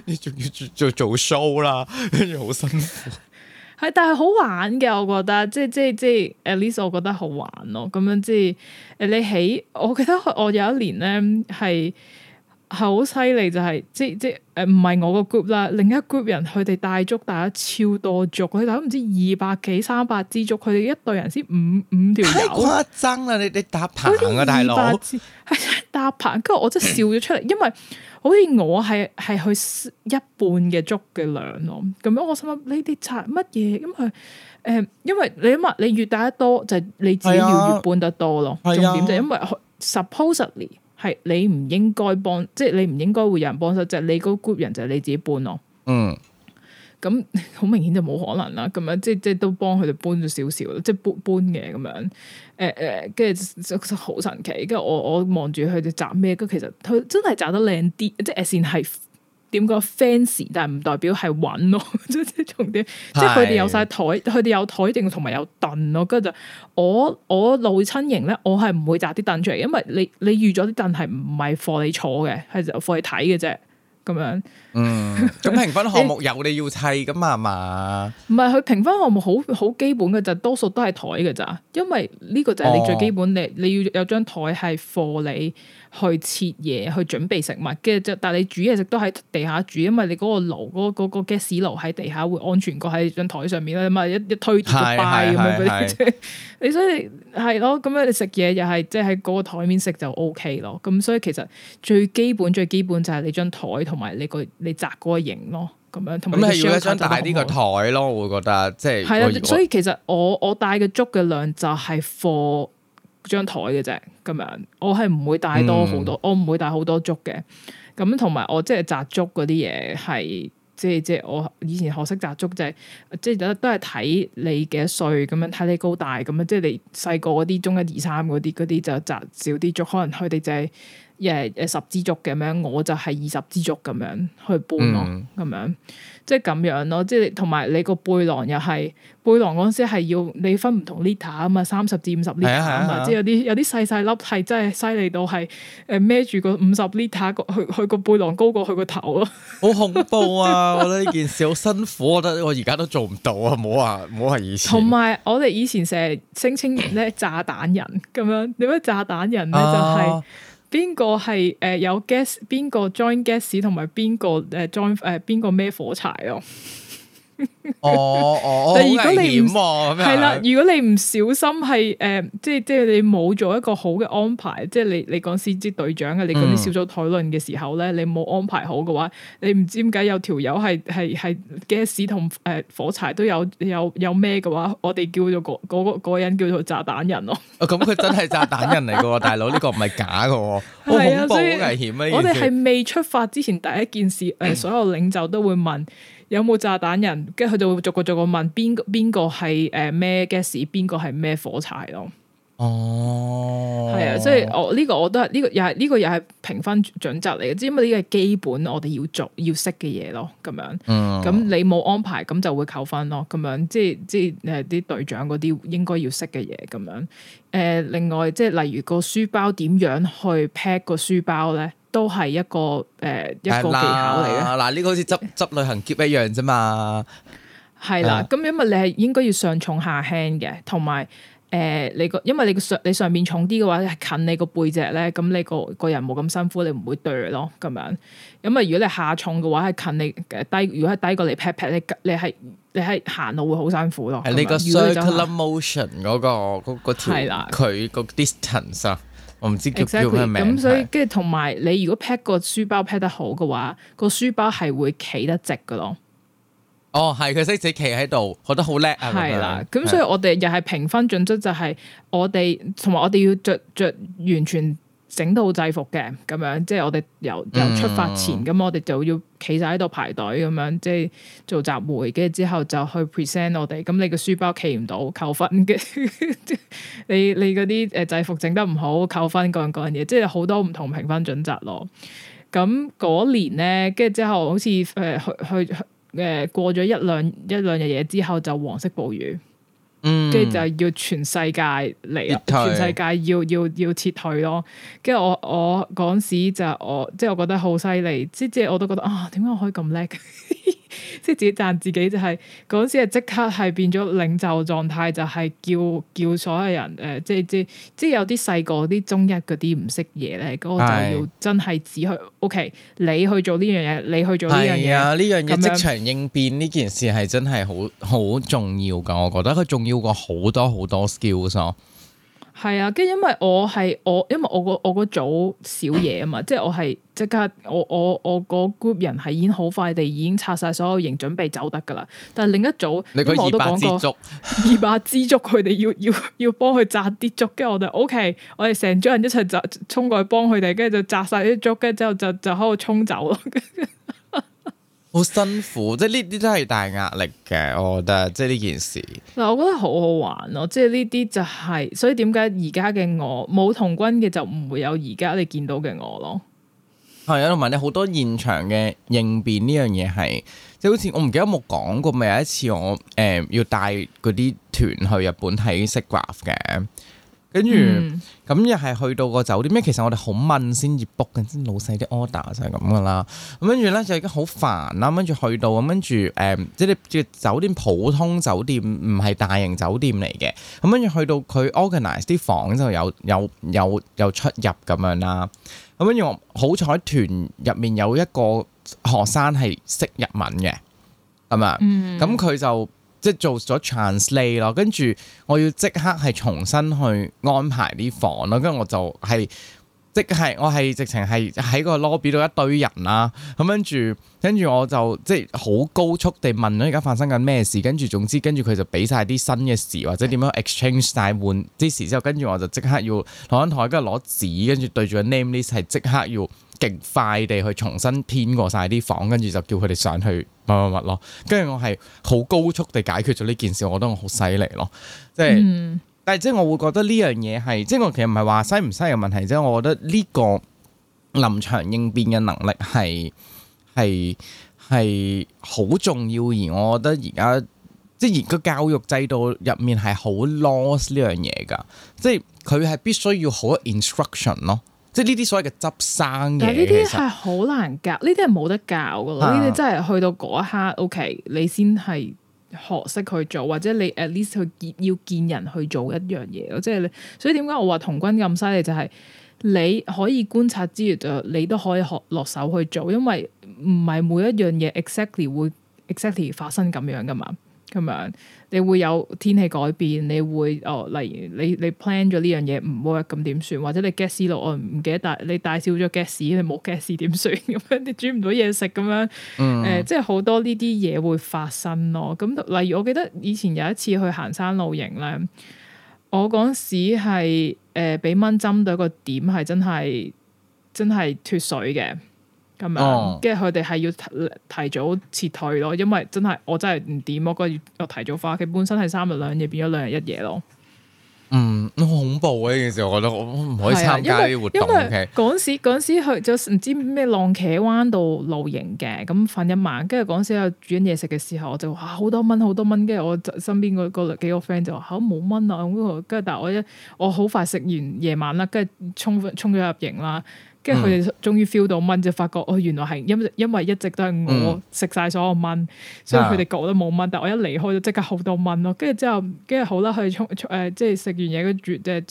你仲要做做，做 show 啦，跟住好辛苦。係， 但係好玩嘅，我覺得，即係即係即係 at least 我覺得好玩咯。咁樣即係，誒，你起，我記得我有一年咧係。好犀利就係、是、即即誒唔係我個 group 啦，另一 group 人佢哋帶竹帶咗超多竹，佢哋都唔知二百幾三百支竹，佢哋一隊人先五五條友。太誇張啦！你你搭棚啊大佬，搭 棚，跟住我真係笑咗出嚟， 因為好似我係係去一半嘅竹嘅量咯。咁樣我心諗呢啲賊乜嘢？咁佢，誒，因為你諗下，你越帶得多，就係、是、你自己要越搬得多咯。啊啊、重點就因為 supposedly。 係你唔應該幫，即係你唔應該會有人幫手，就係你個 group 人就係你自己搬咯。嗯，咁好明顯就冇可能啦。咁樣即係即係都幫佢哋搬咗少少，即係搬即搬嘅咁樣。誒、呃、誒，跟住好神奇。跟住我我望住佢哋紮咩？跟住其實佢真係扎得靚啲，即係線係。點個 fancy，但係唔代表係穩咯， 樣是即係重點，即係佢哋有晒台，佢哋有台定同埋有凳咯。跟住就，我我老親營咧，我係唔會紮啲凳出嚟，因為你你預咗啲凳係唔係俾你坐嘅，係就俾你睇嘅啫。咁樣，嗯，咁評 分項目有你要砌噶嘛？係嘛、欸？唔係， 佢評分項目好好基本嘅就多數都係台嘅咋，因為呢個就係你最基本，你、哦、你要有張台係俾你。去切嘢，去準備食物，跟住就，但係你煮嘢食都喺地下煮，因為你嗰個爐，嗰、那、嗰個 gas 爐喺地下會安全過喺張台上面啦，咪一一推就翻咁樣嗰啲，所以係咯，咁樣你食嘢又係即係喺嗰個台面食就 OK 咯。咁所以其實最基本最基本就係你張台同埋你，你，你個你紮嗰個型咯，咁樣同埋要一張大啲嘅台咯，我會覺得即係係啊。是我所以其實我我帶嘅粥嘅量就係貨。張枱嘅啫，咁樣我係唔會帶多好多，嗯、我唔會帶好多竹嘅。咁同埋我即係紮竹嗰啲嘢，係即係即係我以前學識紮竹就係，即係都都係睇你幾多歲咁樣，睇你高大咁樣。即係你細個嗰啲，中一二三嗰啲，嗰啲就紮少啲竹，可能佢哋就係。誒誒，十支竹咁樣，我就係二十支竹咁樣去搬咯，咁、嗯、樣即係咁樣咯。即係同埋你個背囊又係背囊，嗰陣時係要你分唔同 liter 啊嘛，三十至五十 liter 啊嘛。即係有啲有啲細細粒係真係犀利到係誒孭住個五十 liter 個，佢佢個背囊高過佢個頭啊！好恐怖啊！ 我覺得呢件事好辛苦，我覺得我而家都做唔到啊！唔好話唔好話以前。同埋我哋以前成日聲稱咧炸彈人咁樣，點解炸彈人咧就係？啊邊個係誒有 guest？邊個 join guest 同埋邊個誒 join 誒邊個咩火柴咯？哦哦，好、哦、 危險啊！係啦，如果你唔小心，係誒、呃，即係即係你冇做一個好嘅安排，嗯、即係你你講先知隊長啊，你嗰啲小組討論嘅時候咧，你冇安排好嘅話，你唔知點解有條友係係係 gas 同誒火柴都有有有咩嘅話，我哋叫做嗰嗰、嗰個人叫做炸彈人咯。咁 佢、哦、真係炸彈人嚟嘅，大佬呢 個唔係假嘅，好恐怖，好危險啊！我哋係未出發之前第一件事，誒、呃，所有領袖都會問。 有冇炸彈人？跟住佢就會逐個逐個問邊個邊個係誒咩 gas？邊個係咩火柴咯？哦，係啊，所以我呢個我都係呢個又係呢個又係評分準則嚟嘅，只因為呢個係基本我哋要做要識嘅嘢咯，咁樣。咁、嗯嗯、你冇安排咁就會扣分咯，咁樣，樣即係即係誒啲隊長嗰啲應該要識嘅嘢咁樣。誒、呃，另外即係例如個書包點樣去 pack 個書包咧？都係一個誒、呃、一個技巧嚟嘅、啊。嗱，呢個好似執執旅行喼一樣啫嘛。係啦、嗯，咁因為你係應該要上重下輕嘅，同埋誒你個，因為你個上你上面重啲嘅話，係近你個背脊咧，咁你個個人冇咁辛苦，你唔會剁咯咁樣。咁啊，如果你下重嘅話，係近你低，如果係低過嚟 pat pat 你你係你係行路會好辛苦咯。係你、這個 circular motion 嗰、那個嗰嗰佢個、那個那個、distance .我唔知叫叫咩 Exactly, 名。咁所以跟住同埋你如果 pack 個書包 pack 得好嘅話，個書包係會企得直㗎咯。哦，係佢識自己企喺度，學得好叻啊！係啦，咁所以我哋又係評分準則就係我哋同埋我哋要着着完全。整套制服嘅咁樣，即係我哋由，嗯、由出發前，咁，嗯、我哋就要企晒喺度排隊咁樣，即係做集會，跟住之後就去 present 我哋。咁你個書包企唔到扣分嘅， 你你嗰啲誒制服整得唔好扣分各樣各樣嘢，即係好多唔同評分準則咯。咁嗰年咧，跟住之後好似誒去去誒過咗一兩一兩日嘢之後，就黃色暴雨。跟住、嗯、就要全世界嚟，退全世界要要要撤退咯。跟住我我嗰時就我即係我覺得好犀利，即即係我都覺得啊，點解我可以咁叻？ 即係自己贊自己就係、是、嗰時係即刻係變咗領袖狀態，就係、是、叫叫所有人誒、呃，即係即係即係有啲細個啲中一嗰啲唔識嘢咧，咁我是就要真係只去，OK，你去做呢樣嘢，你去做呢樣嘢啊！呢樣嘢即樣場應變呢件事係真係好好重要噶，我覺得佢重要過好多好多 skills 哦。係啊，跟住因為我係我，因為我個我個組少嘢啊嘛，即係我係即刻，我我我個 group 人係已經好快地已經拆晒所有營，準備走得噶啦。但係另一組，我你講二八支竹，二八支竹，竹，佢哋要要要幫佢紮啲竹，跟住我就 O、OK，K，我哋成組人一齊就衝過去幫佢哋，跟住就紮晒啲竹，跟住之後就就喺度衝走咯。 好辛苦，即係呢啲都係大壓力嘅，我覺得即係呢件事。嗱，我覺得好好玩咯，啊，即係呢啲就係、是，所以點解而家嘅我冇童軍嘅，就唔會有而家你見到嘅我咯。係啊，同埋你好多現場嘅應變呢樣嘢係、即、就、係、是、好似我唔記得有冇講過，咪有一次我誒要帶嗰啲團去日本睇 SIGGRAPH 嘅。跟住咁、嗯、又係去到個酒店咩？其實我哋好問先至 book 緊先，老細啲 order 就係咁噶啦。咁跟住咧就已經好煩啦。跟住去到咁，跟住誒、呃，即係啲酒店普通酒店，唔係大型酒店嚟嘅。咁跟住去到佢 organize 啲房就有有有有出入咁樣啦。咁跟住好彩團入面有一個學生係識日文嘅，係咪咁佢就。即係做咗 translate 咯，跟住我要即刻係重新去安排啲房咯，跟住我就係。即係我係直情係喺個 lobby 度一堆人啦、啊，咁跟住跟住我就即係好高速地問咗而家發生緊咩事，跟住總之跟住佢就俾晒啲新嘅事或者點樣 exchange 晒換即時之，之後，跟住我就即刻要攞翻台跟住攞紙，跟住對住個 name list 係即刻要極快地去重新編過晒啲房，跟住就叫佢哋上去乜乜乜咯。跟住我係好高速地解決咗呢件事，我覺得我好犀利咯，即係。嗯但係即係我會覺得呢樣嘢係，即係我其實唔係話犀唔犀嘅問題啫，我覺得呢個臨場應變嘅能力係係係好重要，而我覺得而家即係而個教育制度入面係好 loss 呢樣嘢噶，即係佢係必須要好 instruction 咯，即係呢啲所謂嘅執生嘅，呢啲係好難教，呢啲係冇得教噶啦，呢啲、啊、真係去到嗰一刻，OK，你先係。學識去做，或者你 at least 去見要見人去做一樣嘢咯，即係你。所以點解我話童軍咁犀利就係你可以觀察之餘，就你都可以學落手去做，因為唔係每一樣嘢 exactly 會 exactly 發生咁樣噶嘛，咁樣。你會有天氣改變，你會哦，例如你你 plan 咗呢樣嘢唔 work，咁點算？或者你 gas 屎我唔記得帶你帶少咗 gas 你冇 gas 屎點算咁樣？你煮唔到嘢食咁樣，誒、呃，即係好多呢啲嘢會發生咯。咁、呃、例如我記得以前有一次去行山露營咧，我嗰時係誒俾蚊針到一個點，係真係真係脫水嘅。咁啊，跟住佢哋係要提早撤退咯，因為真係我真係唔掂。我個我提早返，佢本身係三日兩夜，變咗兩日一夜咯。嗯，好恐怖啊！呢件事，我覺得我唔可以參加、啊、因為嗰 Okay. 時嗰時去咗唔知咩浪茄灣度露營嘅，咁瞓一晚，跟住嗰時又煮緊嘢食嘅時候，我就話好多蚊好多蚊，跟住我就身邊個個幾個 friend 就話，好，冇蚊啊！跟住，但係我一我好快食完夜晚啦，跟住衝衝咗入營啦。跟住佢哋終於 feel 到蚊，就發覺哦，原來係因因為一直都係我食晒所有蚊，所以佢哋覺得冇蚊。但我一離開就即刻好多蚊咯。跟住之後，跟住好啦，佢哋沖沖誒，即係食完嘢跟住即係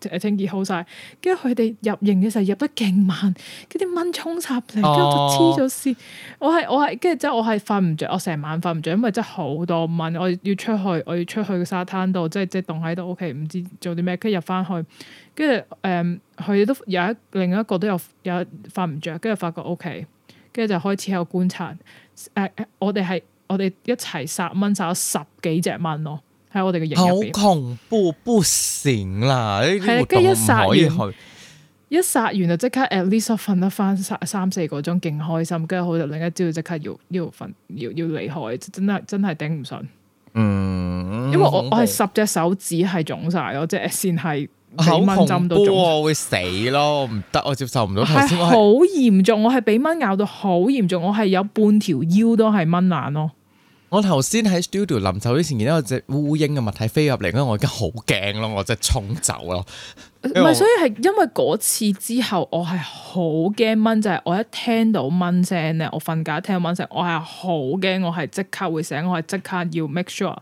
即清潔好晒。跟住佢哋入營嘅時候入得勁慢，跟啲蚊沖襲嚟，跟住黐咗線。我係我係跟住之後我係瞓唔著，我成晚瞓唔著，因為真係好多蚊。我要出去，我要出去個沙灘度，即係即係棟喺度。O K，唔知做啲咩，跟住入翻去。跟住，誒，佢、嗯、都有一另一個都有有瞓唔着，跟住發覺 OK，跟住就開始喺度觀察。誒、呃呃，我哋係我哋一齊殺蚊殺咗十幾隻蚊咯，喺我哋嘅營入邊好恐怖，不行啦！跟住一殺完，完，一殺完就即刻 at least 瞓得翻三,三四個鐘，勁開心。跟住好就另一朝就即刻要要瞓要要，要離開，真真真係頂唔順。嗯，怖因為我我係十隻手指係腫晒咯，即係先係。蚊針口紅針到我會死咯，唔得，我接受唔到。好嚴重，我係俾蚊咬到好嚴重，我係有半條腰都係蚊眼咯,咯。我頭先喺 studio 臨走之前，見到隻烏蠅嘅物體飛入嚟咧，我而家好驚咯，我即係衝走咯。唔係，所以係因為嗰次之後，我係好驚蚊，就係、是、我一聽到蚊聲咧，我瞓覺一聽到蚊聲，我係好驚，我係即刻會醒，我係即刻要 make sure。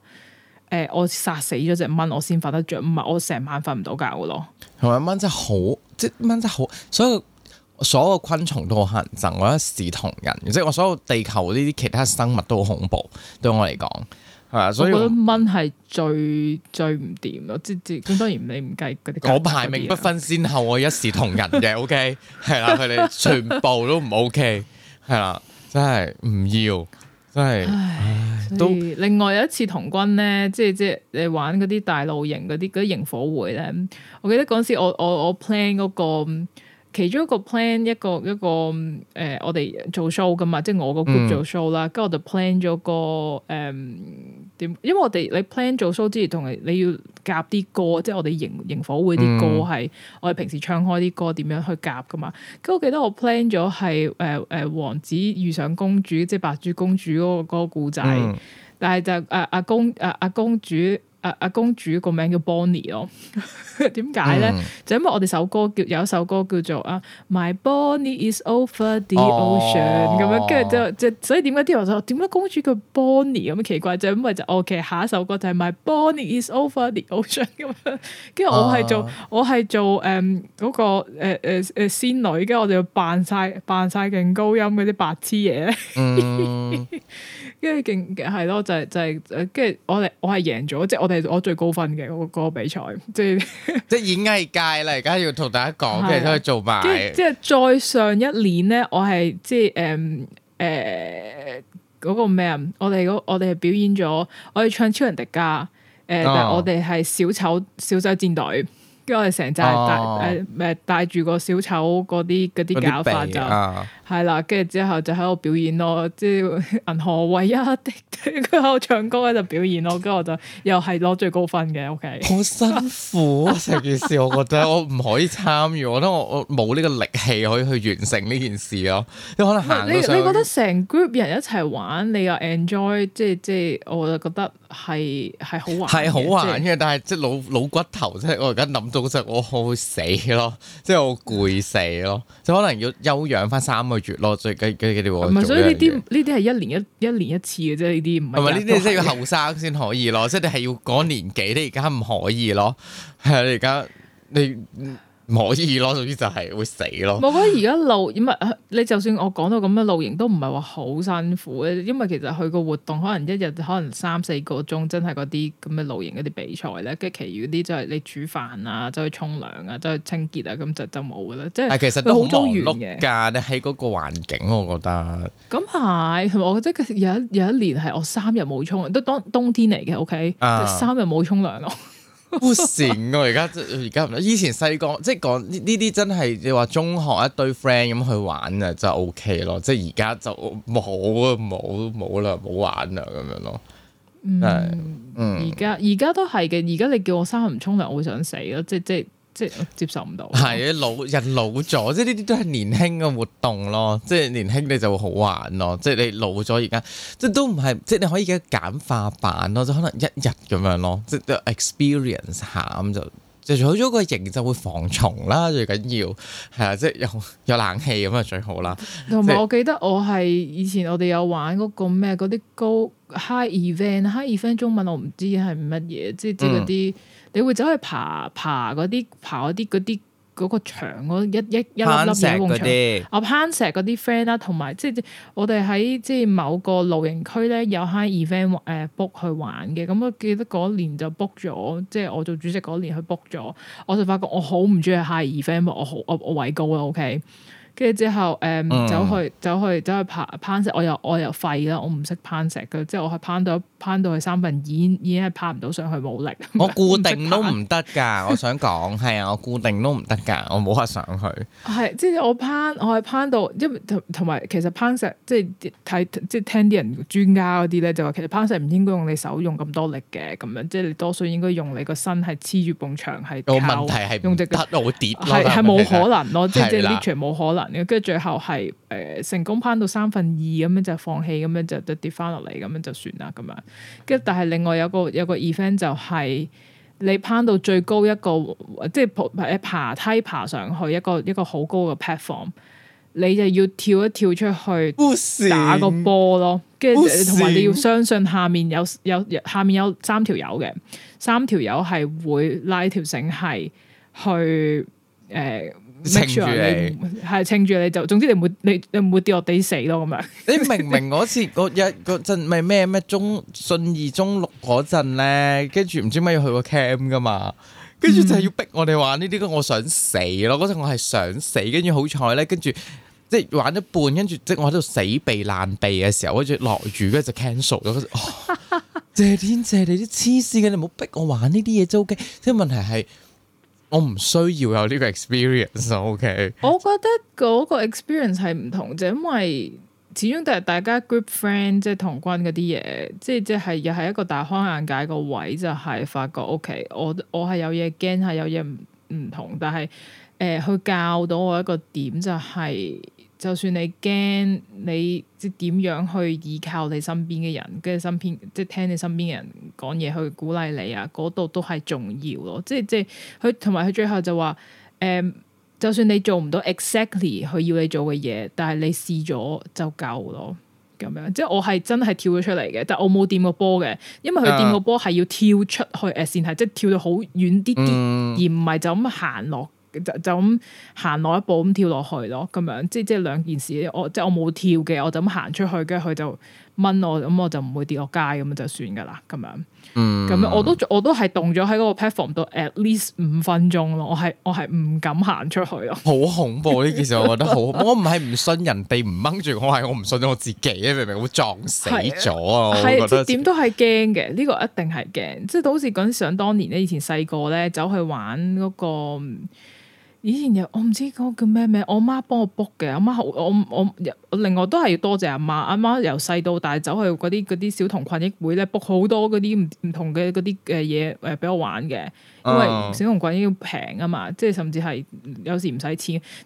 誒，我殺死咗隻蚊，我先瞓得着，唔係我成晚瞓唔到覺噶咯。同埋蚊真係好，即係蚊真係好，所以所有昆蟲都好乞人憎，我一視同仁。即係我所有地球呢啲其他生物都好恐怖，對我嚟講係啊。所以我我覺得蚊係最最唔掂咯，即係當然你唔計嗰啲，我排名不分先後，我一視同仁嘅。O K，係啦，佢哋全部都唔 O K，係啦，真係唔要。都另外有一次童軍咧，即係即係你玩嗰啲大露營嗰啲嗰啲營火會咧，我記得嗰陣時我我我 plan 嗰個。其中一個 plan 一個一個誒、呃，我哋做 show 噶嘛，即係我個 group 做 show 啦，跟住、嗯、我就 plan 咗個誒點、呃，因為我哋你 plan 做 show 之前同你你要夾啲歌，即係我哋營營火會啲歌係、嗯、我哋平時唱開啲歌點樣去夾噶嘛，跟住我記得我 plan 咗係誒誒王子遇上公主，即係白豬公主嗰、那個個故仔，嗯、但係就阿阿、啊啊、公阿、啊啊、公主。阿、啊、公主個名叫 Bonnie 咯，點解咧？ 就因為我哋首歌叫有一首歌叫做《啊 My Bonnie is over the ocean》咁樣，樣，跟住就就所以點解啲人就點解、就是、公主叫 Bonnie 咁奇怪？就因為就 OK、哦、下一首歌就係 My Bonnie is over the ocean 咁樣，跟住我係做、啊、我係做誒嗰、um, 那個誒誒誒仙女，跟住我就要扮晒扮晒勁高音嗰啲白痴嘢，跟住勁係咯，就係、是、就係、是、誒，跟、就、住、是就是、我哋我係贏咗，即係我哋。我最高分嘅嗰、那個比賽，就是、即係即係演藝界啦，而家要同大家講，其實都去做埋。即係再上一年咧，我係即係誒誒嗰個咩啊？我哋我哋係表演咗，我哋唱超人迪迦，誒，呃哦、但係我哋係小丑小丑戰隊。跟住我哋成紮戴，誒咩，戴住個小丑嗰啲嗰啲搞法就係啦，跟住之後就喺度表演咯，即係銀河唯一嘅，佢喺度唱歌喺度表演咯，跟住我就又係攞最高分嘅 OK。好辛苦啊！成 件事我覺得我唔可以參與，我覺得我我冇呢個力氣可以去完成呢件事咯。你可能行。你你覺得成 group 人一齊玩你又 enjoy，即係即係我就覺得係係好玩係好玩嘅，即但係即係老老骨頭即係我而家諗。我好死咯，即係我攰死咯，就可能要休養翻三個月咯，最幾幾幾條。唔係，所以呢啲呢啲係一年一一年一次嘅啫，呢啲唔係呢啲真係要後生先可以咯， 即係你係要講年紀，你而家唔可以咯，係啊你而家你。 唔可以咯，總之就係會死咯。我覺得而家露，唔係 你就算我講到咁嘅露營都唔係話好辛苦嘅，因為其實去個活動可能一日可能三四個鐘，真係嗰啲咁嘅露營嗰啲比賽咧，跟住其餘嗰啲就係你煮飯啊，走去沖涼啊，走去，去清潔啊，咁就就冇噶啦，其實 即係。其實都好忙碌嘅，你喺嗰個環境，我覺得咁係。同埋我覺得有有一年係我三日冇沖，都當冬天嚟嘅。O、okay? K，、啊、三日冇沖涼咯。 好神啊！而家即而家唔係，以前細個即係講呢啲真係你話中學一堆 friend 咁去玩啊，就 O K 咯。即係而家就冇啊，冇冇啦，冇玩啦咁樣咯。係嗯，而家而家都係嘅。而家你叫我三唔沖涼，我會想死咯。即即。即係接受唔到。係啊，老人老咗，即係呢啲都係年輕嘅活動咯。即係年輕你就會好玩咯。即係你老咗而家，即係都唔係，即係你可以嘅簡化版咯。即可能一日咁樣咯。即係 experience 下咁就就做好咗個營，就會防蟲啦。最緊要係啊，即係有有冷氣咁就最好啦。同埋還有 即我記得我係以前我哋有玩嗰個咩嗰啲高 high event high event 中文我唔知係乜嘢，即係啲嗰啲。你會走去爬爬嗰啲爬嗰啲嗰啲嗰個牆嗰一一一粒粒小牆，啊啊、我攀石嗰啲 friend 啦，同埋即係即我哋喺即係某個露營區咧有 high event 誒、呃、book 去玩嘅。咁我記得嗰年就 book 咗，即係我做主席嗰年去 book 咗，我就發覺我好唔中意 high event，我好我我畏高啦，OK。跟住之後，誒，走去走去走去攀攀石，我又我又廢啦，我唔識攀石嘅。即係我係攀到攀到去三分，已經已經係攀唔到上去，冇力。我固定都唔得㗎，我想講係啊，我固定都唔得㗎，我冇得上去。係即係我攀，我係攀到因為同埋，其實攀石即係睇即係聽啲人專家嗰啲咧，就話其實攀石唔應該用你手用咁多力嘅，咁樣即係你多數應該用你個身係黐住埲牆係。個問題係唔得，我係冇可能咯，即係即係 lift 住冇可能。跟住最後係誒、呃、成功攀到三分二，咁樣就放棄，咁樣就就跌翻落嚟，咁樣就算啦咁樣。跟但係另外有個有個 event 就係你攀到最高一個即係爬梯爬上去一個一個好高嘅 platform，你就要跳一跳出去行打個波咯。跟住同埋你要相信下面有有，有下面有三條友嘅，三條友係會拉條繩係去誒。呃撐住你，你，係撐住你就，總之你唔會你你唔會跌落地死咯咁樣。 你明明嗰次嗰一陣咪咩咩中信二中六嗰陣咧，跟住唔知乜要去個 camp 噶嘛？跟住就係要逼我哋玩呢啲我想死咯！嗰陣我係想死，跟住好彩咧，跟住即係玩一半，跟住即係我喺度死避爛避嘅時候，跟住落雨，跟住就 cancel 咗。謝天謝地，啲黐線嘅，你唔好逼我玩呢啲嘢，周 o 即係問題係。我唔需要有呢個 experience，OK，我覺得嗰個 experience 係唔同，就因為始終都係大家 group friend，即係同童軍嗰啲嘢，即係即係又係一個大開眼界個位，就係發覺 OK，我我係有嘢驚，係有嘢唔唔同，但係誒，佢教到我一個點就係。就算你驚你即係點樣去依靠你身邊嘅人，跟住身邊即係聽你身邊嘅人講嘢去鼓勵你啊，嗰度都係重要咯。即係即佢同埋佢最後就話誒、嗯，就算你做唔到 exactly 佢要你做嘅嘢，但係你試咗就夠咯咁樣。即我係真係跳咗出嚟嘅，但我冇掂過波嘅，因為佢掂個波係要跳出去誒，先係、啊、即跳到好遠啲，嗯、而唔係就咁行落。就就咁行落一步咁跳落去咯，咁樣即係即係兩件事。我即係我冇跳嘅，我就咁行出去，跟住佢就掹我，咁我就唔會跌落街咁就算噶啦，咁樣。咁、嗯、我都我都係動咗喺嗰個 platform 度 at least 五分鐘咯。我係我係唔敢行出去咯。好恐怖呢 件事，我覺得好。我唔係唔信人哋唔掹住，我係我唔信我自己啊！明明會撞死咗啊！啊我點都係驚嘅，呢、這個一定係驚。即、就、係、是、好似講，想當年咧，以前細個咧，走去玩嗰、那個。以前有我唔知嗰個叫咩名，我媽幫我 book 嘅。我媽好，我我，我另外都係要多謝阿媽，媽。阿媽由細到大走去嗰啲嗰啲小童群益會咧 book 好多嗰啲唔唔同嘅嗰啲嘅嘢誒俾我玩嘅，因為小童群益要平啊嘛，即係甚至係有時唔使錢，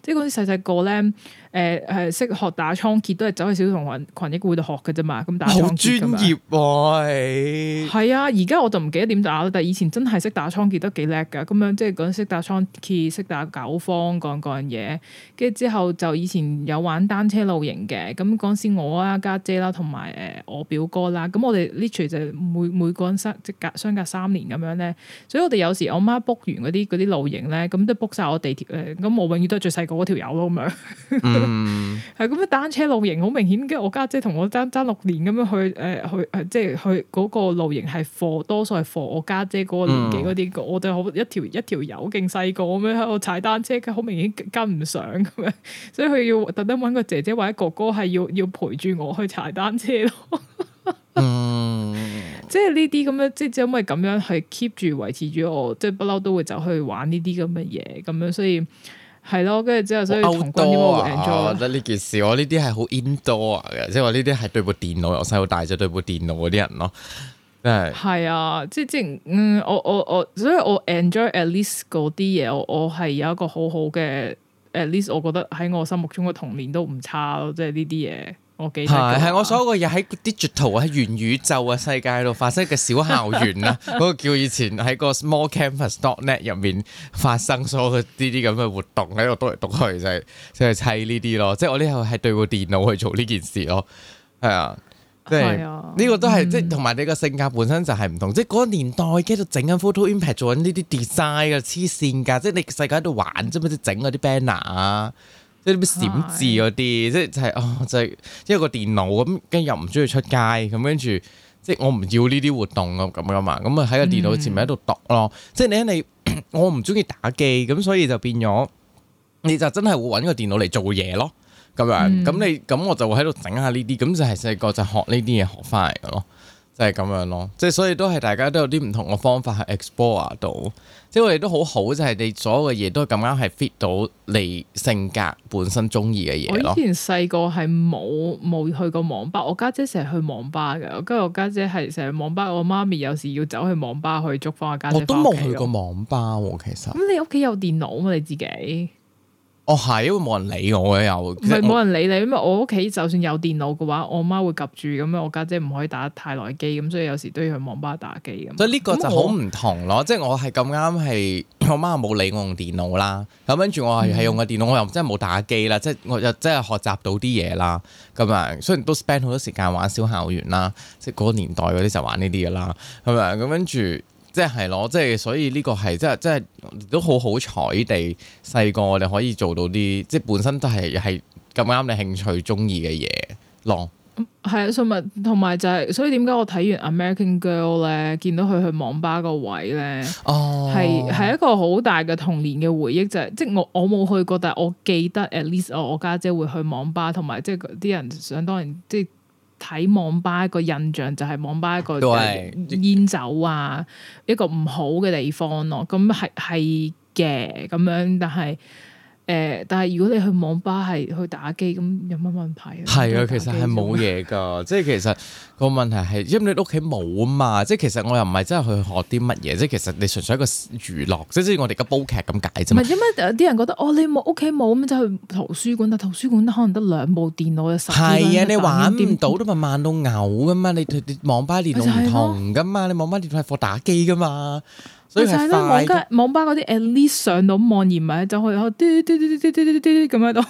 即係嗰啲細細個咧。誒係識學打倉頡，都係走去小童群羣羣益會度學嘅啫嘛，咁打倉頡咁啊！好專業喎！係啊，而家我就唔記得點打啦，但係以前真係識打倉頡都幾叻㗎。咁樣即係嗰陣識打倉頡，識打九方嗰樣嗰樣嘢。跟住之後就以前有玩單車露營嘅，咁嗰陣時我啊家姐啦、同埋誒我表哥啦，咁我哋呢 i 就每每個人相即隔相隔三年咁樣咧。所以我哋有時我媽 book 完嗰啲嗰啲露營咧，咁都 book 晒我地鐵咧，咁我永遠都係最細個嗰條友咯咁樣。 嗯，係咁、mm hmm. 樣單車露營好明顯，姐姐跟住我家姐同我爭爭六年咁樣去誒、呃、去即係去嗰個露營係 for，多數係 for。我家姐嗰個年紀嗰啲，我就好一條一條友勁細個咁樣喺度踩單車，佢好明顯跟唔上咁樣， 所以佢要特登揾個姐姐或者哥哥係要要陪住我去踩單車咯、 mm hmm.。即係呢啲咁樣，即係因為咁樣係 keep 住維持住我，即係不嬲都會走去玩呢啲咁嘅嘢，咁樣所以。係咯，跟住之後、就是哦、所以同多點了解會 enjoy？我覺得呢件事，我呢啲係好 indoor 嘅，即係話呢啲係對部電腦，我細佬大咗對部電腦嗰啲人咯，係係啊，即係即係，嗯，我我我，所以我 enjoy at least 嗰啲嘢，我我係有一個好好嘅 at least，我覺得喺我心目中嘅童年都唔差咯，即係呢啲嘢。我係係，我所有嘅嘢喺 digital，喺元宇宙嘅世界度發生嘅小校園啦，嗰個 叫以前喺個 smallcampus.net 入面發生所有呢啲咁嘅活動喺度讀嚟讀、就是就是、去就係即係砌呢啲咯，即係我呢度係對部電腦去做呢件事咯，係啊，即係呢、啊、個都係即係同埋你個性格本身就係唔同，嗯、即係嗰個年代喺度整緊 photo impact 做緊呢啲 design 嘅黐線噶，即係你世界喺度玩啫嘛，即整嗰啲 banner 啊。即係啲閃字嗰啲，哎、即係就係哦，就係因為個電腦咁，跟住又唔中意出街，咁跟住即係我唔要呢啲活動咁咁噶嘛，咁啊喺個電腦前面喺度讀咯，嗯、即係你你我唔中意打機，咁所以就變咗，你就真係會搵個電腦嚟做嘢咯，咁樣咁、嗯、你咁我就會喺度整下呢啲，咁就係細個就學呢啲嘢學翻嚟噶咯，即係咁樣咯，即係所以都係大家都有啲唔同嘅方法去 explore 到。即係我哋都好好，就係、是、你所有嘅嘢都咁啱係 fit 到你性格本身中意嘅嘢咯。我以前細個係冇冇去過網吧，我家姐成日去網吧嘅，跟住我家姐係成日網吧，我媽咪有時要走去網吧去捉翻我姐姐家姐。我都冇去過網吧，其實。咁你屋企有電腦嘛、啊？你自己？哦，係，因為冇人理我嘅又，唔係冇人理你，因為，我屋企就算有電腦嘅話，我媽會及住咁樣，我家姐唔可以打太耐機，咁所以有時都要去網吧打機咁。所以呢個就、嗯、好唔同咯，即係我係咁啱係，我媽冇理我用電腦啦，咁跟住我係用個電腦，我又真係冇打機啦，即係我又真係學習到啲嘢啦，咁樣，雖然都 spend 好多時間玩小校園啦，即係嗰個年代嗰啲就玩呢啲噶啦，係咪咁跟住。即係係咯，即係所以呢個係即係即係都好好彩地細個我哋可以做到啲，即係本身都係係咁啱你興趣中意嘅嘢咯。係、嗯、啊，同埋同埋就係、是、所以點解我睇完 American Girl 咧，見到佢去網吧個位咧，係係、哦、一個好大嘅童年嘅回憶、就是，就係即係我我冇去過，但係我記得 at least 我我家姐會去網吧，同埋即係啲人想當然，即係。睇網吧一個印象就係，網吧一個煙酒啊，一個唔好嘅地方咯。咁係係嘅咁樣，但係。誒，但係如果你去網吧係去打機，咁有乜問題咧？係啊，其實係冇嘢噶， 即係其實個問題係，因為你屋企冇啊嘛，即係其實我又唔係真係去學啲乜嘢，即係其實你純粹一個娛樂，即係我哋而家煲劇咁解啫。唔係，因為有啲人覺得哦，你冇屋企冇咁就去圖書館，但係圖書館可能得兩部電腦嘅十腦。係啊的，你玩唔到都咪慢到嘔噶嘛？你網嘛你網吧電腦唔同噶嘛？你網吧電腦係放打機噶嘛？所以就係咯，網咖、網吧嗰啲 at least 上到望而唔係走去，然後嘟嘟嘟嘟嘟嘟嘟嘟咁喺度。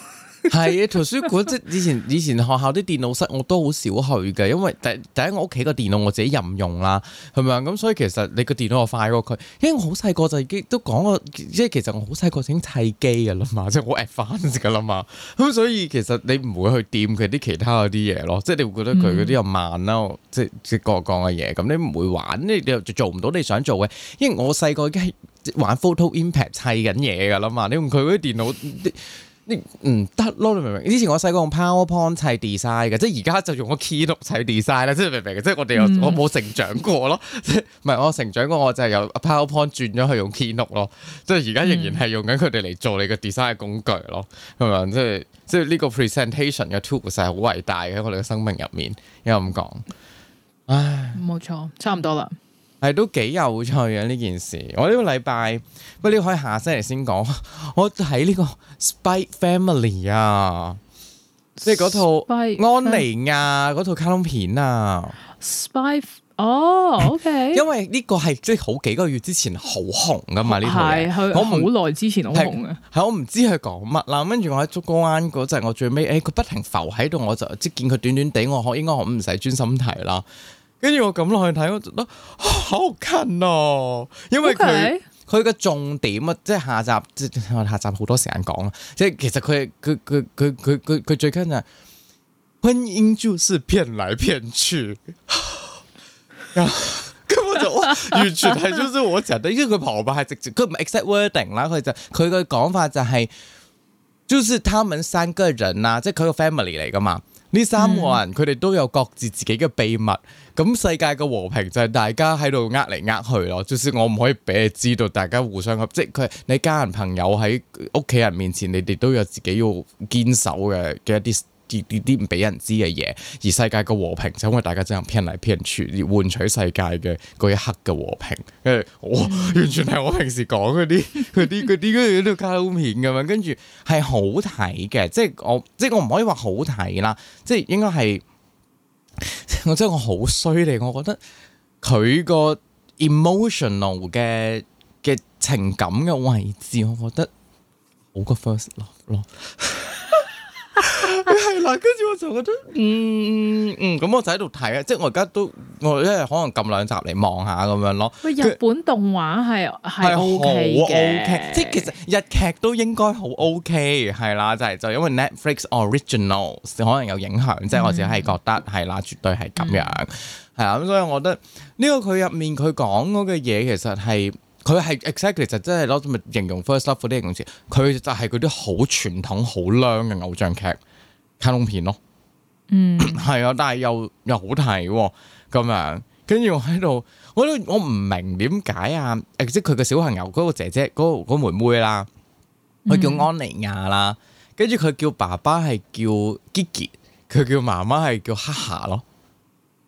係啊， 圖書館即係以前以前學校啲電腦室，我都好少去噶因為第第一我屋企個電腦我自己任用啦，係咪？咁所以其實你個電腦我快過佢，因為我好細個就已經都講過，即係其實我好細個已經砌機噶啦嘛，即係好 advanced 噶啦嘛，咁所以其實你唔會去掂佢啲其他嗰啲嘢咯，即係你會覺得佢嗰啲又慢咯，嗯、即係即係各各嘅嘢，咁你唔會玩，你又就做唔到你想做嘅，因為我細個已經係玩 Photo Impact 砌緊嘢噶啦嘛，你用佢嗰啲電腦。唔得咯，你明唔明？之前我細個用 PowerPoint 砌 design 嘅，即係而家就用個 Keynote 砌 design 啦，即係明唔明？即係我哋又我冇成長過咯，即唔係我成長過，我就有 PowerPoint 轉咗去用 Keynote 咯，嗯，即係而家仍然係用緊佢哋嚟做你個 design 嘅工具咯，係咪？即係即係呢個 presentation 嘅 tool 係好偉大嘅，喺我哋嘅生命入面，因為咁講，唉，冇錯，差唔多啦。係都幾有趣啊！呢件事，我呢個禮拜，不過你可以下星期先講。我睇呢個、啊《Spy Family》啊，即係嗰套《安妮亞》嗰 Sp ife? 套卡通片啊，《Spy》哦，OK。因為呢個係即係好幾個月之前好紅噶嘛，呢是套係佢好耐之前好紅嘅，係我唔知佢講乜啦。跟住我喺竹篙灣嗰陣，我最尾誒佢不停浮喺度，我就即係見佢短短地，我可應該我唔使專心睇啦。跟住我咁落去睇，我覺得、哦、好近啊，哦！因為佢佢個重點啊，即係下集即下集好多時間講啦。即係其實佢佢佢佢佢佢最近就係婚姻就是騙來騙去。根本就完全係就是我成日得，因為佢婆婆係直接佢唔 accept wording 啦，佢就佢個講法就係，是，就是他們三個人啊，即係佢個 family 嚟㗎嘛，呢三個人佢哋、嗯、都有各自自己嘅秘密。咁世界嘅和平就係大家喺度呃嚟呃去咯，就算我唔可以俾你知道，大家互相合即係佢你家人朋友喺屋企人面前，你哋都有自己要堅守嘅嘅一啲啲啲唔俾人知嘅嘢。而世界嘅和平就因為大家真係騙嚟騙去而換取世界嘅嗰一刻嘅和平。誒，我完全係我平時講嗰啲嗰啲嗰啲嗰啲卡通片咁樣，跟住係好睇嘅，即係我即係我唔可以話好睇啦，即係應該係。我真係我好衰嚟，我覺得佢個 emotional 嘅嘅情感嘅位置，我覺得冇個 first love 咯。 係啦，跟住、 嗯嗯、我就覺得，嗯嗯嗯，咁我就喺度睇啊，即係我而家都我咧可能撳兩集嚟望下咁樣咯。佢日本動畫係係好 OK，, 很 ok 即係其實日劇都應該好 OK，係啦、啊，就係就因為 Netflix Original 可能有影響，即係、嗯、我自己係覺得係啦、啊，絕對係咁樣，係啦、嗯，咁、啊、所以我覺得呢、這個佢入面佢講嗰個嘢，其實係。佢係 exactly 就真係攞形容 first love 嗰啲形容詞，佢就係佢啲好傳統好娘嘅偶像劇卡通片咯。嗯，係啊， 但係又又好睇咁、哦、樣，跟住我喺度，我都我唔明點解啊！即係佢嘅小朋友嗰、嗰個姐姐，嗰、嗰個嗰個妹妹啦，佢叫安妮亞啦，跟住佢叫爸爸係叫杰杰，佢叫媽媽係叫黑夏咯。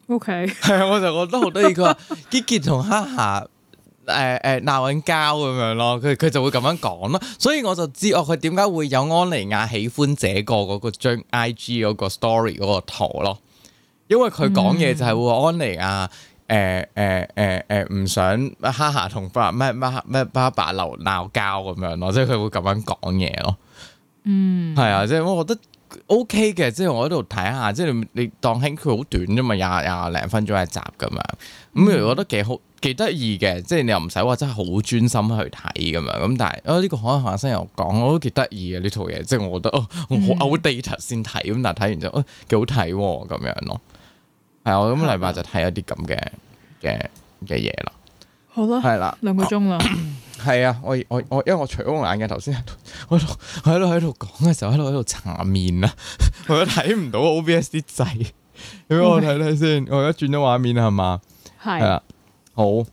OK，係啊，我就覺得好得意，佢話杰杰同黑夏。誒誒鬧緊交咁樣咯，佢佢、呃呃、就會咁樣講咯，所以我就知哦，佢點解會有安妮亞喜歡這、那個嗰個張 I G 嗰個 story 嗰個圖咯，因為佢講嘢就係話安妮亞誒誒誒誒唔想哈哈同爸咩咩咩爸爸鬧交咁樣咯，即係佢會咁樣講嘢咯，嗯，係啊，即係我覺得。O K 嘅，即係我喺度睇下，即係你你當聽佢好短啫嘛，廿廿零分鐘一集咁樣，咁、哦呃這個這個、我覺得幾好幾得意嘅，即係你又唔使話真係好專心去睇咁樣，咁但係啊呢個可可學生又講，我都幾得意嘅呢套嘢，即係我覺得哦，我好 o u t 先睇，咁、嗯、但係睇完就哦幾好睇咁、哦、樣咯，係、嗯、啊，我咁禮拜就睇一啲咁嘅嘅嘅嘢啦，好啦，係啦，兩個鐘啦。 係啊，我我我，因為我除咗眼鏡，頭先我我喺度喺度講嘅時候，喺度喺度搽面啊。 我都睇唔到 OBS 啲掣，咁 我睇睇先，是 我而家轉咗畫面係嘛？係啊是、 嗯，好，我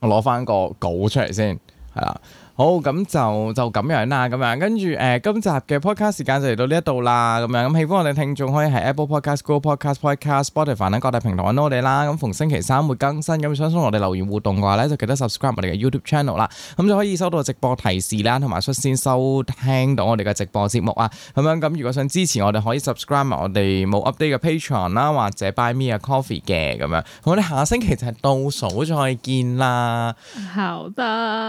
攞翻個稿出嚟先，係啦。好，咁就就咁樣啦，咁樣跟住誒，今集嘅 podcast 時間就嚟到呢一度啦，咁樣咁喜歡我哋聽眾可以喺 Apple Podcast、Google Podcast、Podcast、Spotify 等各大平台揾到我哋啦。咁逢星期三會更新，咁想同我哋留言互動嘅話咧，就記得 subscribe 我哋嘅 YouTube Channel 啦，咁就可以收到直播提示啦，同埋率先收聽到我哋嘅直播節目啊。咁樣咁如果想支持我哋，可以 subscribe 我哋冇 update 嘅 Patreon 啦，或者 Buy Me a Coffee 嘅咁樣。我哋下個星期就係倒數再見啦。好的。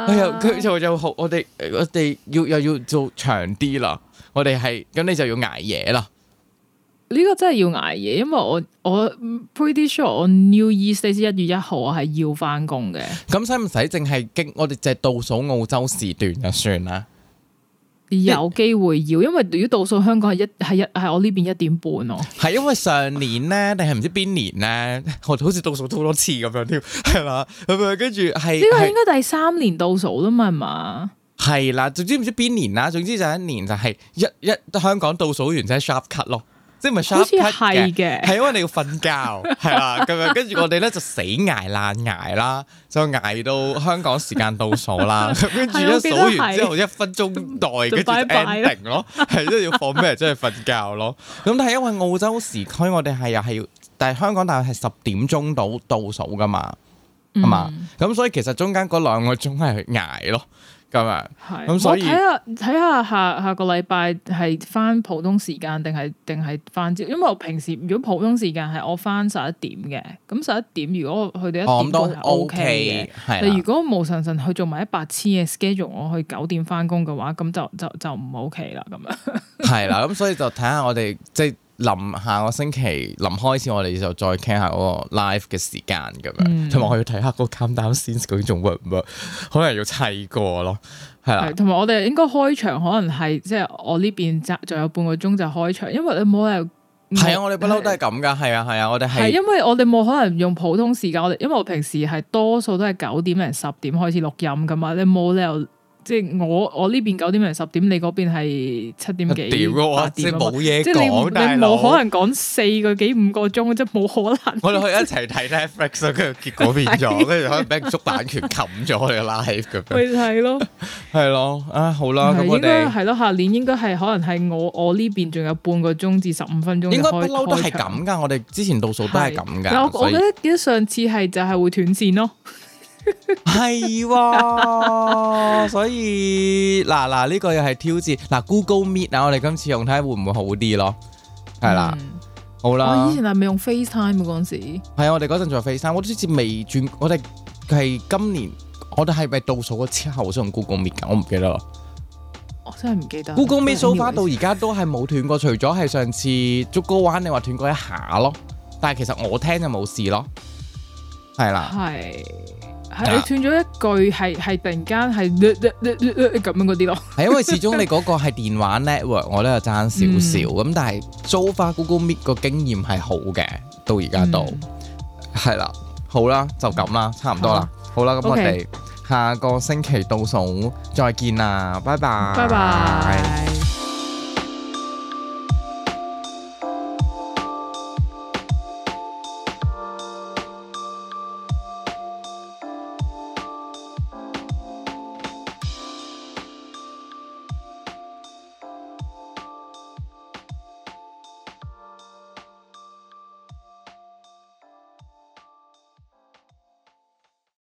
哎呀，佢做咗。我哋我哋要又要做長啲啦，我哋係咁你就要挨夜啦。呢個真係要挨夜，因為我我 pretty sure 我 New Year’s Day 一月一號我係要翻工嘅。咁使唔使淨係激我哋淨係倒數澳洲時段就算啦？有機會要，因為如果倒數香港係一係一係我呢邊一點半咯。係因為上年咧定係唔知邊年咧，我好似倒數好多次咁樣添，係嘛咁啊，跟住係。呢個應該第三年倒數啦嘛，係嘛？係啦，總之唔知邊年啦，總之就係一年就係一一,一香港倒數完先、就係、sharp cut 咯。即係 sharp cut 嘅，係因為你要瞓覺，係啦， 咁樣跟住我哋咧就死捱爛捱啦，就捱到香港時間倒數啦，跟住一數完之後 一分鐘代，跟住誒定咯，係都要放咩出去瞓覺咯。咁 但係因為澳洲時區，我哋係又係要，但係香港大概係十點鐘到倒數噶嘛，係嘛、嗯？咁所以其實中間嗰兩個鐘係捱咯。咁咪？係咁，是所以我睇下睇下下下個禮拜係翻普通時間定係定係翻朝？因為我平時如果普通時間係我翻十一點嘅，咁十一點如果我去到一點、OK，咁都 O K 嘅。但如果無神神去做埋一百次嘅 schedule，我去九點翻工嘅話，咁就就就唔 O K 啦。咁樣係啦，咁 所以就睇下我哋即係。就是臨下個星期，臨開始我哋就再傾下嗰個 live 嘅時間咁樣，同埋、嗯、我要睇下嗰 come down sense 嗰種 work 唔 work，可能要砌過咯，係啦。同埋我哋應該開場可能係即係我呢邊，就仲、是、有半個鐘就開場，因為你冇理由。e 係啊，我哋不嬲都係咁噶，係是啊係啊，我哋係、啊，因為我哋冇可能用普通時間，我哋，因為我平時係多數都係九點零十點開始錄音噶嘛，你冇理由。嗯即係我我呢邊九點零十點，你嗰邊係七點幾八點，即係冇嘢講，即係你冇可能講四個幾五個鐘，即係冇可能。我哋可以一齊睇睇 Netflix 啊，跟住結果變咗，跟住可能俾個捉版權冚咗我哋 live 咁。咪係咯，係咯，啊好啦，咁我哋係咯，下年應該係可能係我我呢邊仲有半個鐘至十五分鐘，應該不嬲都係咁噶，我哋之前度數都係咁噶。我我覺得記得上次係就係會斷線咯。係，所以嗱嗱呢個又係挑戰。嗱，Google Meet 啊，我哋今次用睇會唔會好啲咯？係啦，好啦。我以前係咪用 FaceTime 嗰陣時，係啊，我哋嗰陣仲有 FaceTime，我都好似未轉。我哋係今年，我哋係咪倒數咗之後想用 Google Meet 噶？我唔記得咯。我真係唔記得。Google Meet 掃翻到而家都係冇斷過，除咗係上次竹篙灣你話斷過一下咯。但係其實我聽就冇事咯。係啦，係。 係你斷咗一句，係係突然間係咁樣嗰啲咯。係因為始終你嗰個係電話 network，我都係爭少少咁，但係租花 Google Meet 個經驗係好嘅，到而家到係啦，好啦，就咁啦，差唔多啦，好啦，咁我哋下個星期倒數再見啦，拜拜，拜拜。